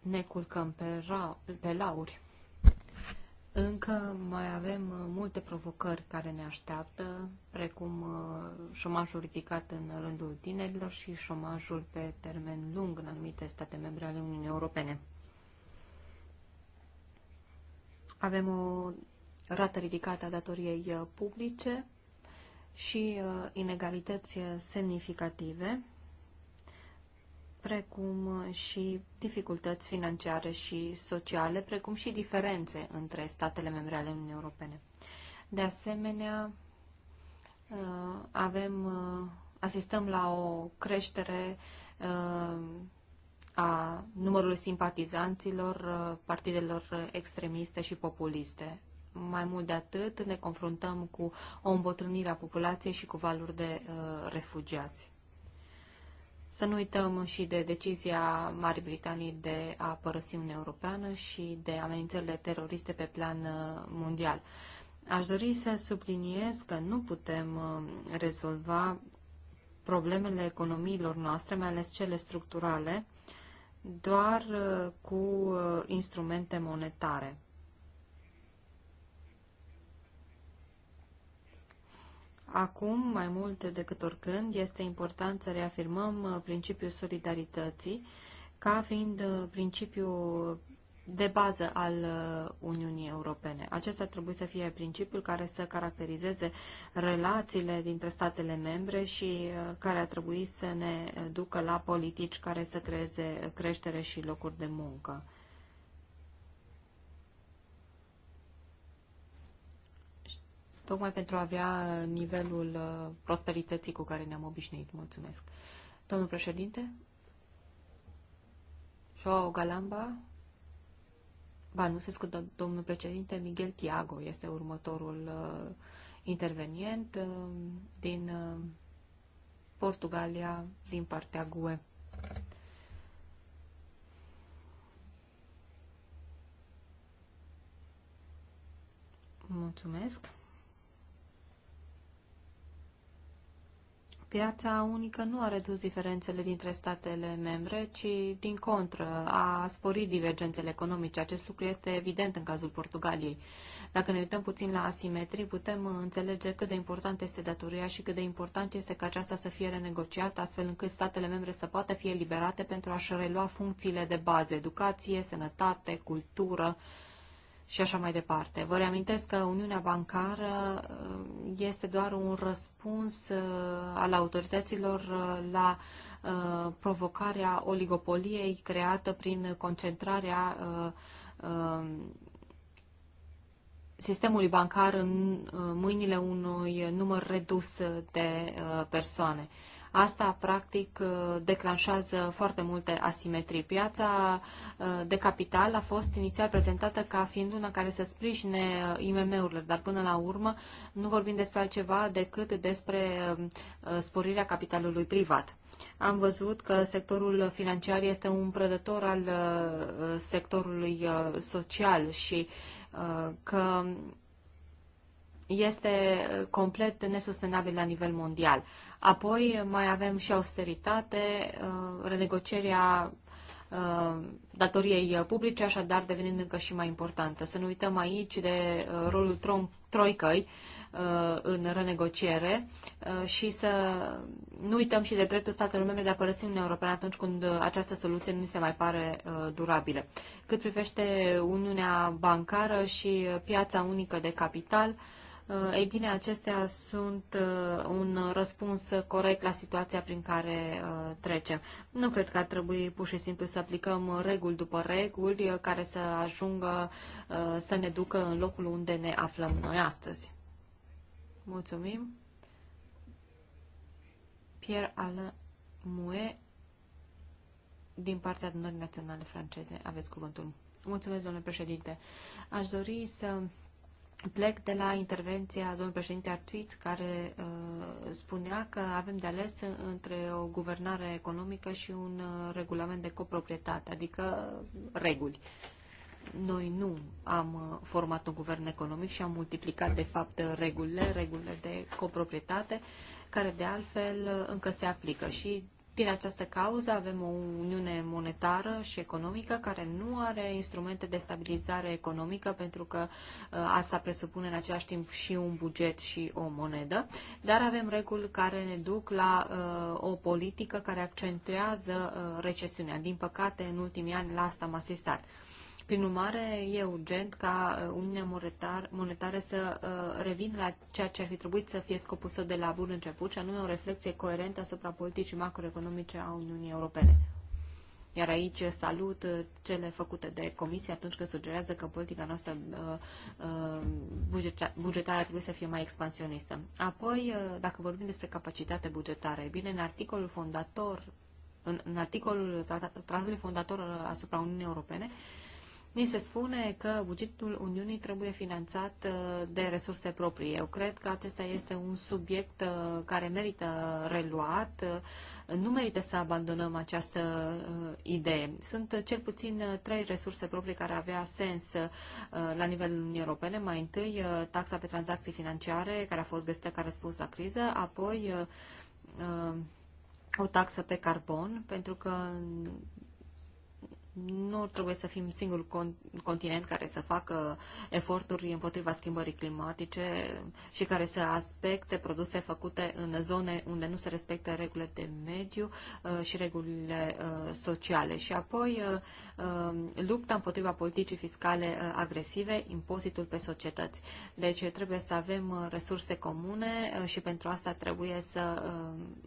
S3: ne culcăm pe, ra, pe lauri. Încă mai avem uh, multe provocări care ne așteaptă, precum uh, șomajul ridicat în rândul tinerilor și șomajul pe termen lung în anumite state membre ale Uniunii Europene. Avem o rată ridicată a datoriei uh, publice și inegalități semnificative precum uh, și dificultăți financiare și sociale, precum și diferențe între statele membre ale Uniunii Europene. De asemenea, uh, avem, uh, asistăm la o creștere a numărului simpatizanților partidelor extremiste și populiste. Mai mult de atât, ne confruntăm cu o îmbătrânire a populației și cu valuri de refugiați. Să nu uităm și de decizia Marii Britanii de a părăsi Uniunea Europeană și de amenințările teroriste pe plan uh, mondial. Aș dori să subliniez că nu putem uh, rezolva problemele economiilor noastre, mai ales cele structurale, doar uh, cu instrumente monetare. Acum, mai mult decât oricând, este important să reafirmăm uh, principiul solidarității ca fiind uh, principiul de bază al uh, Uniunii Europene. Acesta trebuie să fie principiul care să caracterizeze relațiile dintre statele membre și care ar trebui să ne ducă la politici care să creeze creștere și locuri de muncă. tocmai pentru a avea nivelul uh, prosperității cu care ne-am obișnuit. Mulțumesc. Domnul președinte? Joao Galamba? Ba, nu se scută, domnul președinte, Miguel Tiago este următorul uh, intervenient uh, din uh, Portugalia, din partea GUE. Mulțumesc. Piața unică nu a redus diferențele dintre statele membre, ci, din contră, a sporit divergențele economice. Acest lucru este evident în cazul Portugaliei. Dacă ne uităm puțin la asimetrii, putem înțelege cât de important este datoria și cât de important este ca aceasta să fie renegociată, astfel încât statele membre să poată fi eliberate pentru a-și relua funcțiile de bază, educație, sănătate, cultură, și așa mai departe. Vă reamintesc că Uniunea Bancară uh, este doar un răspuns uh, al autorităților uh, la provocarea oligopoliei creată prin concentrarea sistemului bancar în mâinile unui număr redus de persoane. Asta, practic, uh, declanșează foarte multe asimetrii. Piața uh, de capital a fost inițial prezentată ca fiind una care să sprijine uh, IMM-urile, dar până la urmă nu vorbim despre altceva decât despre sporirea capitalului privat. Am văzut că sectorul financiar este un prădător al sectorului social și că este complet nesustenabil la nivel mondial. Apoi mai avem și austeritate, uh, renegocierea uh, datoriei publice, așadar devenind încă și mai importantă. Să nu uităm aici de uh, rolul tron- troicăi în renegociere și să nu uităm și de dreptul statelor membre de a părăsi Uniunea Europeană atunci când această soluție nu se mai pare durabilă. Cât privește Uniunea bancară și piața unică de capital, ei bine, acestea sunt uh, un răspuns corect la situația prin care uh, trecem. Nu cred că ar trebui pur și simplu să aplicăm reguli după reguli uh, care să ajungă să ne ducă în locul unde ne aflăm noi astăzi. Mulțumim. Pierre Alain Mouet din partea adunării naționale franceze. Aveți cuvântul. Mulțumesc, domnule președinte. Aș dori să Plec de la intervenția domnului președinte Artuiț, care uh, spunea că avem de ales între o guvernare economică și un uh, regulament de coproprietate, adică reguli. Noi nu am uh, format un guvern economic și am multiplicat, de fapt, regulile, regulile de coproprietate, care, de altfel, uh, încă se aplică. Și din această cauză avem o uniune monetară și economică care nu are instrumente de stabilizare economică pentru că uh, asta presupune în același timp și un buget și o monedă, dar avem reguli care ne duc la uh, o politică care accentuează uh, recesiunea. Din păcate, în ultimii ani la asta am asistat. Prin urmare, e urgent ca uh, Uniunea Monetară să uh, revină la ceea ce ar fi trebuit să fie scopul său de la bun început, și anume o reflexie coerentă asupra politicii macroeconomice a Uniunii Europene. Iar aici salut uh, cele făcute de comisie atunci când sugerează că politica noastră bugetară trebuie să fie mai expansionistă. Apoi, dacă vorbim despre capacitate bugetară, e bine, în articolul fondator, în, în articolul tratatului fondator asupra Uniunii Europene, Ni se spune că bugetul Uniunii trebuie finanțat uh, de resurse proprii. Eu cred că acesta este un subiect uh, care merită reluat. Uh, nu merită să abandonăm această idee. Sunt cel puțin trei resurse proprii care avea sens la nivelul Uniunii Europene. Mai întâi, taxa pe tranzacții financiare, care a fost găsită ca răspuns la criză, apoi o taxă pe carbon, pentru că nu trebuie să fim singurul continent care să facă eforturi împotriva schimbării climatice și care să aspecte produse făcute în zone unde nu se respectă regulile de mediu uh, și regulile uh, sociale. Și apoi uh, um, lupta împotriva politicii fiscale agresive, impozitul pe societăți. Deci trebuie să avem resurse comune și pentru asta trebuie să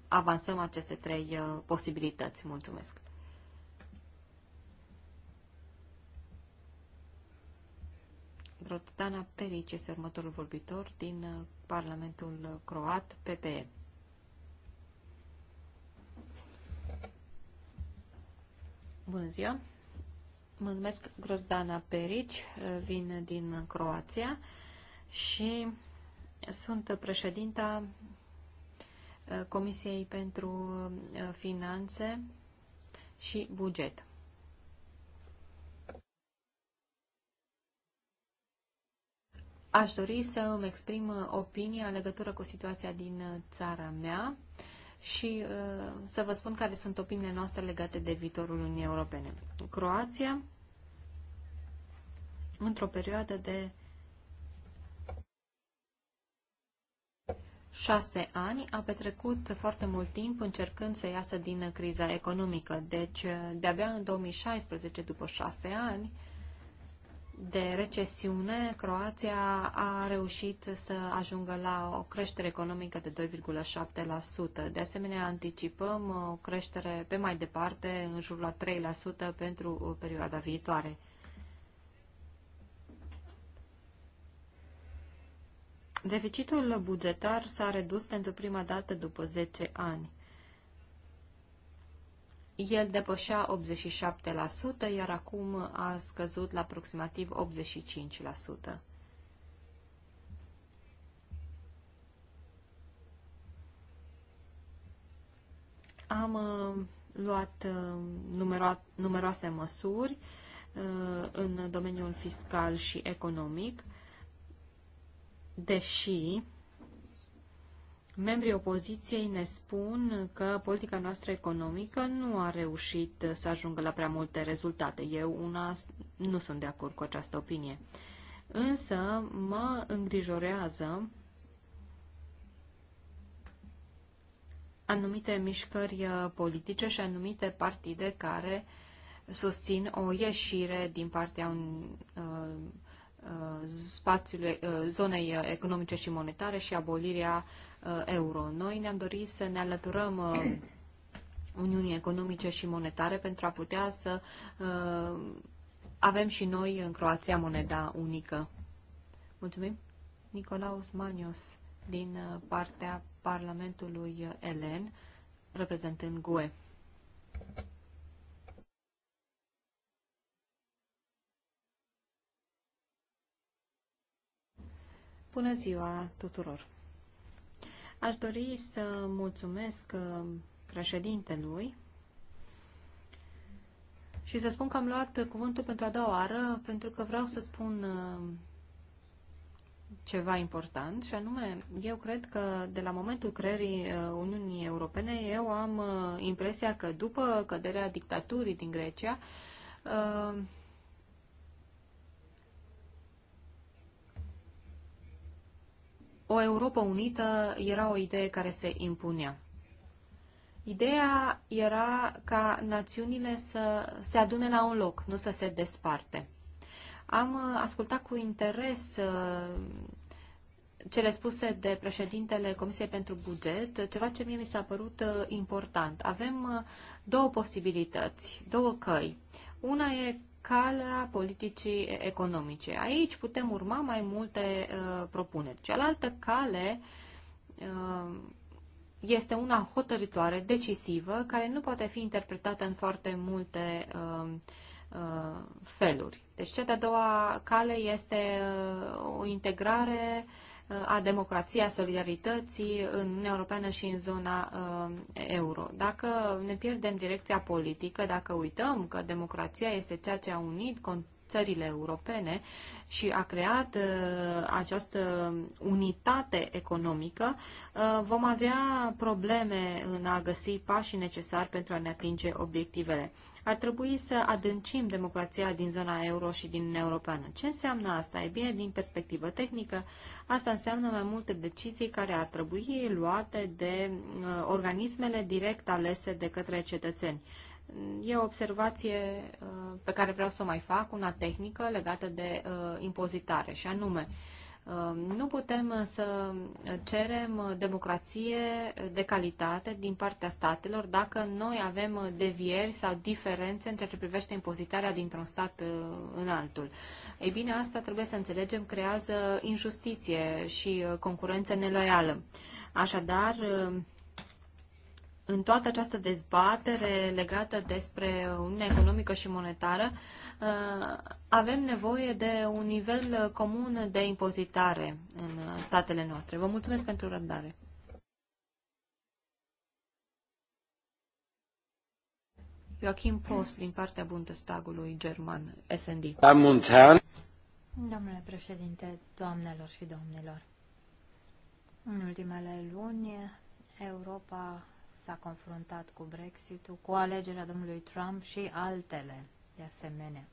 S3: avansăm aceste trei posibilități. Mulțumesc! Rotana Peric este următorul vorbitor din uh, Parlamentul uh, Croat, PPE. Bună ziua! Mă numesc Grozdana Peric, uh, vin din Croația și sunt președinta Comisiei pentru Finanțe și Buget. Aș dori să îmi exprim uh, opinia în legătură cu situația din uh, țara mea și uh, să vă spun care sunt opiniile noastre legate de viitorul Uniunii Europene. Croația, într-o perioadă de șase ani, a petrecut foarte mult timp încercând să iasă din criza economică. Deci, uh, de-abia în 2016, după șase ani, de recesiune, Croația a reușit să ajungă la o creștere economică de 2,7%. De asemenea, anticipăm o creștere pe mai departe, în jur la 3% pentru perioada viitoare. Deficitul bugetar s-a redus pentru prima dată după 10 ani el depășea 87%, iar acum a scăzut la aproximativ 85%. Am uh, luat uh, numero numeroase măsuri uh, în domeniul fiscal și economic, deși Membrii opoziției ne spun că politica noastră economică nu a reușit să ajungă la prea multe rezultate. Eu una nu sunt de acord cu această opinie. Însă mă îngrijorează anumite mișcări uh, politice și anumite partide care susțin o ieșire din partea un, uh, uh spațiului, uh, zonei economice și monetare și abolirea Uh, euro. Noi ne-am dorit să ne alăturăm uh, Uniunii Economice și Monetare pentru a putea să uh, avem și noi în Croația moneda unică. Mulțumim. Nicolaus Manios din partea Parlamentului Elen, reprezentând GUE. Bună ziua tuturor! Aș dori să mulțumesc uh, președintelui și să spun că am luat cuvântul pentru a doua oară, pentru că vreau să spun uh, ceva important și anume, eu cred că de la momentul creării uh, Uniunii Europene, eu am impresia că după căderea dictaturii din Grecia, o Europa unită era o idee care se impunea. Ideea era ca națiunile să se adune la un loc, nu să se desparte. Am uh, ascultat cu interes uh, cele spuse de președintele Comisiei pentru Buget, ceva ce mie mi s-a părut uh, important. Avem două posibilități, două căi. Una e calea politicii economice. Aici putem urma mai multe uh, propuneri. Cealaltă cale uh, este una hotărătoare, decisivă, care nu poate fi interpretată în foarte multe uh, uh feluri. Deci cea de-a doua cale este uh, o integrare uh, a democrației, a solidarității în Uniunea Europeană și în zona uh, euro. Dacă ne pierdem direcția politică, dacă uităm că democrația este ceea ce a unit țările europene și a creat uh, această unitate economică, uh, vom avea probleme în a găsi pașii necesari pentru a ne atinge obiectivele. Ar trebui să adâncim democrația din zona euro și din Europeană. Ce înseamnă asta? E bine, din perspectivă tehnică, asta înseamnă mai multe decizii care ar trebui luate de uh, organismele direct alese de către cetățeni. E o observație uh, pe care vreau să o mai fac, una tehnică legată de uh, impozitare, și anume, uh, nu putem să cerem democrație de calitate din partea statelor dacă noi avem devieri sau diferențe în ceea ce privește impozitarea dintr-un stat în altul. Ei bine, asta trebuie să înțelegem, creează injustiție și concurență neloială. Așadar, în toată această dezbatere legată despre Uniunea Economică și Monetară, uh, avem nevoie de un nivel comun de impozitare în statele noastre. Vă mulțumesc pentru răbdare. Joachim Post din partea Bundestagului german SND.
S4: Domnule președinte, doamnelor și domnilor, în ultimele luni Europa s-a confruntat cu Brexitul, cu alegerea domnului Trump și altele de asemenea.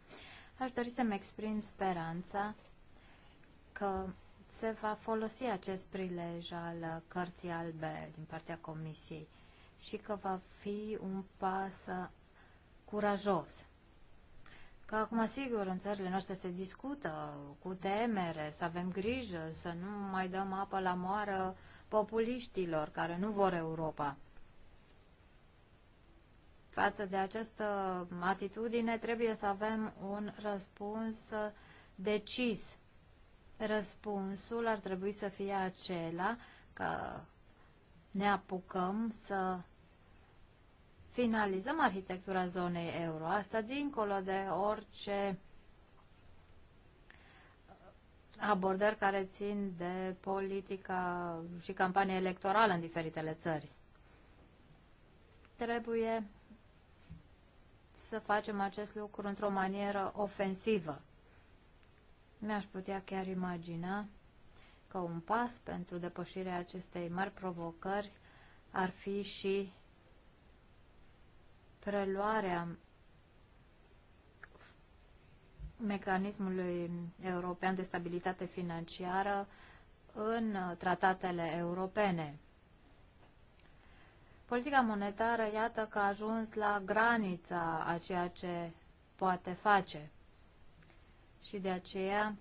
S4: Aș dori să-mi exprim speranța că se va folosi acest prilej al cărții albe din partea Comisiei și că va fi un pas curajos. Că acum, sigur, în țările noastre se discută cu temere, să avem grijă, să nu mai dăm apă la moară populiștilor care nu vor Europa. Față de această atitudine trebuie să avem un răspuns uh, decis. Răspunsul ar trebui să fie acela că ne apucăm să finalizăm arhitectura zonei euro. Asta dincolo de orice abordări care țin de politica și campania electorală în diferitele țări. Trebuie să facem acest lucru într-o manieră ofensivă. Mi-aș putea chiar imagina că un pas pentru depășirea acestei mari provocări ar fi și preluarea mecanismului european de stabilitate financiară în tratatele europene. Politica monetară, iată că a ajuns la granița a ceea ce poate face. Și de aceea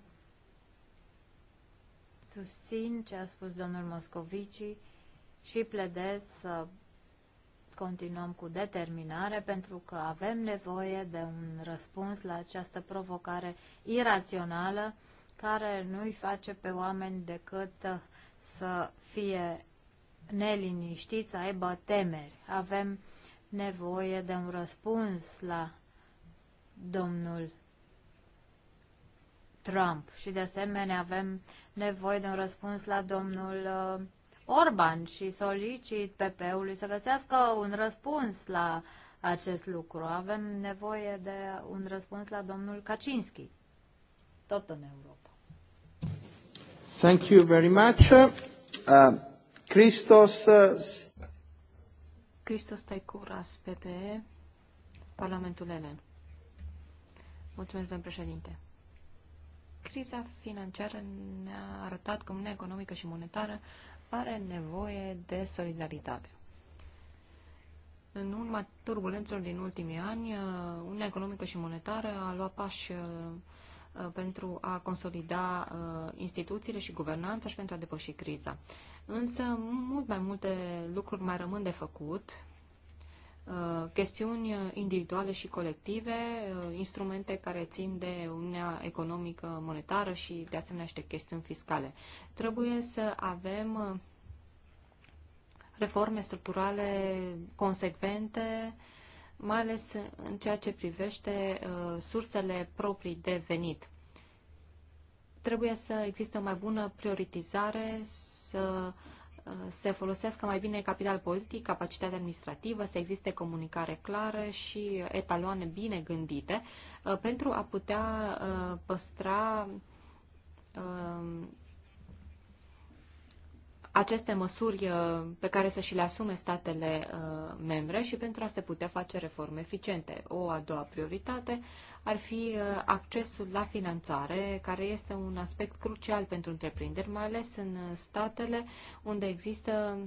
S4: susțin ce a spus domnul Moscovici și pledez să continuăm cu determinare pentru că avem nevoie de un răspuns la această provocare irațională care nu i face pe oameni decât să fie neliniștiți, să aibă temeri. Avem nevoie de un răspuns la domnul Trump și de asemenea avem nevoie de un răspuns la domnul uh, Orban și solicit PP-ului să găsească un răspuns la acest lucru. Avem nevoie de un răspuns la domnul Kaczynski,
S3: tot în Europa.
S1: Thank you very much. Uh... Christos...
S3: Christos Taicuras, PPE, Parlamentul Elen. Mulțumesc, domn președinte. Criza financiară ne-a arătat că Uniunea Economică și Monetară are nevoie de solidaritate. În urma turbulențelor din ultimii ani, uh, Uniunea Economică și Monetară a luat pași uh, uh, pentru a consolida instituțiile și guvernanța și pentru a depăși criza însă mult mai multe lucruri mai rămân de făcut, uh, chestiuni individuale și colective, uh, instrumente care țin de Uniunea Economică Monetară și de asemenea de chestiuni fiscale. Trebuie să avem uh, reforme structurale consecvente, mai ales în ceea ce privește sursele proprii de venit. Trebuie să existe o mai bună prioritizare, să uh, se folosească mai bine capital politic, capacitatea administrativă, să existe comunicare clară și etaloane bine gândite uh, pentru a putea uh, păstra aceste măsuri uh, pe care să și le asume statele uh, membre și pentru a se putea face reforme eficiente. O a doua prioritate ar fi uh, accesul la finanțare, care este un aspect crucial pentru întreprinderi, mai ales în statele unde există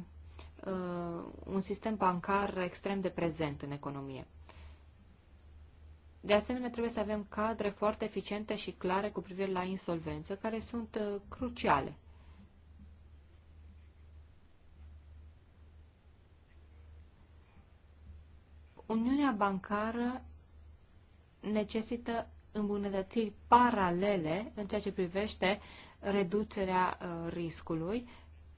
S3: un sistem bancar extrem de prezent în economie. De asemenea, trebuie să avem cadre foarte eficiente și clare cu privire la insolvență, care sunt cruciale Uniunea bancară necesită îmbunătățiri paralele în ceea ce privește reducerea uh, riscului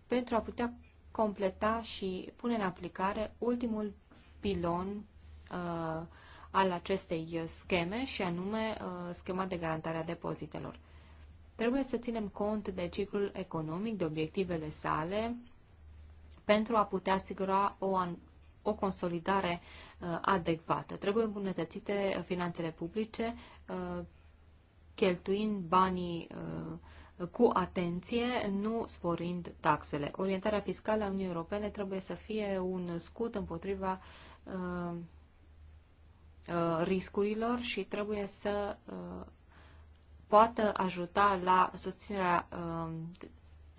S3: pentru a putea completa și pune în aplicare ultimul pilon uh, al acestei uh, scheme și anume schema de garantare a depozitelor. Trebuie să ținem cont de ciclul economic, de obiectivele sale, pentru a putea asigura o o consolidare uh, adecvată. Trebuie îmbunătățite finanțele publice, uh, cheltuind banii uh, cu atenție, nu sporind taxele. Orientarea fiscală a Uniunii Europene trebuie să fie un scut împotriva riscurilor și trebuie să poată ajuta la susținerea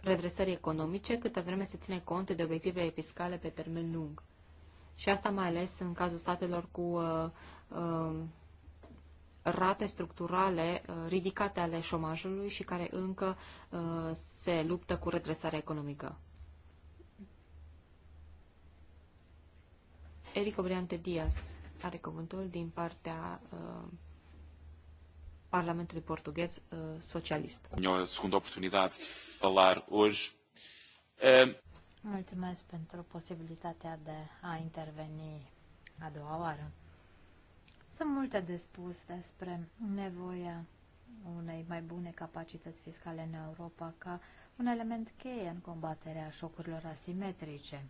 S3: redresării economice câtă vreme se ține cont de obiectivele fiscale pe termen lung. Și asta mai ales în cazul statelor cu uh, uh, rate structurale uh, ridicate ale șomajului și care încă uh, se luptă cu redresarea economică. Erico Briante Diaz are cuvântul din partea uh, Parlamentului Portughez uh, Socialist.
S2: a segunda oportunitate de falar hoje. Eh,
S4: Mulțumesc pentru posibilitatea de a interveni a doua oară. Sunt multe de spus despre nevoia unei mai bune capacități fiscale în Europa ca un element cheie în combaterea șocurilor asimetrice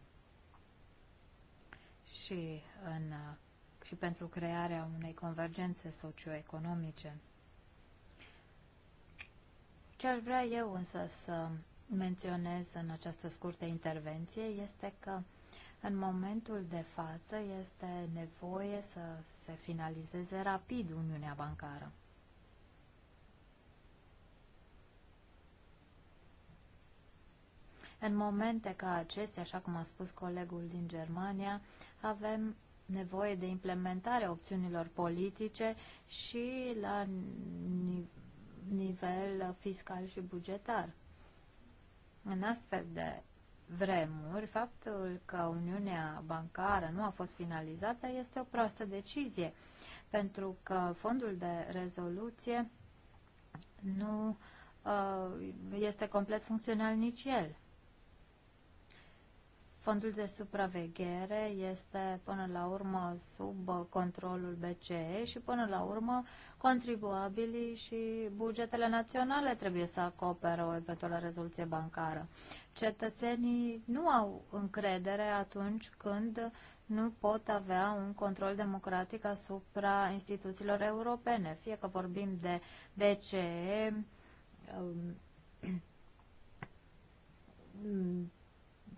S4: și, în, și pentru crearea unei convergențe socioeconomice. Ce aș vrea eu însă să menționez în această scurtă intervenție este că în momentul de față este nevoie să se finalizeze rapid Uniunea Bancară. În momente ca acestea, așa cum a spus colegul din Germania, avem nevoie de implementarea opțiunilor politice și la nivel fiscal și bugetar. În astfel de vremuri, faptul că Uniunea Bancară nu a fost finalizată este o proastă decizie, pentru că fondul de rezoluție nu uh, este complet funcțional nici el. Fondul de supraveghere este până la urmă sub controlul BCE și până la urmă contribuabilii și bugetele naționale trebuie să acopere o eventuală rezoluție bancară. Cetățenii nu au încredere atunci când nu pot avea un control democratic asupra instituțiilor europene, fie că vorbim de BCE, um,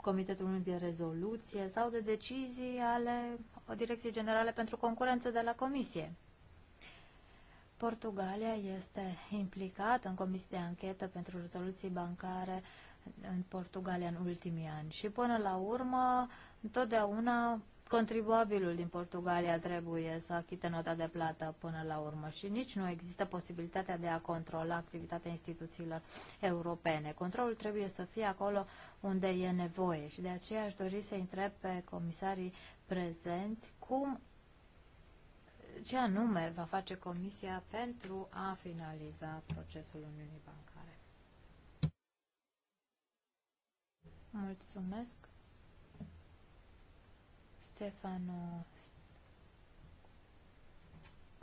S4: Comitetului de Rezoluție sau de decizii ale Direcției Generale pentru Concurență de la Comisie. Portugalia este implicată în Comisia de anchetă pentru rezoluții bancare în Portugalia în ultimii ani și până la urmă întotdeauna contribuabilul din Portugalia trebuie să achite nota de plată până la urmă și nici nu există posibilitatea de a controla activitatea instituțiilor europene. Controlul trebuie să fie acolo unde e nevoie și de aceea aș dori să întreb pe comisarii prezenți cum ce anume va face Comisia pentru a finaliza procesul Uniunii Bancare. Mulțumesc. Stefano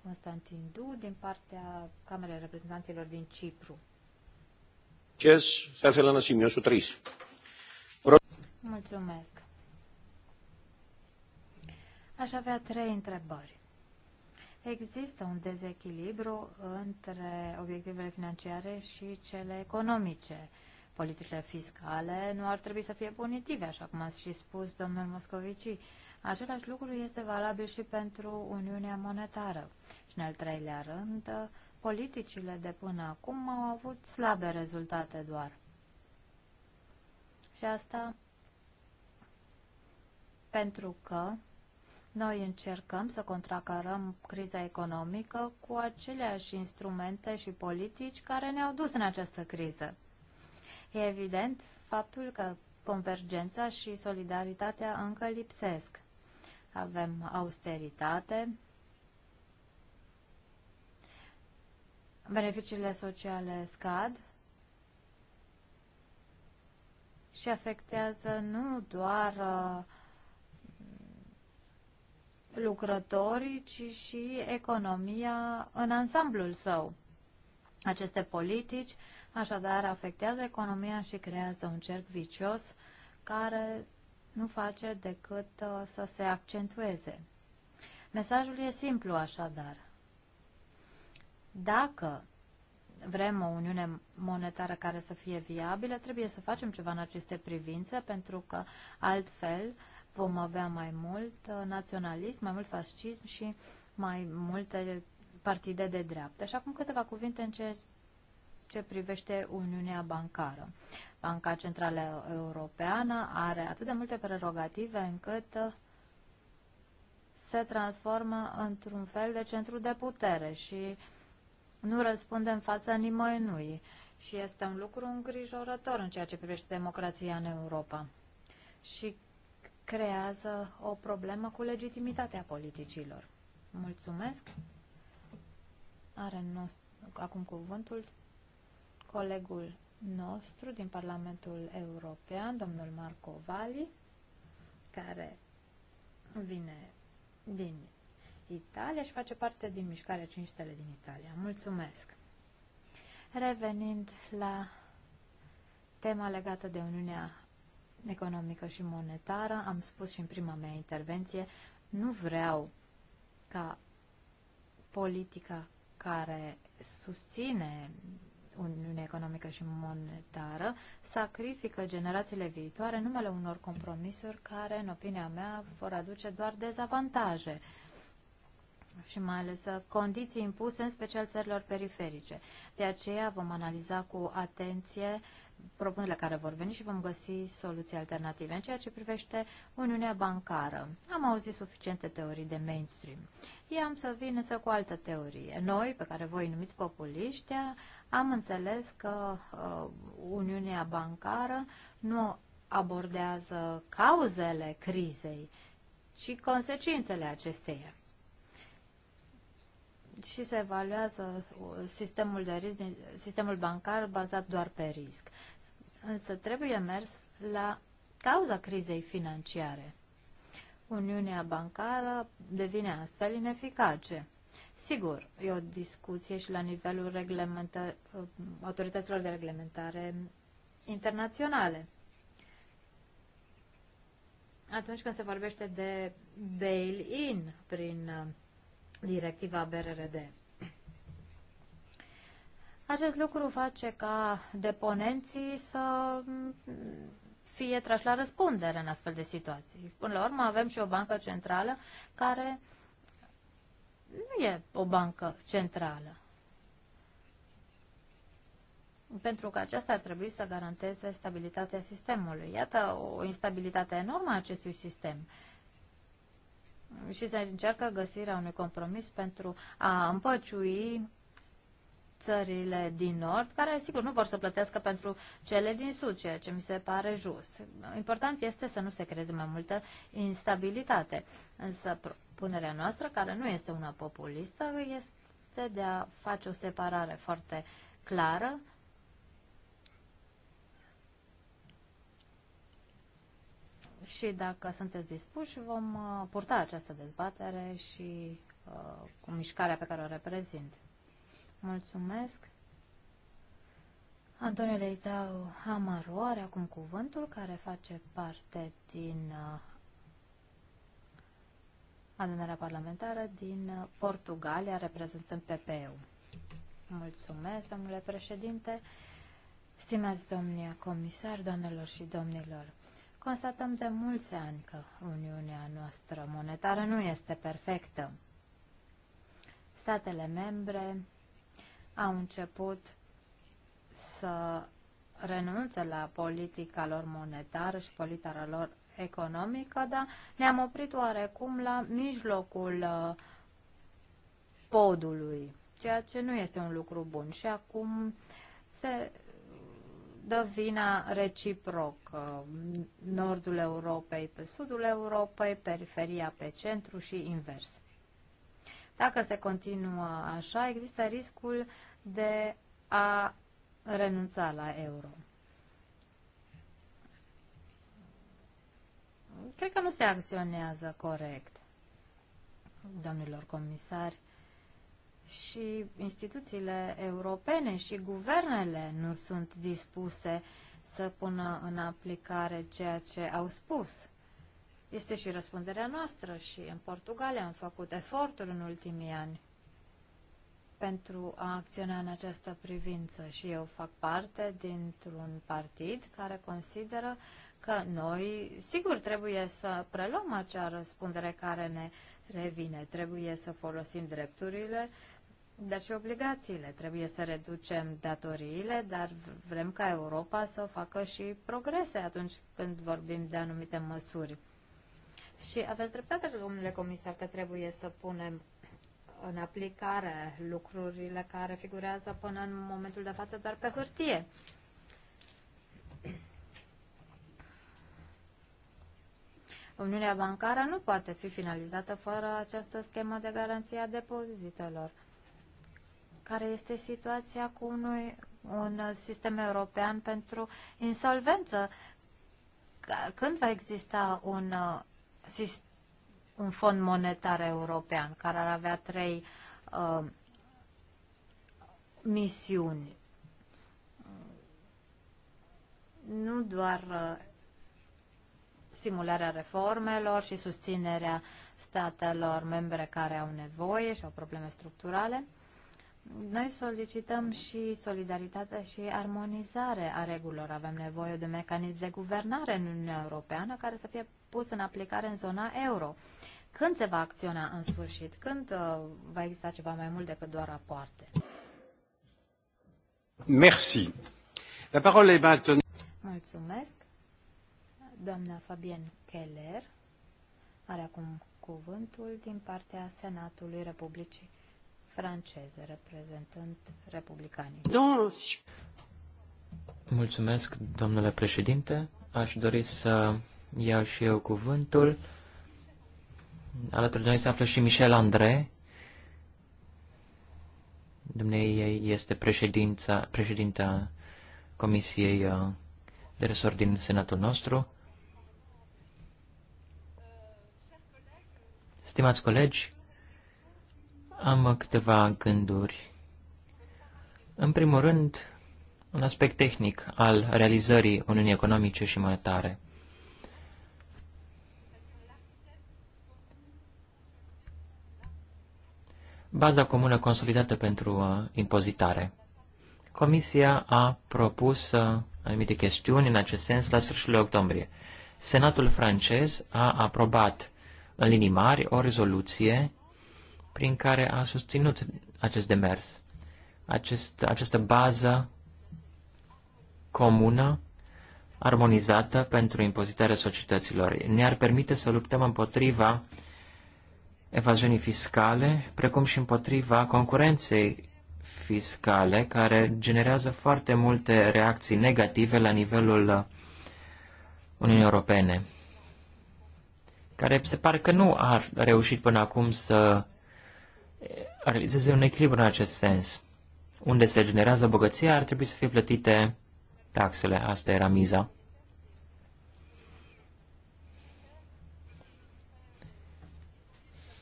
S4: Constantin Du din partea Camerei Reprezentanților din Cipru.
S1: Yes, se află la Simiosul 3.
S4: Mulțumesc. Aș avea trei întrebări. Există un dezechilibru între obiectivele financiare și cele economice Politicile fiscale nu ar trebui să fie punitive, așa cum ați și spus domnul Moscovici. Același lucru este valabil și pentru Uniunea Monetară. Și în al treilea rând, politicile de până acum au avut slabe rezultate doar. Și asta pentru că noi încercăm să contracarăm criza economică cu aceleași instrumente și politici care ne-au dus în această criză. E evident faptul că convergența și solidaritatea încă lipsesc. Avem austeritate, beneficiile sociale scad și afectează nu doar uh, lucrătorii, ci și economia în ansamblul său. Aceste politici Așadar, afectează economia și creează un cerc vicios care nu face decât uh, să se accentueze. Mesajul e simplu, așadar. Dacă vrem o uniune monetară care să fie viabilă, trebuie să facem ceva în aceste privințe, pentru că altfel vom avea mai mult uh, naționalism, mai mult fascism și mai multe partide de dreapta. Și acum câteva cuvinte în ceea ce privește Uniunea Bancară. Banca Centrală Europeană are atât de multe prerogative încât uh, se transformă într-un fel de centru de putere și nu răspunde în fața nimănui. Și este un lucru îngrijorător în ceea ce privește democrația în Europa. Și creează o problemă cu legitimitatea politicilor. Mulțumesc. Are nostru, acum cuvântul colegul nostru din Parlamentul European, domnul Marco Vali, care vine din Italia și face parte din Mișcarea 5 Stele din Italia. Mulțumesc! Revenind la tema legată de Uniunea Economică și Monetară, am spus și în prima mea intervenție, nu vreau ca politica care susține Uniunea Economică și Monetară sacrifică generațiile viitoare numele unor compromisuri care, în opinia mea, vor aduce doar dezavantaje și mai ales condiții impuse, în special țărilor periferice. De aceea vom analiza cu atenție propunerile care vor veni și vom găsi soluții alternative. În ceea ce privește Uniunea Bancară, am auzit suficiente teorii de mainstream. Eu am să vin însă cu altă teorie. Noi, pe care voi numiți populiști, am înțeles că uh, Uniunea Bancară nu abordează cauzele crizei, ci consecințele acesteia și se evaluează uh, sistemul de risc, sistemul bancar bazat doar pe risc. Însă trebuie mers la cauza crizei financiare. Uniunea bancară devine astfel ineficace. Sigur, e o discuție și la nivelul uh, autorităților de reglementare internaționale. Atunci când se vorbește de bail-in prin uh, directiva BRRD. Acest lucru face ca deponenții să fie trași la răspundere în astfel de situații. Până la urmă avem și o bancă centrală care nu e o bancă centrală. Pentru că aceasta ar trebui să garanteze stabilitatea sistemului. Iată o instabilitate enormă a acestui sistem. Uh, și se încearcă găsirea unui compromis pentru a împăciui țările din nord, care sigur nu vor să plătească pentru cele din sud, ceea ce mi se pare just. Important este să nu se creeze mai multă instabilitate. Însă propunerea noastră, care nu este una populistă, este de a face o separare foarte clară și dacă sunteți dispuși, vom uh, purta această dezbatere și uh, cu mișcarea pe care o reprezint. Mulțumesc! Antonio Leitau Hamaru are acum cuvântul care face parte din uh, adunarea parlamentară din uh, Portugalia, reprezentând PPU. Mulțumesc, domnule președinte, stimați domnia comisar, doamnelor și domnilor. Constatăm de mulți ani că Uniunea noastră monetară nu este perfectă. Statele membre au început să renunțe la politica lor monetară și politica lor economică, dar ne-am oprit oarecum la mijlocul uh, podului, ceea ce nu este un lucru bun. Și acum se dă vina reciproc. Uh, nordul Europei pe sudul Europei, periferia pe centru și invers. Dacă se continuă așa, există riscul de a renunța la euro. Cred că nu se acționează corect, domnilor comisari și instituțiile europene și guvernele nu sunt dispuse să pună în aplicare ceea ce au spus. Este și răspunderea noastră și în Portugalia am făcut eforturi în ultimii ani pentru a acționa în această privință și eu fac parte dintr-un partid care consideră că noi, sigur, trebuie să preluăm acea răspundere care ne revine. Trebuie să folosim drepturile dar și obligațiile. Trebuie să reducem datoriile, dar vrem ca Europa să facă și progrese atunci când vorbim de anumite măsuri. Și aveți dreptate, domnule comisar, că trebuie să punem în aplicare lucrurile care figurează până în momentul de față doar pe hârtie. Uniunea bancară nu poate fi finalizată fără această schemă de garanție a depozitelor care este situația cu unui, un uh, sistem european pentru insolvență. Când va exista un, uh, un fond monetar european care ar avea trei uh, misiuni? Nu doar uh, stimularea reformelor și susținerea statelor membre care au nevoie și au probleme structurale, noi solicităm și solidaritate și armonizare a regulilor. Avem nevoie de mecanism de guvernare în Uniunea Europeană care să fie pus în aplicare în zona euro. Când se va acționa în sfârșit? Când uh, va exista ceva mai mult decât doar rapoarte?
S1: Merci. La parole est maintenant...
S4: Mulțumesc. Doamna Fabienne Keller are acum cuvântul din partea Senatului Republicii franceză, reprezentând republicanii.
S2: Mulțumesc, domnule președinte. Aș dori să iau și eu cuvântul. Alături de noi se află și Michel André. Dumnezeu este președința, președinta Comisiei uh, de Resort din Senatul nostru. Stimați colegi, am câteva gânduri. În primul rând, un aspect tehnic al realizării Uniunii Economice și Monetare. Baza comună consolidată pentru uh, impozitare. Comisia a propus uh, anumite chestiuni în acest sens la sfârșitul octombrie. Senatul francez a aprobat în linii mari o rezoluție prin care a susținut acest demers. Acest, această bază comună, armonizată pentru impozitarea societăților, ne-ar permite să luptăm împotriva evaziunii fiscale, precum și împotriva concurenței fiscale, care generează foarte multe reacții negative la nivelul Uniunii Europene, care se pare că nu ar reușit până acum să realizeze un echilibru în acest sens. Unde se generează bogăția, ar trebui să fie plătite taxele. Asta era miza.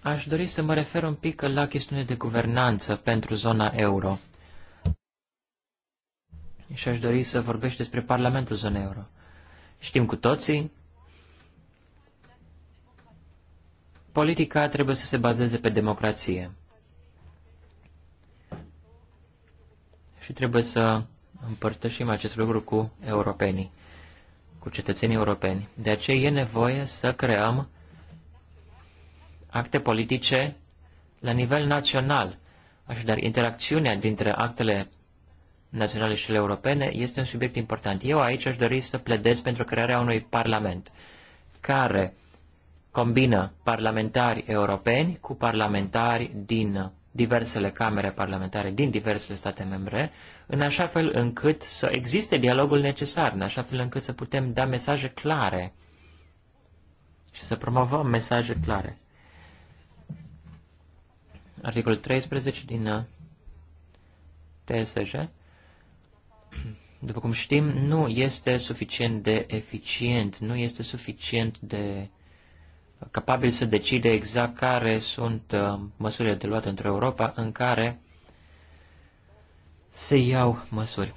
S2: Aș dori să mă refer un pic la chestiune de guvernanță pentru zona euro. Și aș dori să vorbesc despre Parlamentul zonei euro. Știm cu toții, politica trebuie să se bazeze pe democrație. și trebuie să împărtășim acest lucru cu europenii, cu cetățenii europeni. De aceea e nevoie să creăm acte politice la nivel național. Așadar, interacțiunea dintre actele naționale și cele europene este un subiect important. Eu aici aș dori să pledez pentru crearea unui parlament care combină parlamentari europeni cu parlamentari din diversele camere parlamentare din diversele state membre, în așa fel încât să existe dialogul necesar, în așa fel încât să putem da mesaje clare și să promovăm mesaje clare. Articolul 13 din uh, TSJ, după cum știm, nu este suficient de eficient, nu este suficient de capabil să decide exact care sunt uh, măsurile de luat într-o Europa în care se iau măsuri.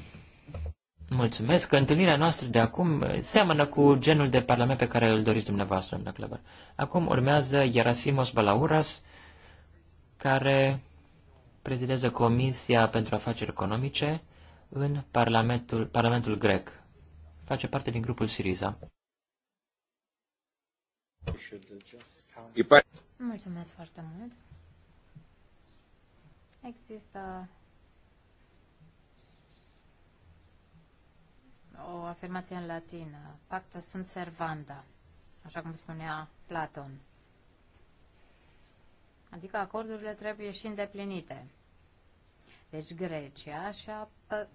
S2: Mulțumesc că întâlnirea noastră de acum seamănă cu genul de parlament pe care îl doriți dumneavoastră, domnule Clever. Acum urmează Ierasimos Balauras, care prezidează Comisia pentru Afaceri Economice în Parlamentul, Parlamentul Grec. Face parte din grupul Siriza.
S4: Mulțumesc foarte mult. Există o afirmație în latină, pacta sunt servanda, așa cum spunea Platon. Adică acordurile trebuie și îndeplinite. Deci Grecia și-a uh,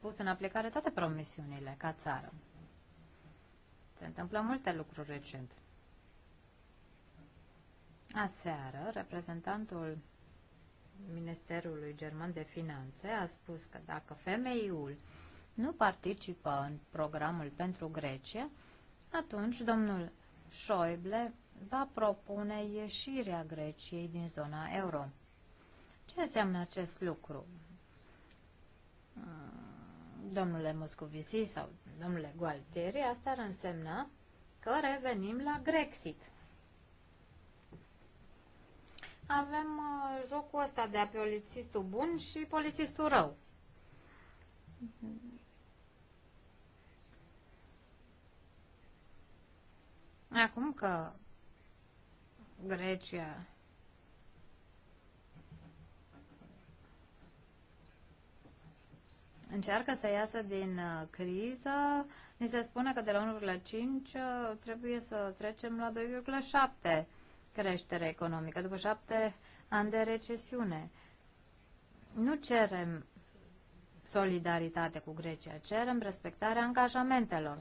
S4: pus în aplicare toate promisiunile ca țară. Se întâmplă multe lucruri recent. Aseară, reprezentantul Ministerului German de Finanțe a spus că dacă femeiul nu participă în programul pentru Grecia, atunci domnul Schäuble va propune ieșirea Greciei din zona euro. Ce înseamnă acest lucru? Domnule Moscovici sau domnule Gualtieri, asta ar însemna că revenim la Grexit. Avem uh, jocul ăsta de a polițistul bun și polițistul rău. Acum că Grecia încearcă să iasă din uh, criză, ni se spune că de la 1,5 uh, trebuie să trecem la 2,7 creștere economică, după șapte ani de recesiune. Nu cerem solidaritate cu Grecia, cerem respectarea angajamentelor.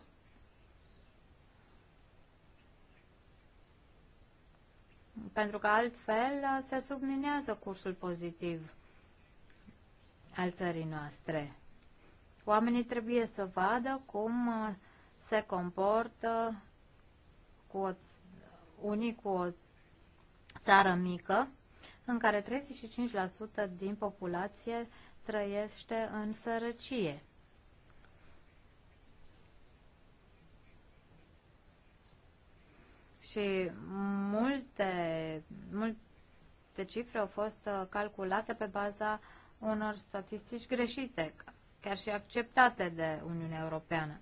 S4: Pentru că altfel uh, se subminează cursul pozitiv al țării noastre. Oamenii trebuie să vadă cum uh, se comportă cu o, unii cu o țară mică, în care 35% din populație trăiește în sărăcie. Și multe, multe cifre au fost uh, calculate pe baza unor statistici greșite, chiar și acceptate de Uniunea Europeană.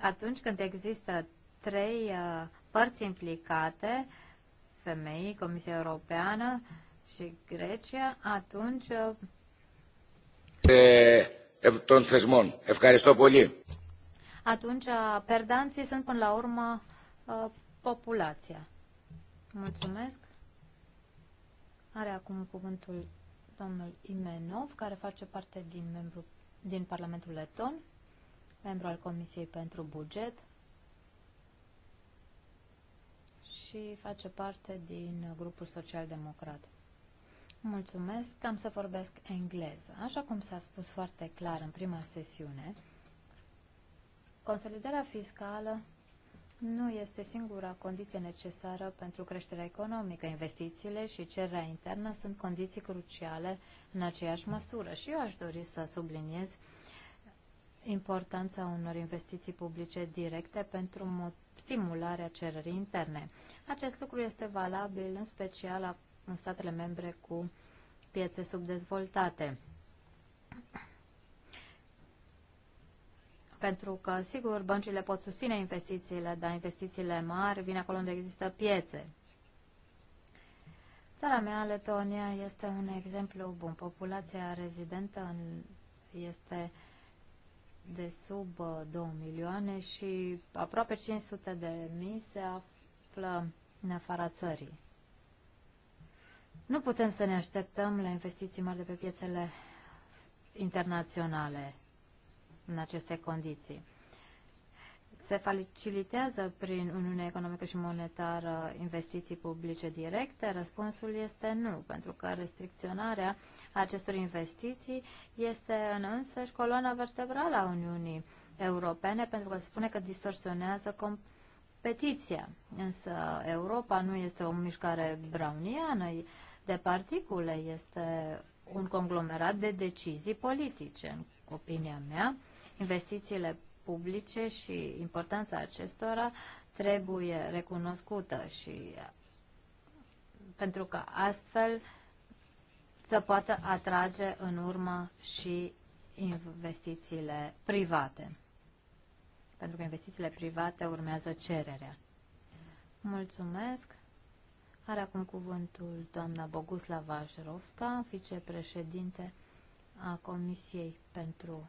S4: Atunci când există trei uh, părți implicate, femei, Comisia Europeană și Grecia, atunci... Uh, atunci, uh, perdanții sunt până la urmă populația. Mulțumesc. Are acum cuvântul domnul Imenov, care face parte din membru din Parlamentul Leton, membru al Comisiei pentru Buget și face parte din grupul social-democrat. Mulțumesc, am să vorbesc engleză. Așa cum s-a spus foarte clar în prima sesiune, consolidarea fiscală nu este singura condiție necesară pentru creșterea economică. Investițiile și cererea internă sunt condiții cruciale în aceeași măsură și eu aș dori să subliniez importanța unor investiții publice directe pentru stimularea cererii interne. Acest lucru este valabil în special în statele membre cu piețe subdezvoltate. Pentru că, sigur, băncile pot susține investițiile, dar investițiile mari vin acolo unde există piețe. Țara mea, Letonia, este un exemplu bun. Populația rezidentă este de sub 2 uh, milioane și aproape 500 de mii se află în afara țării. Nu putem să ne așteptăm la investiții mari de pe piețele internaționale în aceste condiții. Se facilitează prin Uniunea Economică și Monetară investiții publice directe? Răspunsul este nu, pentru că restricționarea acestor investiții este în însăși coloana vertebrală a Uniunii Europene, pentru că se spune că distorsionează competiția. Însă Europa nu este o mișcare browniană de particule, este un conglomerat de decizii politice, în opinia mea Investițiile publice și importanța acestora trebuie recunoscută și pentru că astfel să poată atrage în urmă și investițiile private. Pentru că investițiile private urmează cererea. Mulțumesc. Are acum cuvântul doamna Boguslava Jerovska, vicepreședinte a Comisiei pentru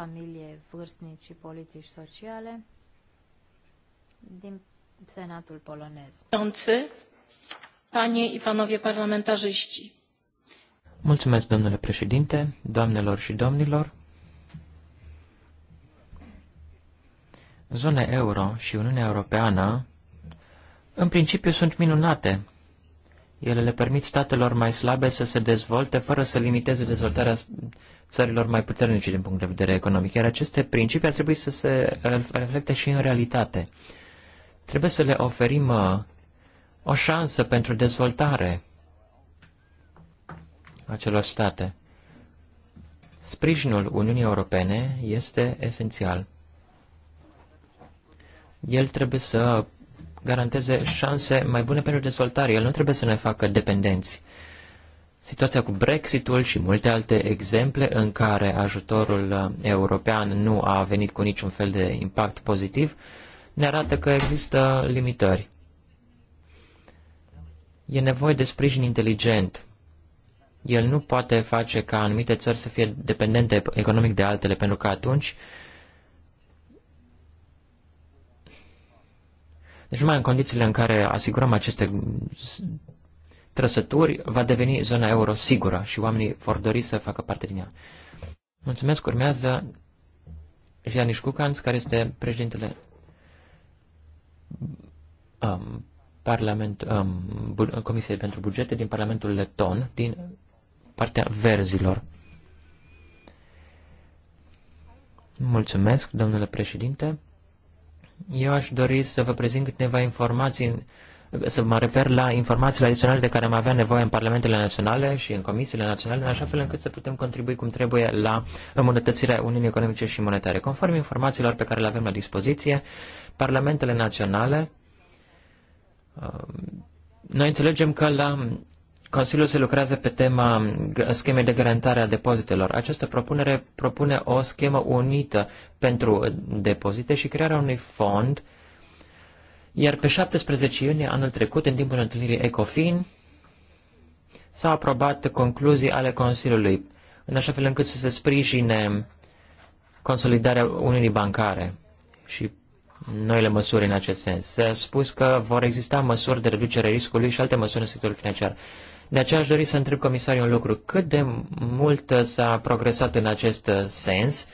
S4: familie, vârstnici și politici sociale din Senatul polonez. Panie i panowie parlamentarzyści.
S2: Mulțumesc, domnule președinte, doamnelor și domnilor. Zone euro și Uniunea Europeană, în principiu, sunt minunate ele le permit statelor mai slabe să se dezvolte fără să limiteze dezvoltarea țărilor mai puternice din punct de vedere economic. Iar aceste principii ar trebui să se reflecte și în realitate. Trebuie să le oferim uh, o șansă pentru dezvoltare acelor state. Sprijinul Uniunii Europene este esențial. El trebuie să garanteze șanse mai bune pentru dezvoltare. El nu trebuie să ne facă dependenți. Situația cu Brexitul și multe alte exemple în care ajutorul uh, european nu a venit cu niciun fel de impact pozitiv ne arată că există limitări. E nevoie de sprijin inteligent. El nu poate face ca anumite țări să fie dependente economic de altele, pentru că atunci uh, Și deci în condițiile în care asigurăm aceste trăsături, va deveni zona euro sigură și oamenii vor dori să facă parte din ea. Mulțumesc, urmează Janis Cucanț, care este președintele um, Parlament, um, Comisiei pentru Bugete din Parlamentul Leton, din partea verzilor. Mulțumesc, domnule președinte. Eu aș dori să vă prezint câteva informații, să mă refer la informațiile adiționale de care am avea nevoie în parlamentele naționale și în comisiile naționale, în așa fel încât să putem contribui cum trebuie la îmbunătățirea Uniunii Economice și Monetare. Conform informațiilor pe care le avem la dispoziție, parlamentele naționale, uh, noi înțelegem că la Consiliul se lucrează pe tema schemei de garantare a depozitelor. Această propunere propune o schemă unită pentru uh, depozite și crearea unui fond. Iar pe 17 iunie anul trecut, în timpul întâlnirii ECOFIN, s-au aprobat concluzii ale Consiliului, în așa fel încât să se sprijine consolidarea Uniunii Bancare și noile măsuri în acest sens. S-a spus că vor exista măsuri de reducere riscului și alte măsuri în sectorul financiar. De aceea aș dori să întreb comisarul un lucru. Cât de mult s-a progresat în acest sens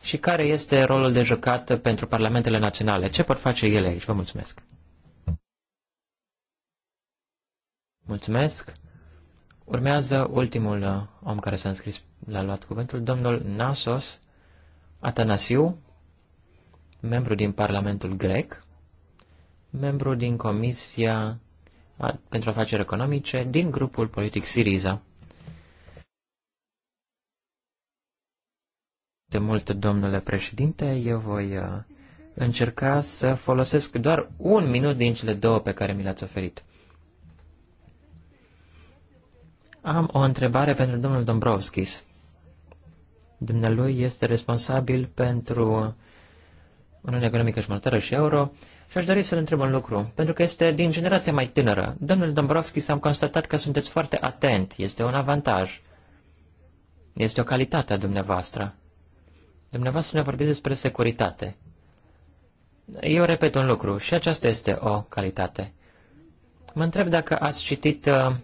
S2: și care este rolul de jucat pentru parlamentele naționale? Ce pot face ele aici? Vă mulțumesc. Mulțumesc. Urmează ultimul om care s-a înscris la luat cuvântul, domnul Nasos Atanasiu, membru din Parlamentul grec, membru din Comisia pentru afaceri economice din grupul politic Siriza. De mult, domnule președinte, eu voi încerca să folosesc doar un minut din cele două pe care mi le-ați oferit. Am o întrebare pentru domnul Dombrovskis. Dumnealui este responsabil pentru Uniunea Economică și Monetară și Euro și aș dori să-l întreb un lucru, pentru că este din generația mai tânără. Domnul Dombrovski, s-am constatat că sunteți foarte atent. Este un avantaj. Este o calitate a dumneavoastră. Dumneavoastră ne vorbiți despre securitate. Eu repet un lucru și aceasta este o calitate. Mă întreb dacă ați citit uh,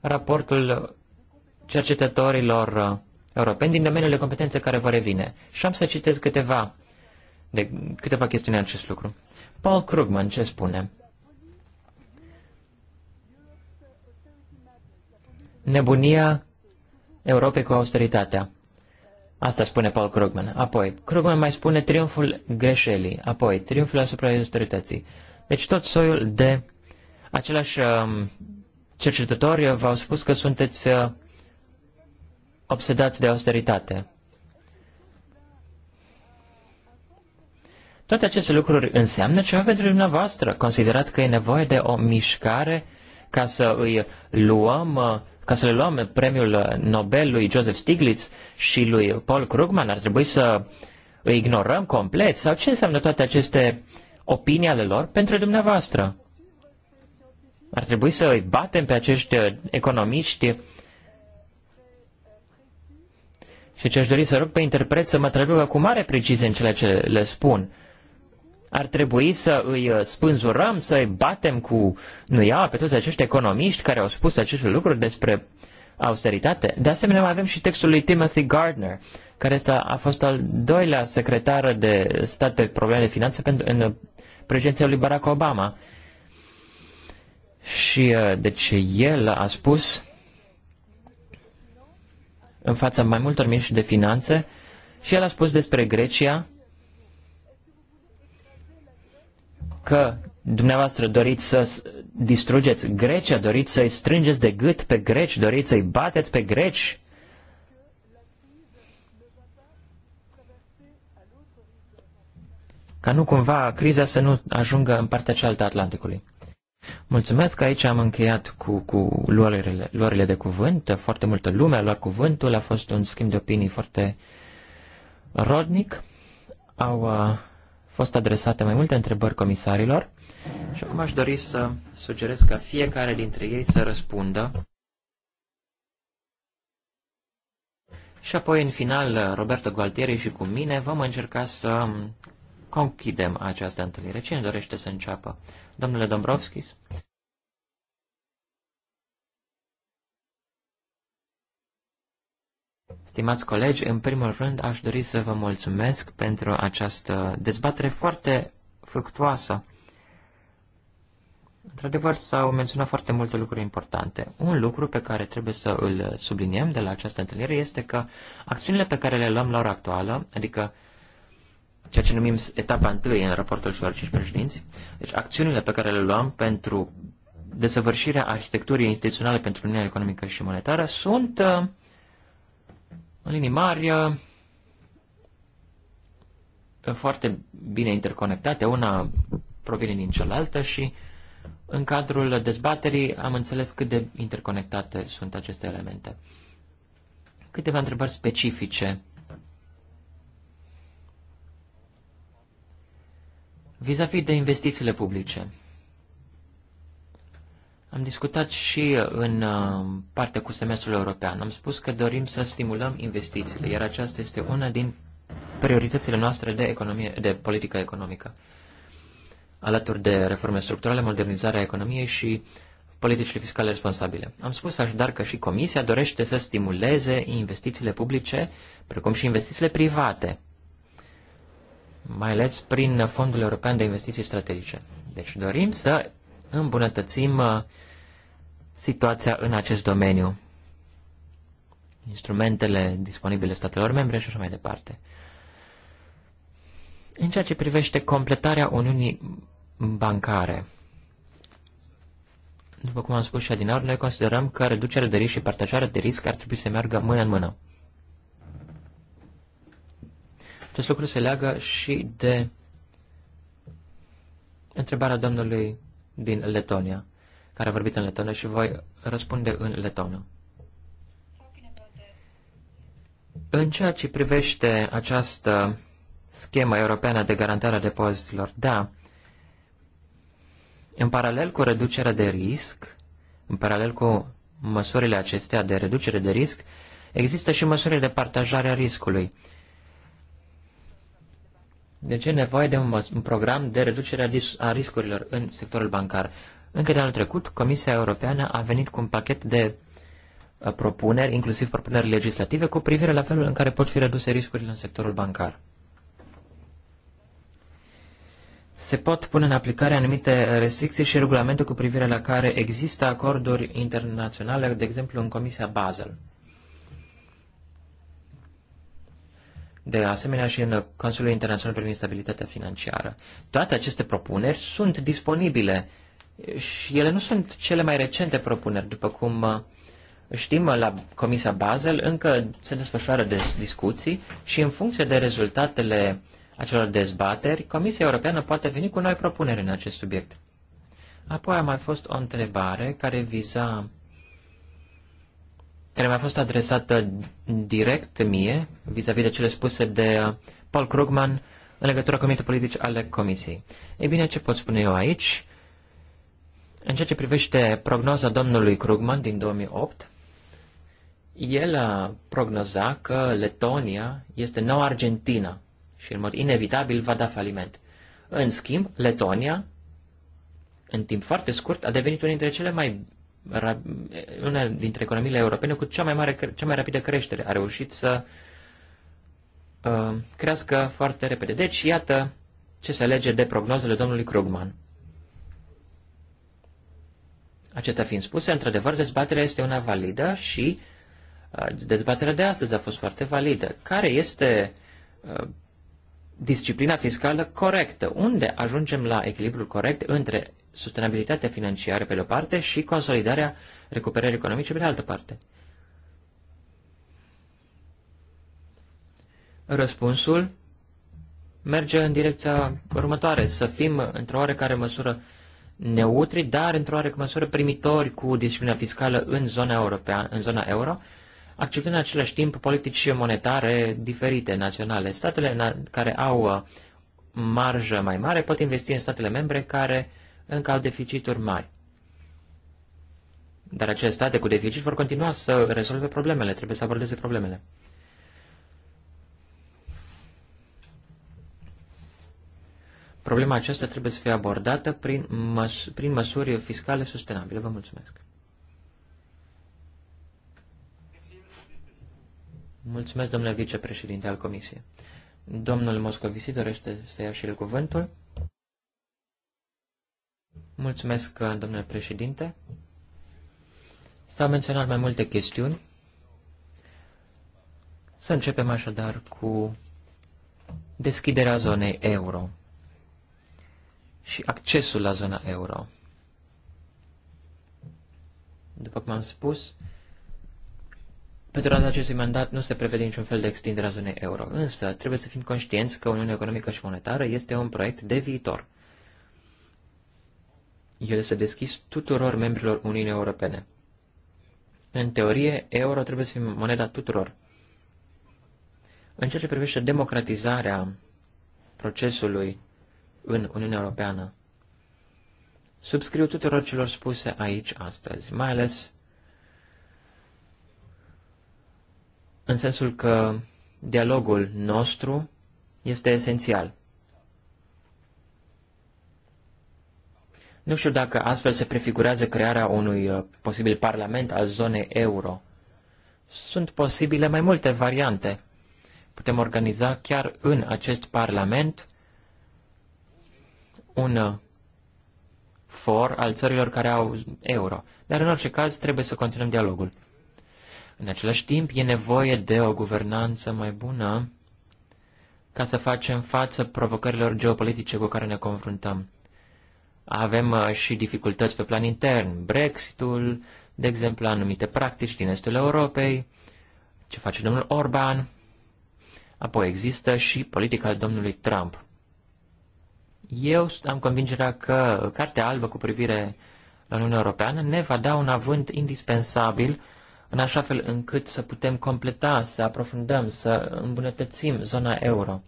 S2: raportul cercetătorilor uh, europeni din domeniul de competențe care vă revine. Și am să citesc câteva de câteva chestiuni acest lucru. Paul Krugman ce spune? Nebunia Europei cu austeritatea. Asta spune Paul Krugman. Apoi, Krugman mai spune triumful greșelii. Apoi, triumful asupra austerității. Deci tot soiul de același um, cercetători v-au spus că sunteți uh, obsedați de austeritate. Toate aceste lucruri înseamnă ceva pentru dumneavoastră. Considerat că e nevoie de o mișcare ca să îi luăm, ca să le luăm premiul Nobel lui Joseph Stiglitz și lui Paul Krugman, ar trebui să îi ignorăm complet? Sau ce înseamnă toate aceste opinii ale lor pentru dumneavoastră? Ar trebui să îi batem pe acești economiști și ce aș dori să rog pe interpret să mă traducă cu mare precizie în ceea ce le spun ar trebui să îi uh, spânzurăm, să îi batem cu nuia pe toți acești economiști care au spus aceste lucruri despre austeritate. De asemenea, mai avem și textul lui Timothy Gardner, care este, a fost al doilea secretar de stat pe probleme de finanță pentru, în prezidenția lui Barack Obama. Și, uh, deci, el a spus în fața mai multor miniștri de finanțe și el a spus despre Grecia că dumneavoastră doriți să distrugeți Grecia, doriți să-i strângeți de gât pe greci, doriți să-i bateți pe greci. Ca nu cumva criza să nu ajungă în partea cealaltă a Atlanticului. Mulțumesc, că aici am încheiat cu, cu luările, luările de cuvânt. Foarte multă lume a luat cuvântul, a fost un schimb de opinii foarte rodnic. Au uh, fost adresate mai multe întrebări comisarilor și acum aș dori să sugerez ca fiecare dintre ei să răspundă. Și apoi, în final, Roberto Gualtieri și cu mine vom încerca să conchidem această întâlnire. Cine dorește să înceapă? Domnule Dombrovskis? Stimați colegi, în primul rând aș dori să vă mulțumesc pentru această dezbatere foarte fructuoasă. Într-adevăr, s-au menționat foarte multe lucruri importante. Un lucru pe care trebuie să îl subliniem de la această întâlnire este că acțiunile pe care le luăm la ora actuală, adică ceea ce numim etapa întâi în raportul celor cinci președinți, deci acțiunile pe care le luăm pentru desăvârșirea arhitecturii instituționale pentru Uniunea Economică și Monetară sunt uh, în linii mari, uh, foarte bine interconectate, una provine din cealaltă și în cadrul dezbaterii am înțeles cât de interconectate sunt aceste elemente. Câteva întrebări specifice. Vis-a-vis -vis de investițiile publice. Am discutat și uh, în uh, partea cu semestrul european. Am spus că dorim să stimulăm investițiile, iar aceasta este una din prioritățile noastre de, economie, de politică economică. Alături de reforme structurale, modernizarea economiei și politicile fiscale responsabile. Am spus așadar că și Comisia dorește să stimuleze investițiile publice, precum și investițiile private, mai ales prin Fondul European de Investiții Strategice. Deci dorim să îmbunătățim uh, situația în acest domeniu, instrumentele disponibile statelor membre și așa mai departe. În ceea ce privește completarea Uniunii bancare, după cum am spus și adinaur, noi considerăm că reducerea de risc și partajarea de risc ar trebui să meargă mână în mână. Acest lucru se leagă și de întrebarea domnului din Letonia care a vorbit în letonă și voi răspunde în letonă. În ceea ce privește această schemă europeană de garantare a depozitelor, da, în paralel cu reducerea de risc, în paralel cu măsurile acestea de reducere de risc, există și măsurile de partajare a riscului. Deci ce nevoie de un, un program de reducere a, a riscurilor în sectorul bancar. Încă de anul trecut, Comisia Europeană a venit cu un pachet de uh, propuneri, inclusiv propuneri legislative, cu privire la felul în care pot fi reduse riscurile în sectorul bancar. Se pot pune în aplicare anumite restricții și regulamente cu privire la care există acorduri internaționale, de exemplu în Comisia Basel. de asemenea și în Consiliul Internațional privind stabilitatea financiară. Toate aceste propuneri sunt disponibile și ele nu sunt cele mai recente propuneri. După cum uh, știm, uh, la Comisia Basel încă se desfășoară des discuții și în funcție de rezultatele acelor dezbateri, Comisia Europeană poate veni cu noi propuneri în acest subiect. Apoi a mai fost o întrebare care viza care mi-a fost adresată direct mie, vis-a-vis -vis de cele spuse de uh, Paul Krugman în legătură cu mite politici ale Comisiei. Ei bine, ce pot spune eu aici? În ceea ce privește prognoza domnului Krugman din 2008, el prognoza că Letonia este noua Argentina și în mod inevitabil va da faliment. În schimb, Letonia, în timp foarte scurt, a devenit una dintre cele mai una dintre economiile europene cu cea mai, mare, cea mai rapidă creștere. A reușit să uh, crească foarte repede. Deci, iată ce se alege de prognozele domnului Krugman. Acestea fiind spuse, într-adevăr, dezbaterea este una validă și uh, dezbaterea de astăzi a fost foarte validă. Care este uh, disciplina fiscală corectă? Unde ajungem la echilibrul corect între sustenabilitatea financiară pe de-o parte și consolidarea recuperării economice pe de altă parte? Răspunsul merge în direcția următoare, să fim într-o oarecare măsură neutri, dar într-o oarecă măsură primitori cu disciplina fiscală în zona, europeană, în zona euro, acceptând în același timp politici monetare diferite, naționale. Statele care au uh, marjă mai mare pot investi în statele membre care încă au deficituri mari. Dar acele state cu deficit vor continua să rezolve problemele, trebuie să abordeze problemele. Problema aceasta trebuie să fie abordată prin, măs- prin măsuri fiscale sustenabile. Vă mulțumesc. Mulțumesc, domnule vicepreședinte al Comisiei. Domnul Moscovici dorește să ia și el cuvântul. Mulțumesc, domnule președinte. S-au menționat mai multe chestiuni. Să începem așadar cu deschiderea zonei euro și accesul la zona euro. După cum am spus, pentru durata acestui mandat nu se prevede niciun fel de extindere a zonei euro, însă trebuie să fim conștienți că Uniunea Economică și Monetară este un proiect de viitor. El este deschis tuturor membrilor Uniunii Europene. În teorie, euro trebuie să fie moneda tuturor. În ceea ce privește democratizarea procesului în Uniunea Europeană. Subscriu tuturor celor spuse aici astăzi, mai ales în sensul că dialogul nostru este esențial. Nu știu dacă astfel se prefigurează crearea unui uh, posibil parlament al zonei euro. Sunt posibile mai multe variante. Putem organiza chiar în acest parlament un for al țărilor care au euro. Dar în orice caz trebuie să continuăm dialogul. În același timp, e nevoie de o guvernanță mai bună ca să facem față provocărilor geopolitice cu care ne confruntăm. Avem uh, și dificultăți pe plan intern, Brexitul, de exemplu, anumite practici din estul Europei, ce face domnul Orban. Apoi există și politica domnului Trump. Eu am convingerea că Cartea Albă cu privire la Uniunea Europeană ne va da un avânt indispensabil în așa fel încât să putem completa, să aprofundăm, să îmbunătățim zona euro.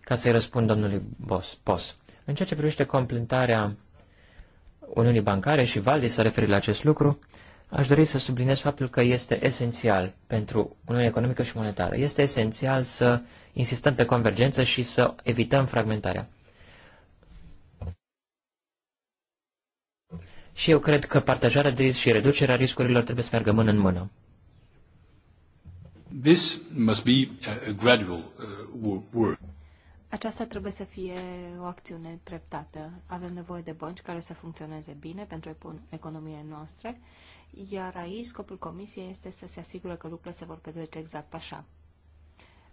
S2: Ca să-i răspund domnului Bos, Pos. În ceea ce privește completarea Uniunii Bancare și Valdi s-a referit la acest lucru, aș dori să subliniez faptul că este esențial pentru Uniunea Economică și Monetară. Este esențial să uh, insistăm pe convergență și să evităm fragmentarea. Și eu cred că partajarea de risc și reducerea riscurilor trebuie să meargă mână în mână.
S1: This must be a gradual uh, work.
S3: Aceasta trebuie să fie o acțiune treptată. Avem nevoie de bănci care să funcționeze bine pentru economiile noastre, iar aici scopul comisiei este să se asigure că lucrurile se vor petrece exact așa.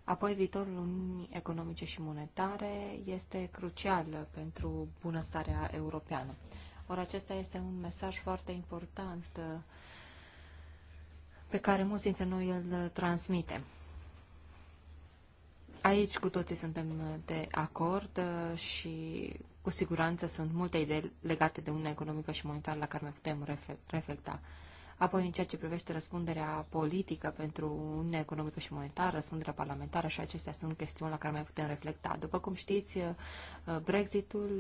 S3: Apoi, viitorul Uniunii Economice și Monetare este crucial pentru bunăstarea europeană. Ori acesta este un mesaj foarte important uh, pe care mulți dintre noi îl transmitem. Aici cu toții suntem de acord uh, și cu siguranță sunt multe idei legate de Uniunea Economică și Monetară la care ne putem reflecta. Apoi, în ceea ce privește răspunderea politică pentru Uniunea Economică și Monetară, răspunderea parlamentară și acestea sunt chestiuni la care mai putem reflecta. După cum știți, uh, Brexitul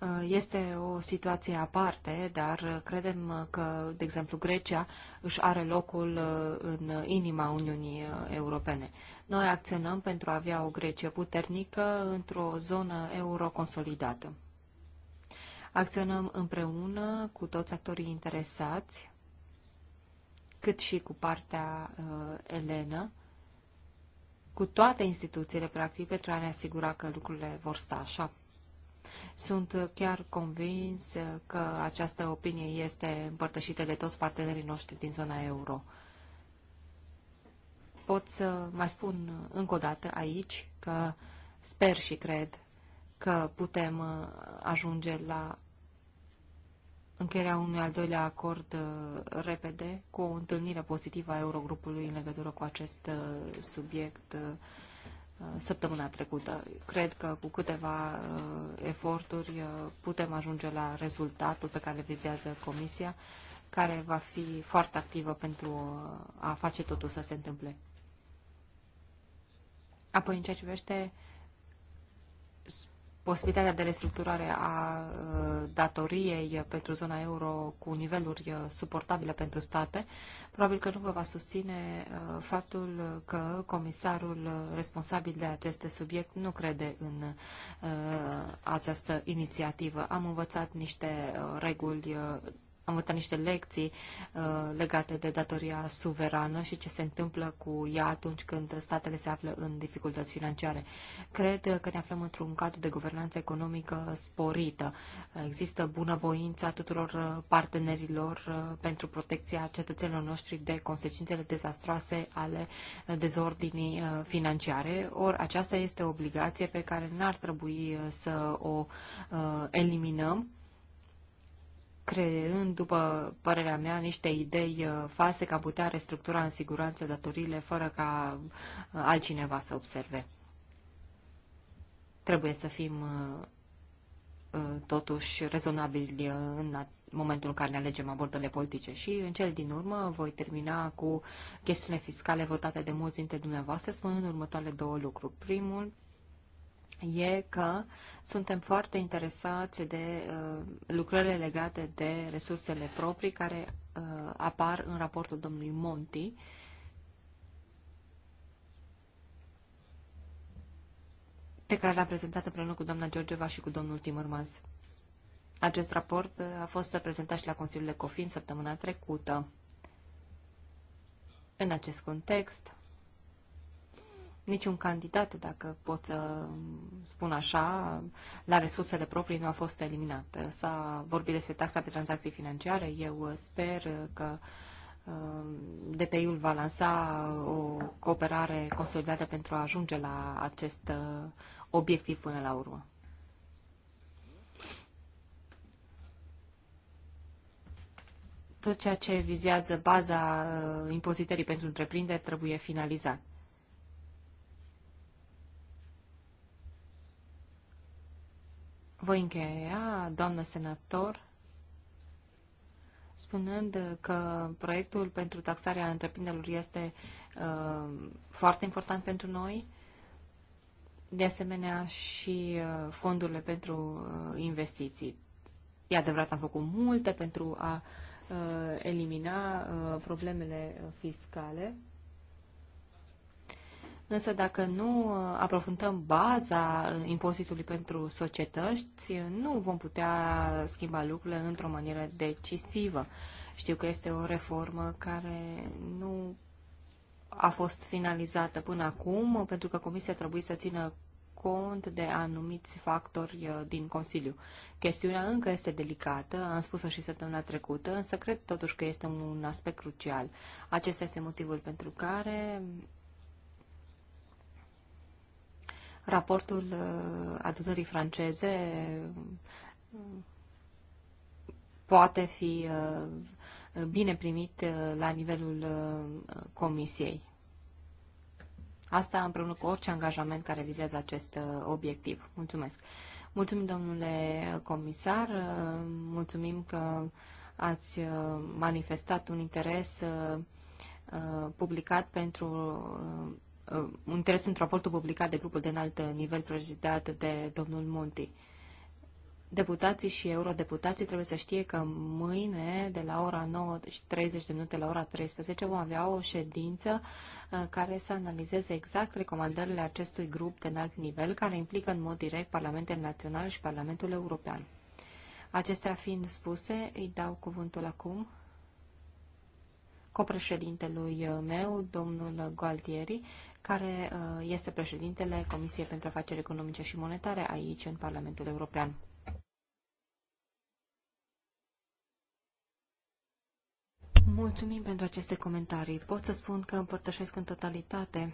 S3: uh, este o situație aparte, dar credem că, de exemplu, Grecia își are locul uh, în inima Uniunii Europene. Noi acționăm pentru a avea o Grecie puternică într-o zonă euro consolidată. Acționăm împreună cu toți actorii interesați, cât și cu partea uh, Elena, cu toate instituțiile, practic, pentru a ne asigura că lucrurile vor sta așa. Sunt uh, chiar convins uh, că această opinie este împărtășită de toți partenerii noștri din zona euro. Pot să mai spun uh, încă o dată aici că sper și cred că putem uh, ajunge la încheierea unui al doilea acord uh, repede cu o întâlnire pozitivă a Eurogrupului în legătură cu acest uh, subiect săptămâna trecută. Cred că cu câteva eforturi putem ajunge la rezultatul pe care vizează Comisia, care va fi foarte activă pentru a face totul să se întâmple. Apoi, în ceea ce privește posibilitatea de restructurare a uh, datoriei pentru zona euro cu niveluri uh, suportabile pentru state, probabil că nu vă va susține uh, faptul că comisarul responsabil de acest subiect nu crede în această inițiativă. Am învățat niște reguli am învățat niște lecții uh, legate de datoria suverană și ce se întâmplă cu ea atunci când statele se află în dificultăți financiare. Cred că ne aflăm într-un cadru de guvernanță economică sporită. Există bunăvoința tuturor uh, partenerilor uh, pentru protecția cetățenilor noștri de consecințele dezastroase ale dezordinii uh, financiare. Ori aceasta este o obligație pe care n-ar trebui uh, să o uh, eliminăm creând, după părerea mea, niște idei uh, false că am putea restructura în siguranță datoriile fără ca uh, altcineva să observe. Trebuie să fim uh, totuși rezonabili în momentul în care ne alegem abordările politice. Și în cel din urmă voi termina cu chestiune fiscale votate de mulți dintre dumneavoastră, spunând următoarele două lucruri. Primul, e că suntem foarte interesați de uh, lucrările legate de resursele proprii care uh, apar în raportul domnului Monti. pe care l-a prezentat împreună cu doamna Georgeva și cu domnul Timurmaz. Acest raport uh, a fost prezentat și la Consiliul Ecofin săptămâna trecută. În acest context, niciun candidat, dacă pot să spun așa, la resursele proprii nu a fost eliminat. S-a vorbit despre taxa pe tranzacții financiare. Eu sper că um, DPI-ul va lansa o cooperare consolidată pentru a ajunge la acest uh, obiectiv până la urmă. Tot ceea ce vizează baza uh, impozitării pentru întreprinderi trebuie finalizat. Voi încheia, doamnă senator, spunând că proiectul pentru taxarea întreprinderilor este uh, foarte important pentru noi, de asemenea și uh, fondurile pentru uh, investiții. E adevărat, am făcut multe pentru a uh, elimina uh, problemele uh, fiscale Însă dacă nu uh, aprofundăm baza uh, impozitului pentru societăți, uh, nu vom putea schimba lucrurile într-o manieră decisivă. Știu că este o reformă care nu a fost finalizată până acum, pentru că Comisia trebuie să țină cont de anumiți factori din Consiliu. Chestiunea încă este delicată, am spus-o și săptămâna trecută, însă cred totuși că este un aspect crucial. Acesta este motivul pentru care raportul uh, adunării franceze uh, poate fi uh, bine primit la nivelul comisiei. Asta împreună cu orice angajament care vizează acest obiectiv. Mulțumesc. Mulțumim, domnule comisar. Mulțumim că ați manifestat un interes publicat pentru Uh, un interes pentru raportul publicat de grupul de înalt nivel prezidat de domnul Monti. Deputații și eurodeputații trebuie să știe că mâine, de la ora 9 și 30 de minute la ora 13, vom avea o ședință uh, care să analizeze exact recomandările acestui grup de înalt nivel, care implică în mod direct Parlamentul Național și Parlamentul European. Acestea fiind spuse, îi dau cuvântul acum copreședintelui meu, domnul Gualtieri, care uh, este președintele Comisiei pentru Afaceri Economice și Monetare aici, în Parlamentul European. Mulțumim pentru aceste comentarii. Pot să spun că împărtășesc în totalitate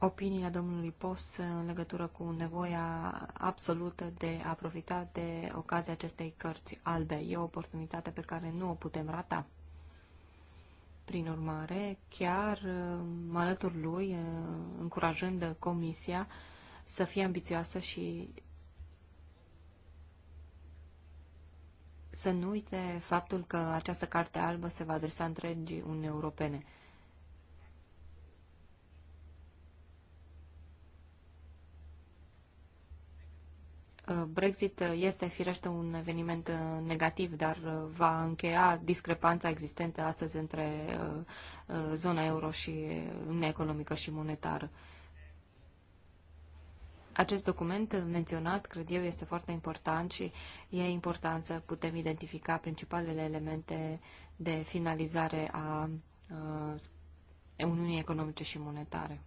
S3: opiniile domnului Pos în legătură cu nevoia absolută de a profita de ocazia acestei cărți albe. E o oportunitate pe care nu o putem rata. Prin urmare, chiar uh, mă alătur lui, uh, încurajând Comisia să fie ambițioasă și să nu uite faptul că această carte albă se va adresa întregii Uniunii Europene. Brexit este firește un eveniment uh, negativ, dar uh, va încheia discrepanța existentă astăzi între uh, zona euro și Uniunea Economică și Monetară. Acest document menționat, cred eu, este foarte important și e important să putem identifica principalele elemente de finalizare a Uniunii Economice și Monetare.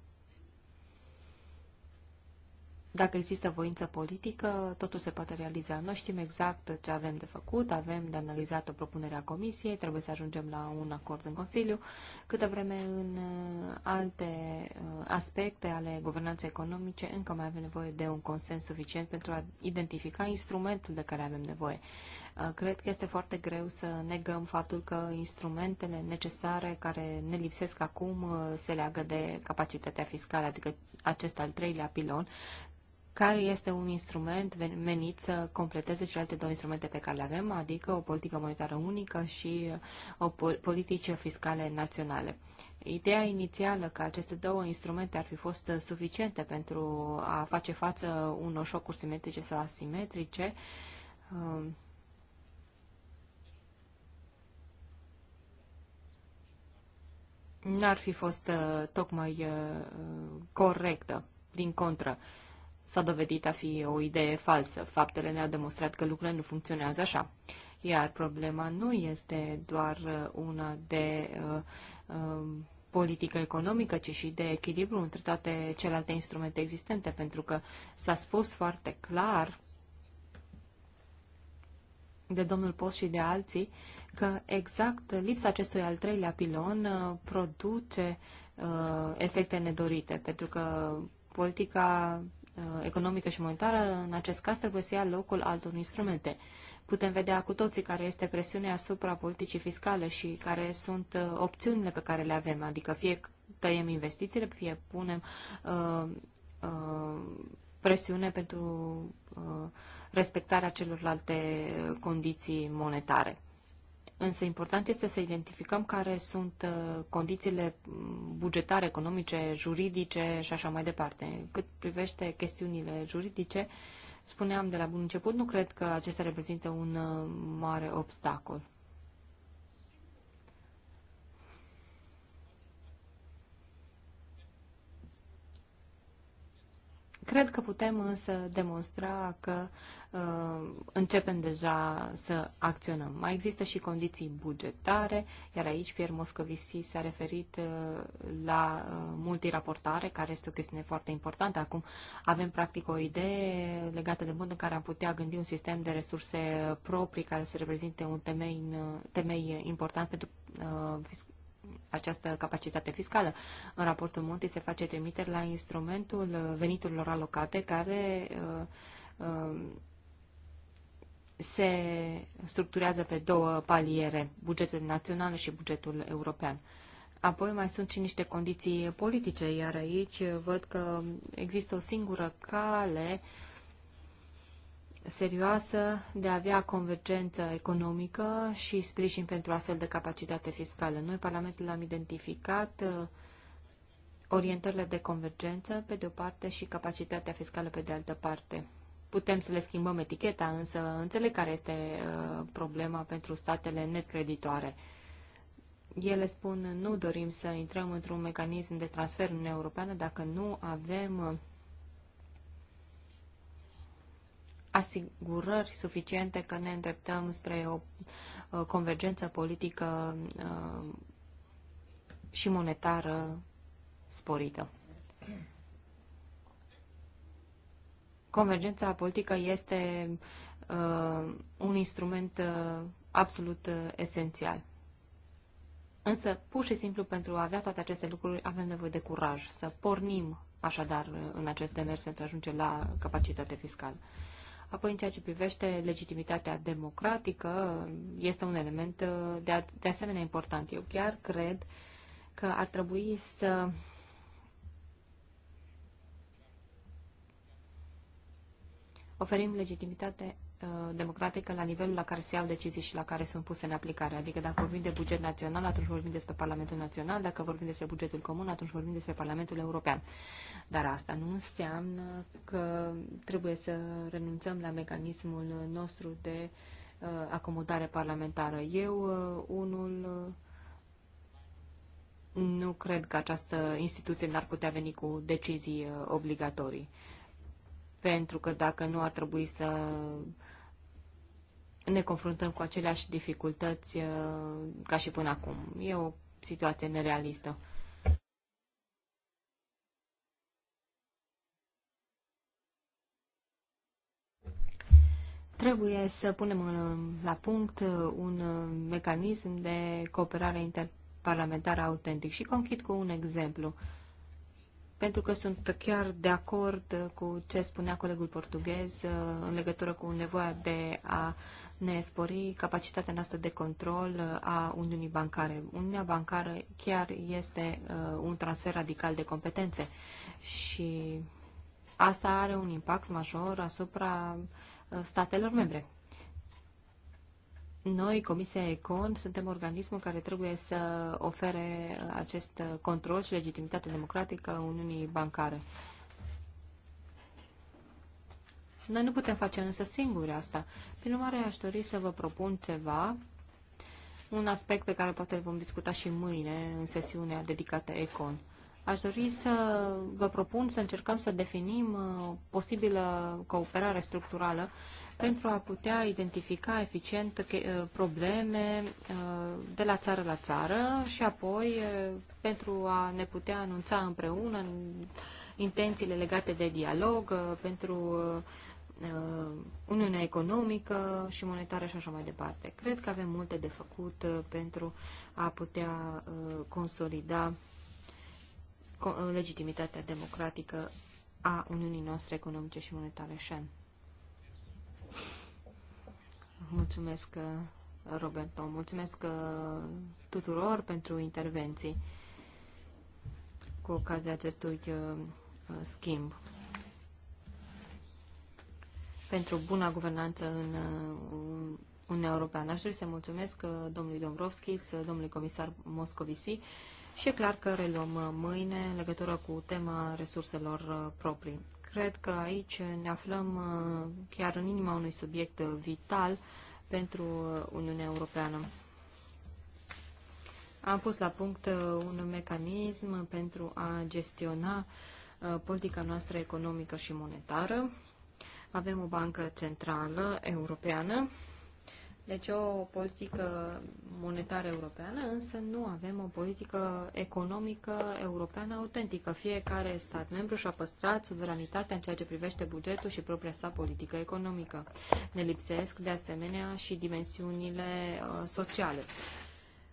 S3: Dacă există voință politică, totul se poate realiza. Noi știm exact ce avem de făcut, avem de analizat o propunere a Comisiei, trebuie să ajungem la un acord în Consiliu. Câtă vreme în uh, alte uh, aspecte ale guvernanței economice, încă mai avem nevoie de un consens suficient pentru a identifica instrumentul de care avem nevoie. Uh, cred că este foarte greu să negăm faptul că instrumentele necesare care ne lipsesc acum se leagă de capacitatea fiscală, adică acest al treilea pilon, care este un instrument menit să completeze celelalte două instrumente pe care le avem, adică o politică monetară unică și uh, o politică fiscale naționale. Ideea inițială că aceste două instrumente ar fi fost uh, suficiente pentru a face față unor șocuri simetrice sau asimetrice, uh, n-ar fi fost tocmai corectă, din contră. Uh, s-a dovedit a fi o idee falsă. Faptele ne-au demonstrat că lucrurile nu funcționează așa. Iar problema nu este doar uh, una de uh, uh, politică economică, ci și de echilibru între toate celelalte instrumente existente, pentru că s-a spus foarte clar de domnul Post și de alții că exact lipsa acestui al treilea pilon uh, produce uh, efecte nedorite, pentru că politica Uh, economică și monetară, în acest caz trebuie să ia locul altor instrumente. Putem vedea cu toții care este presiunea asupra politicii fiscale și care sunt uh, opțiunile pe care le avem, adică fie tăiem investițiile, fie punem uh, uh, presiune pentru uh, respectarea celorlalte condiții monetare. Însă important este să identificăm care sunt uh, condițiile bugetare, economice, juridice și așa mai departe. Cât privește chestiunile juridice, spuneam de la bun început, nu cred că acestea reprezintă un uh, mare obstacol. Cred că putem însă demonstra că Uh, începem deja să acționăm. Mai există și condiții bugetare, iar aici Pierre Moscovici s-a referit uh, la uh, multiraportare, care este o chestiune foarte importantă. Acum avem practic o idee legată de mod în care am putea gândi un sistem de resurse proprii care să reprezinte un temei, temei important pentru această capacitate fiscală. În raportul Monti se face trimitere la instrumentul veniturilor alocate care uh, uh, se structurează pe două paliere, bugetul național și bugetul european. Apoi mai sunt și niște condiții politice, iar aici văd că există o singură cale serioasă de a avea convergență economică și sprijin pentru astfel de capacitate fiscală. Noi, Parlamentul, am identificat uh, orientările de convergență pe de o parte și capacitatea fiscală pe de altă parte. Putem să le schimbăm eticheta, însă înțeleg care este uh, problema pentru statele net creditoare. Ele spun, nu dorim să intrăm într-un mecanism de transfer în Uniunea Europeană dacă nu avem uh, asigurări suficiente că ne îndreptăm spre o uh, convergență politică și monetară sporită. convergența politică este uh, un instrument uh, absolut uh, esențial. Însă, pur și simplu, pentru a avea toate aceste lucruri, avem nevoie de curaj, să pornim așadar în acest demers pentru a ajunge la capacitate fiscală. Apoi, în ceea ce privește legitimitatea democratică, este un element uh, de, de asemenea important. Eu chiar cred că ar trebui să oferim legitimitate uh, democratică la nivelul la care se iau decizii și la care sunt puse în aplicare. Adică dacă vorbim de buget național, atunci vorbim despre Parlamentul Național, dacă vorbim despre bugetul comun, atunci vorbim despre Parlamentul European. Dar asta nu înseamnă că trebuie să renunțăm la mecanismul nostru de uh, acomodare parlamentară. Eu, uh, unul, uh, nu cred că această instituție n-ar putea veni cu decizii uh, obligatorii. Uh, pentru că dacă nu ar trebui să ne confruntăm cu aceleași dificultăți uh, ca și până acum. E o situație nerealistă. Trebuie să punem uh, la punct uh, un mecanism de cooperare interparlamentară autentic și conchid cu un exemplu. Uh, pentru că sunt chiar de acord cu ce spunea colegul portughez uh, în legătură cu nevoia de a ne spori capacitatea noastră de control uh, a Uniunii Bancare. Uniunea Bancară chiar este uh, un transfer radical de competențe și asta are un impact major asupra statelor membre. Noi, Comisia Econ, suntem organismul care trebuie să ofere acest control și legitimitate democratică Uniunii Bancare. Noi nu putem face însă singuri asta. Prin urmare, aș dori să vă propun ceva, un aspect pe care poate vom discuta și mâine în sesiunea dedicată Econ. Aș dori să vă propun să încercăm să definim o uh, posibilă cooperare structurală uh, pentru a putea identifica eficient uh, probleme uh, de la țară la țară și apoi uh, pentru a ne putea anunța împreună intențiile legate de dialog pentru Uniunea Economică și Monetară și așa mai departe. Cred că avem multe de făcut pentru a putea consolida legitimitatea democratică a Uniunii noastre economice și monetare. Shen. Mulțumesc, uh, Roberto. Mulțumesc uh, tuturor pentru intervenții cu ocazia acestui uh, schimb pentru buna guvernanță în Uniunea Europeană. Aș dori să mulțumesc domnului Dombrovskis, domnului comisar Moscovici și e clar că reluăm mâine în legătură cu tema resurselor proprii. Cred că aici ne aflăm chiar în inima unui subiect vital pentru Uniunea Europeană. Am pus la punct uh, un mecanism pentru a gestiona uh, politica noastră economică și monetară. Avem o bancă centrală europeană deci o politică monetară europeană, însă nu avem o politică economică europeană autentică. Fiecare stat membru și-a păstrat suveranitatea în ceea ce privește bugetul și propria sa politică economică. Ne lipsesc, de asemenea, și dimensiunile uh, sociale.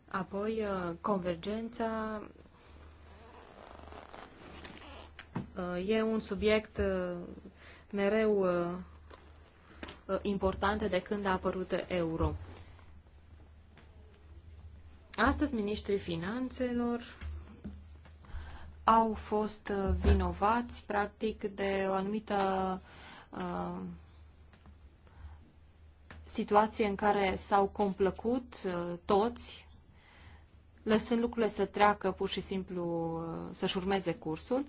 S3: Apoi, uh, convergența uh, e un subiect mereu Uh, importante de când a apărut euro. Astăzi, ministrii finanțelor au fost uh, vinovați, practic, de o anumită uh, situație în care s-au complăcut toți, lăsând lucrurile să treacă pur și simplu, să-și urmeze cursul.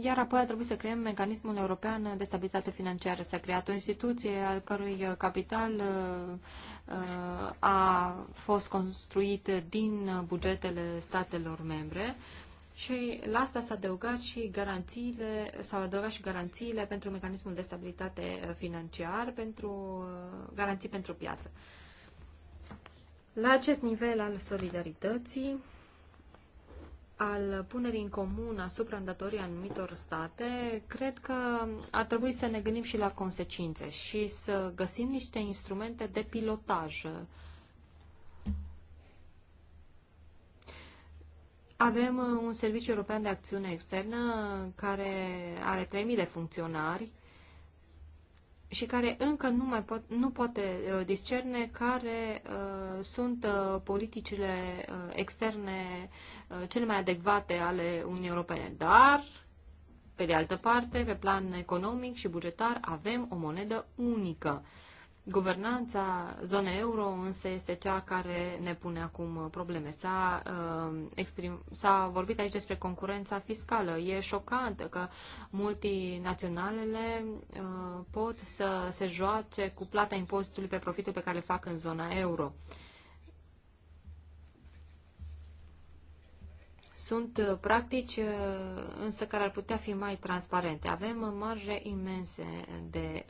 S3: Iar apoi a trebuit să creăm mecanismul european de stabilitate financiară. S-a creat o instituție al cărui capital uh, uh, a fost construit din bugetele statelor membre. Și la asta s-a adăugat și garanțiile, s-au adăugat și garanțiile pentru mecanismul de stabilitate financiar, pentru uh, garanții pentru piață. La acest nivel al solidarității, al punerii în comun asupra îndatorii anumitor state, cred că ar trebui să ne gândim și la consecințe și să găsim niște instrumente de pilotaj.
S2: Avem uh, un
S3: serviciu european de acțiune externă care are 3.000 de funcționari și care încă nu, mai po- nu poate uh, discerne care uh, sunt uh, politicile uh, externe uh, cele mai adecvate ale Uniunii Europene. Dar, pe de altă parte, pe plan economic și bugetar, avem o monedă unică. Uh, Guvernanța zonei euro însă este cea care ne pune acum probleme. S-a, uh, exprim, s-a vorbit aici despre concurența fiscală. E șocant că multinaționalele uh, pot să se joace cu plata impozitului pe profitul pe care le fac în zona euro. Sunt uh, practici însă care ar putea fi mai transparente. Avem marje imense de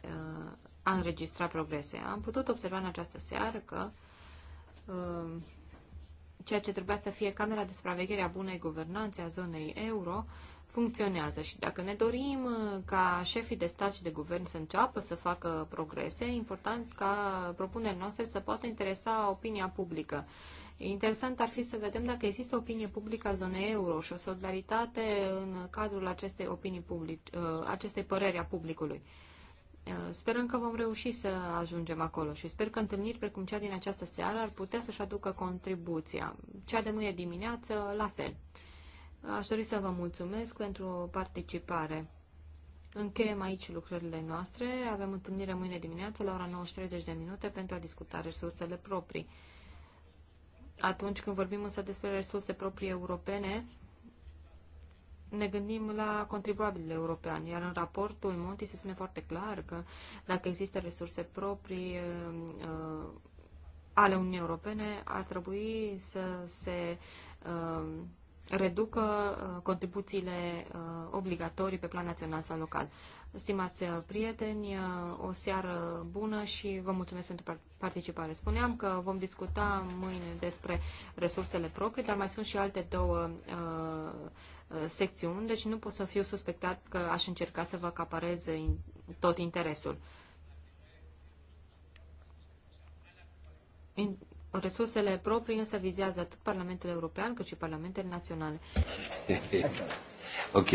S3: a înregistrat progrese. Am putut observa în această seară că uh, ceea ce trebuia să fie camera de supraveghere a bunei guvernanțe a zonei euro funcționează și dacă ne dorim uh, ca șefii de stat și de guvern să înceapă să facă progrese, e important ca propunerile noastre să poată interesa opinia publică. Interesant ar fi să vedem dacă există opinie publică a zonei euro și o solidaritate în cadrul acestei opinii public, uh, acestei păreri a publicului. Eh, sperăm că vom reuși să ajungem acolo și sper că întâlniri precum cea din această seară ar putea să-și aducă contribuția. Cea de mâine dimineață, la fel. Aș dori să vă mulțumesc pentru participare. Încheiem aici lucrările noastre. Avem întâlnire mâine dimineață la ora 9.30 de minute pentru a discuta resursele proprii. Atunci când vorbim însă despre resurse proprii europene, ne gândim la contribuabilii europeani, iar în raportul Monti se spune foarte clar că dacă există resurse proprii uh, uh ale Uniunii Europene, ar trebui să se uh, reducă uh, contribuțiile uh, obligatorii pe plan național sau local. Stimați prieteni, o seară bună și vă mulțumesc pentru participare. Spuneam că vom discuta mâine despre resursele proprii, dar mai sunt și alte două uh, Uh, secțiuni, deci nu pot să fiu suspectat că aș încerca să vă acaparez tot interesul. Resursele proprii însă vizează atât Parlamentul European cât și Parlamentele naționale.
S1: <laughs> ok.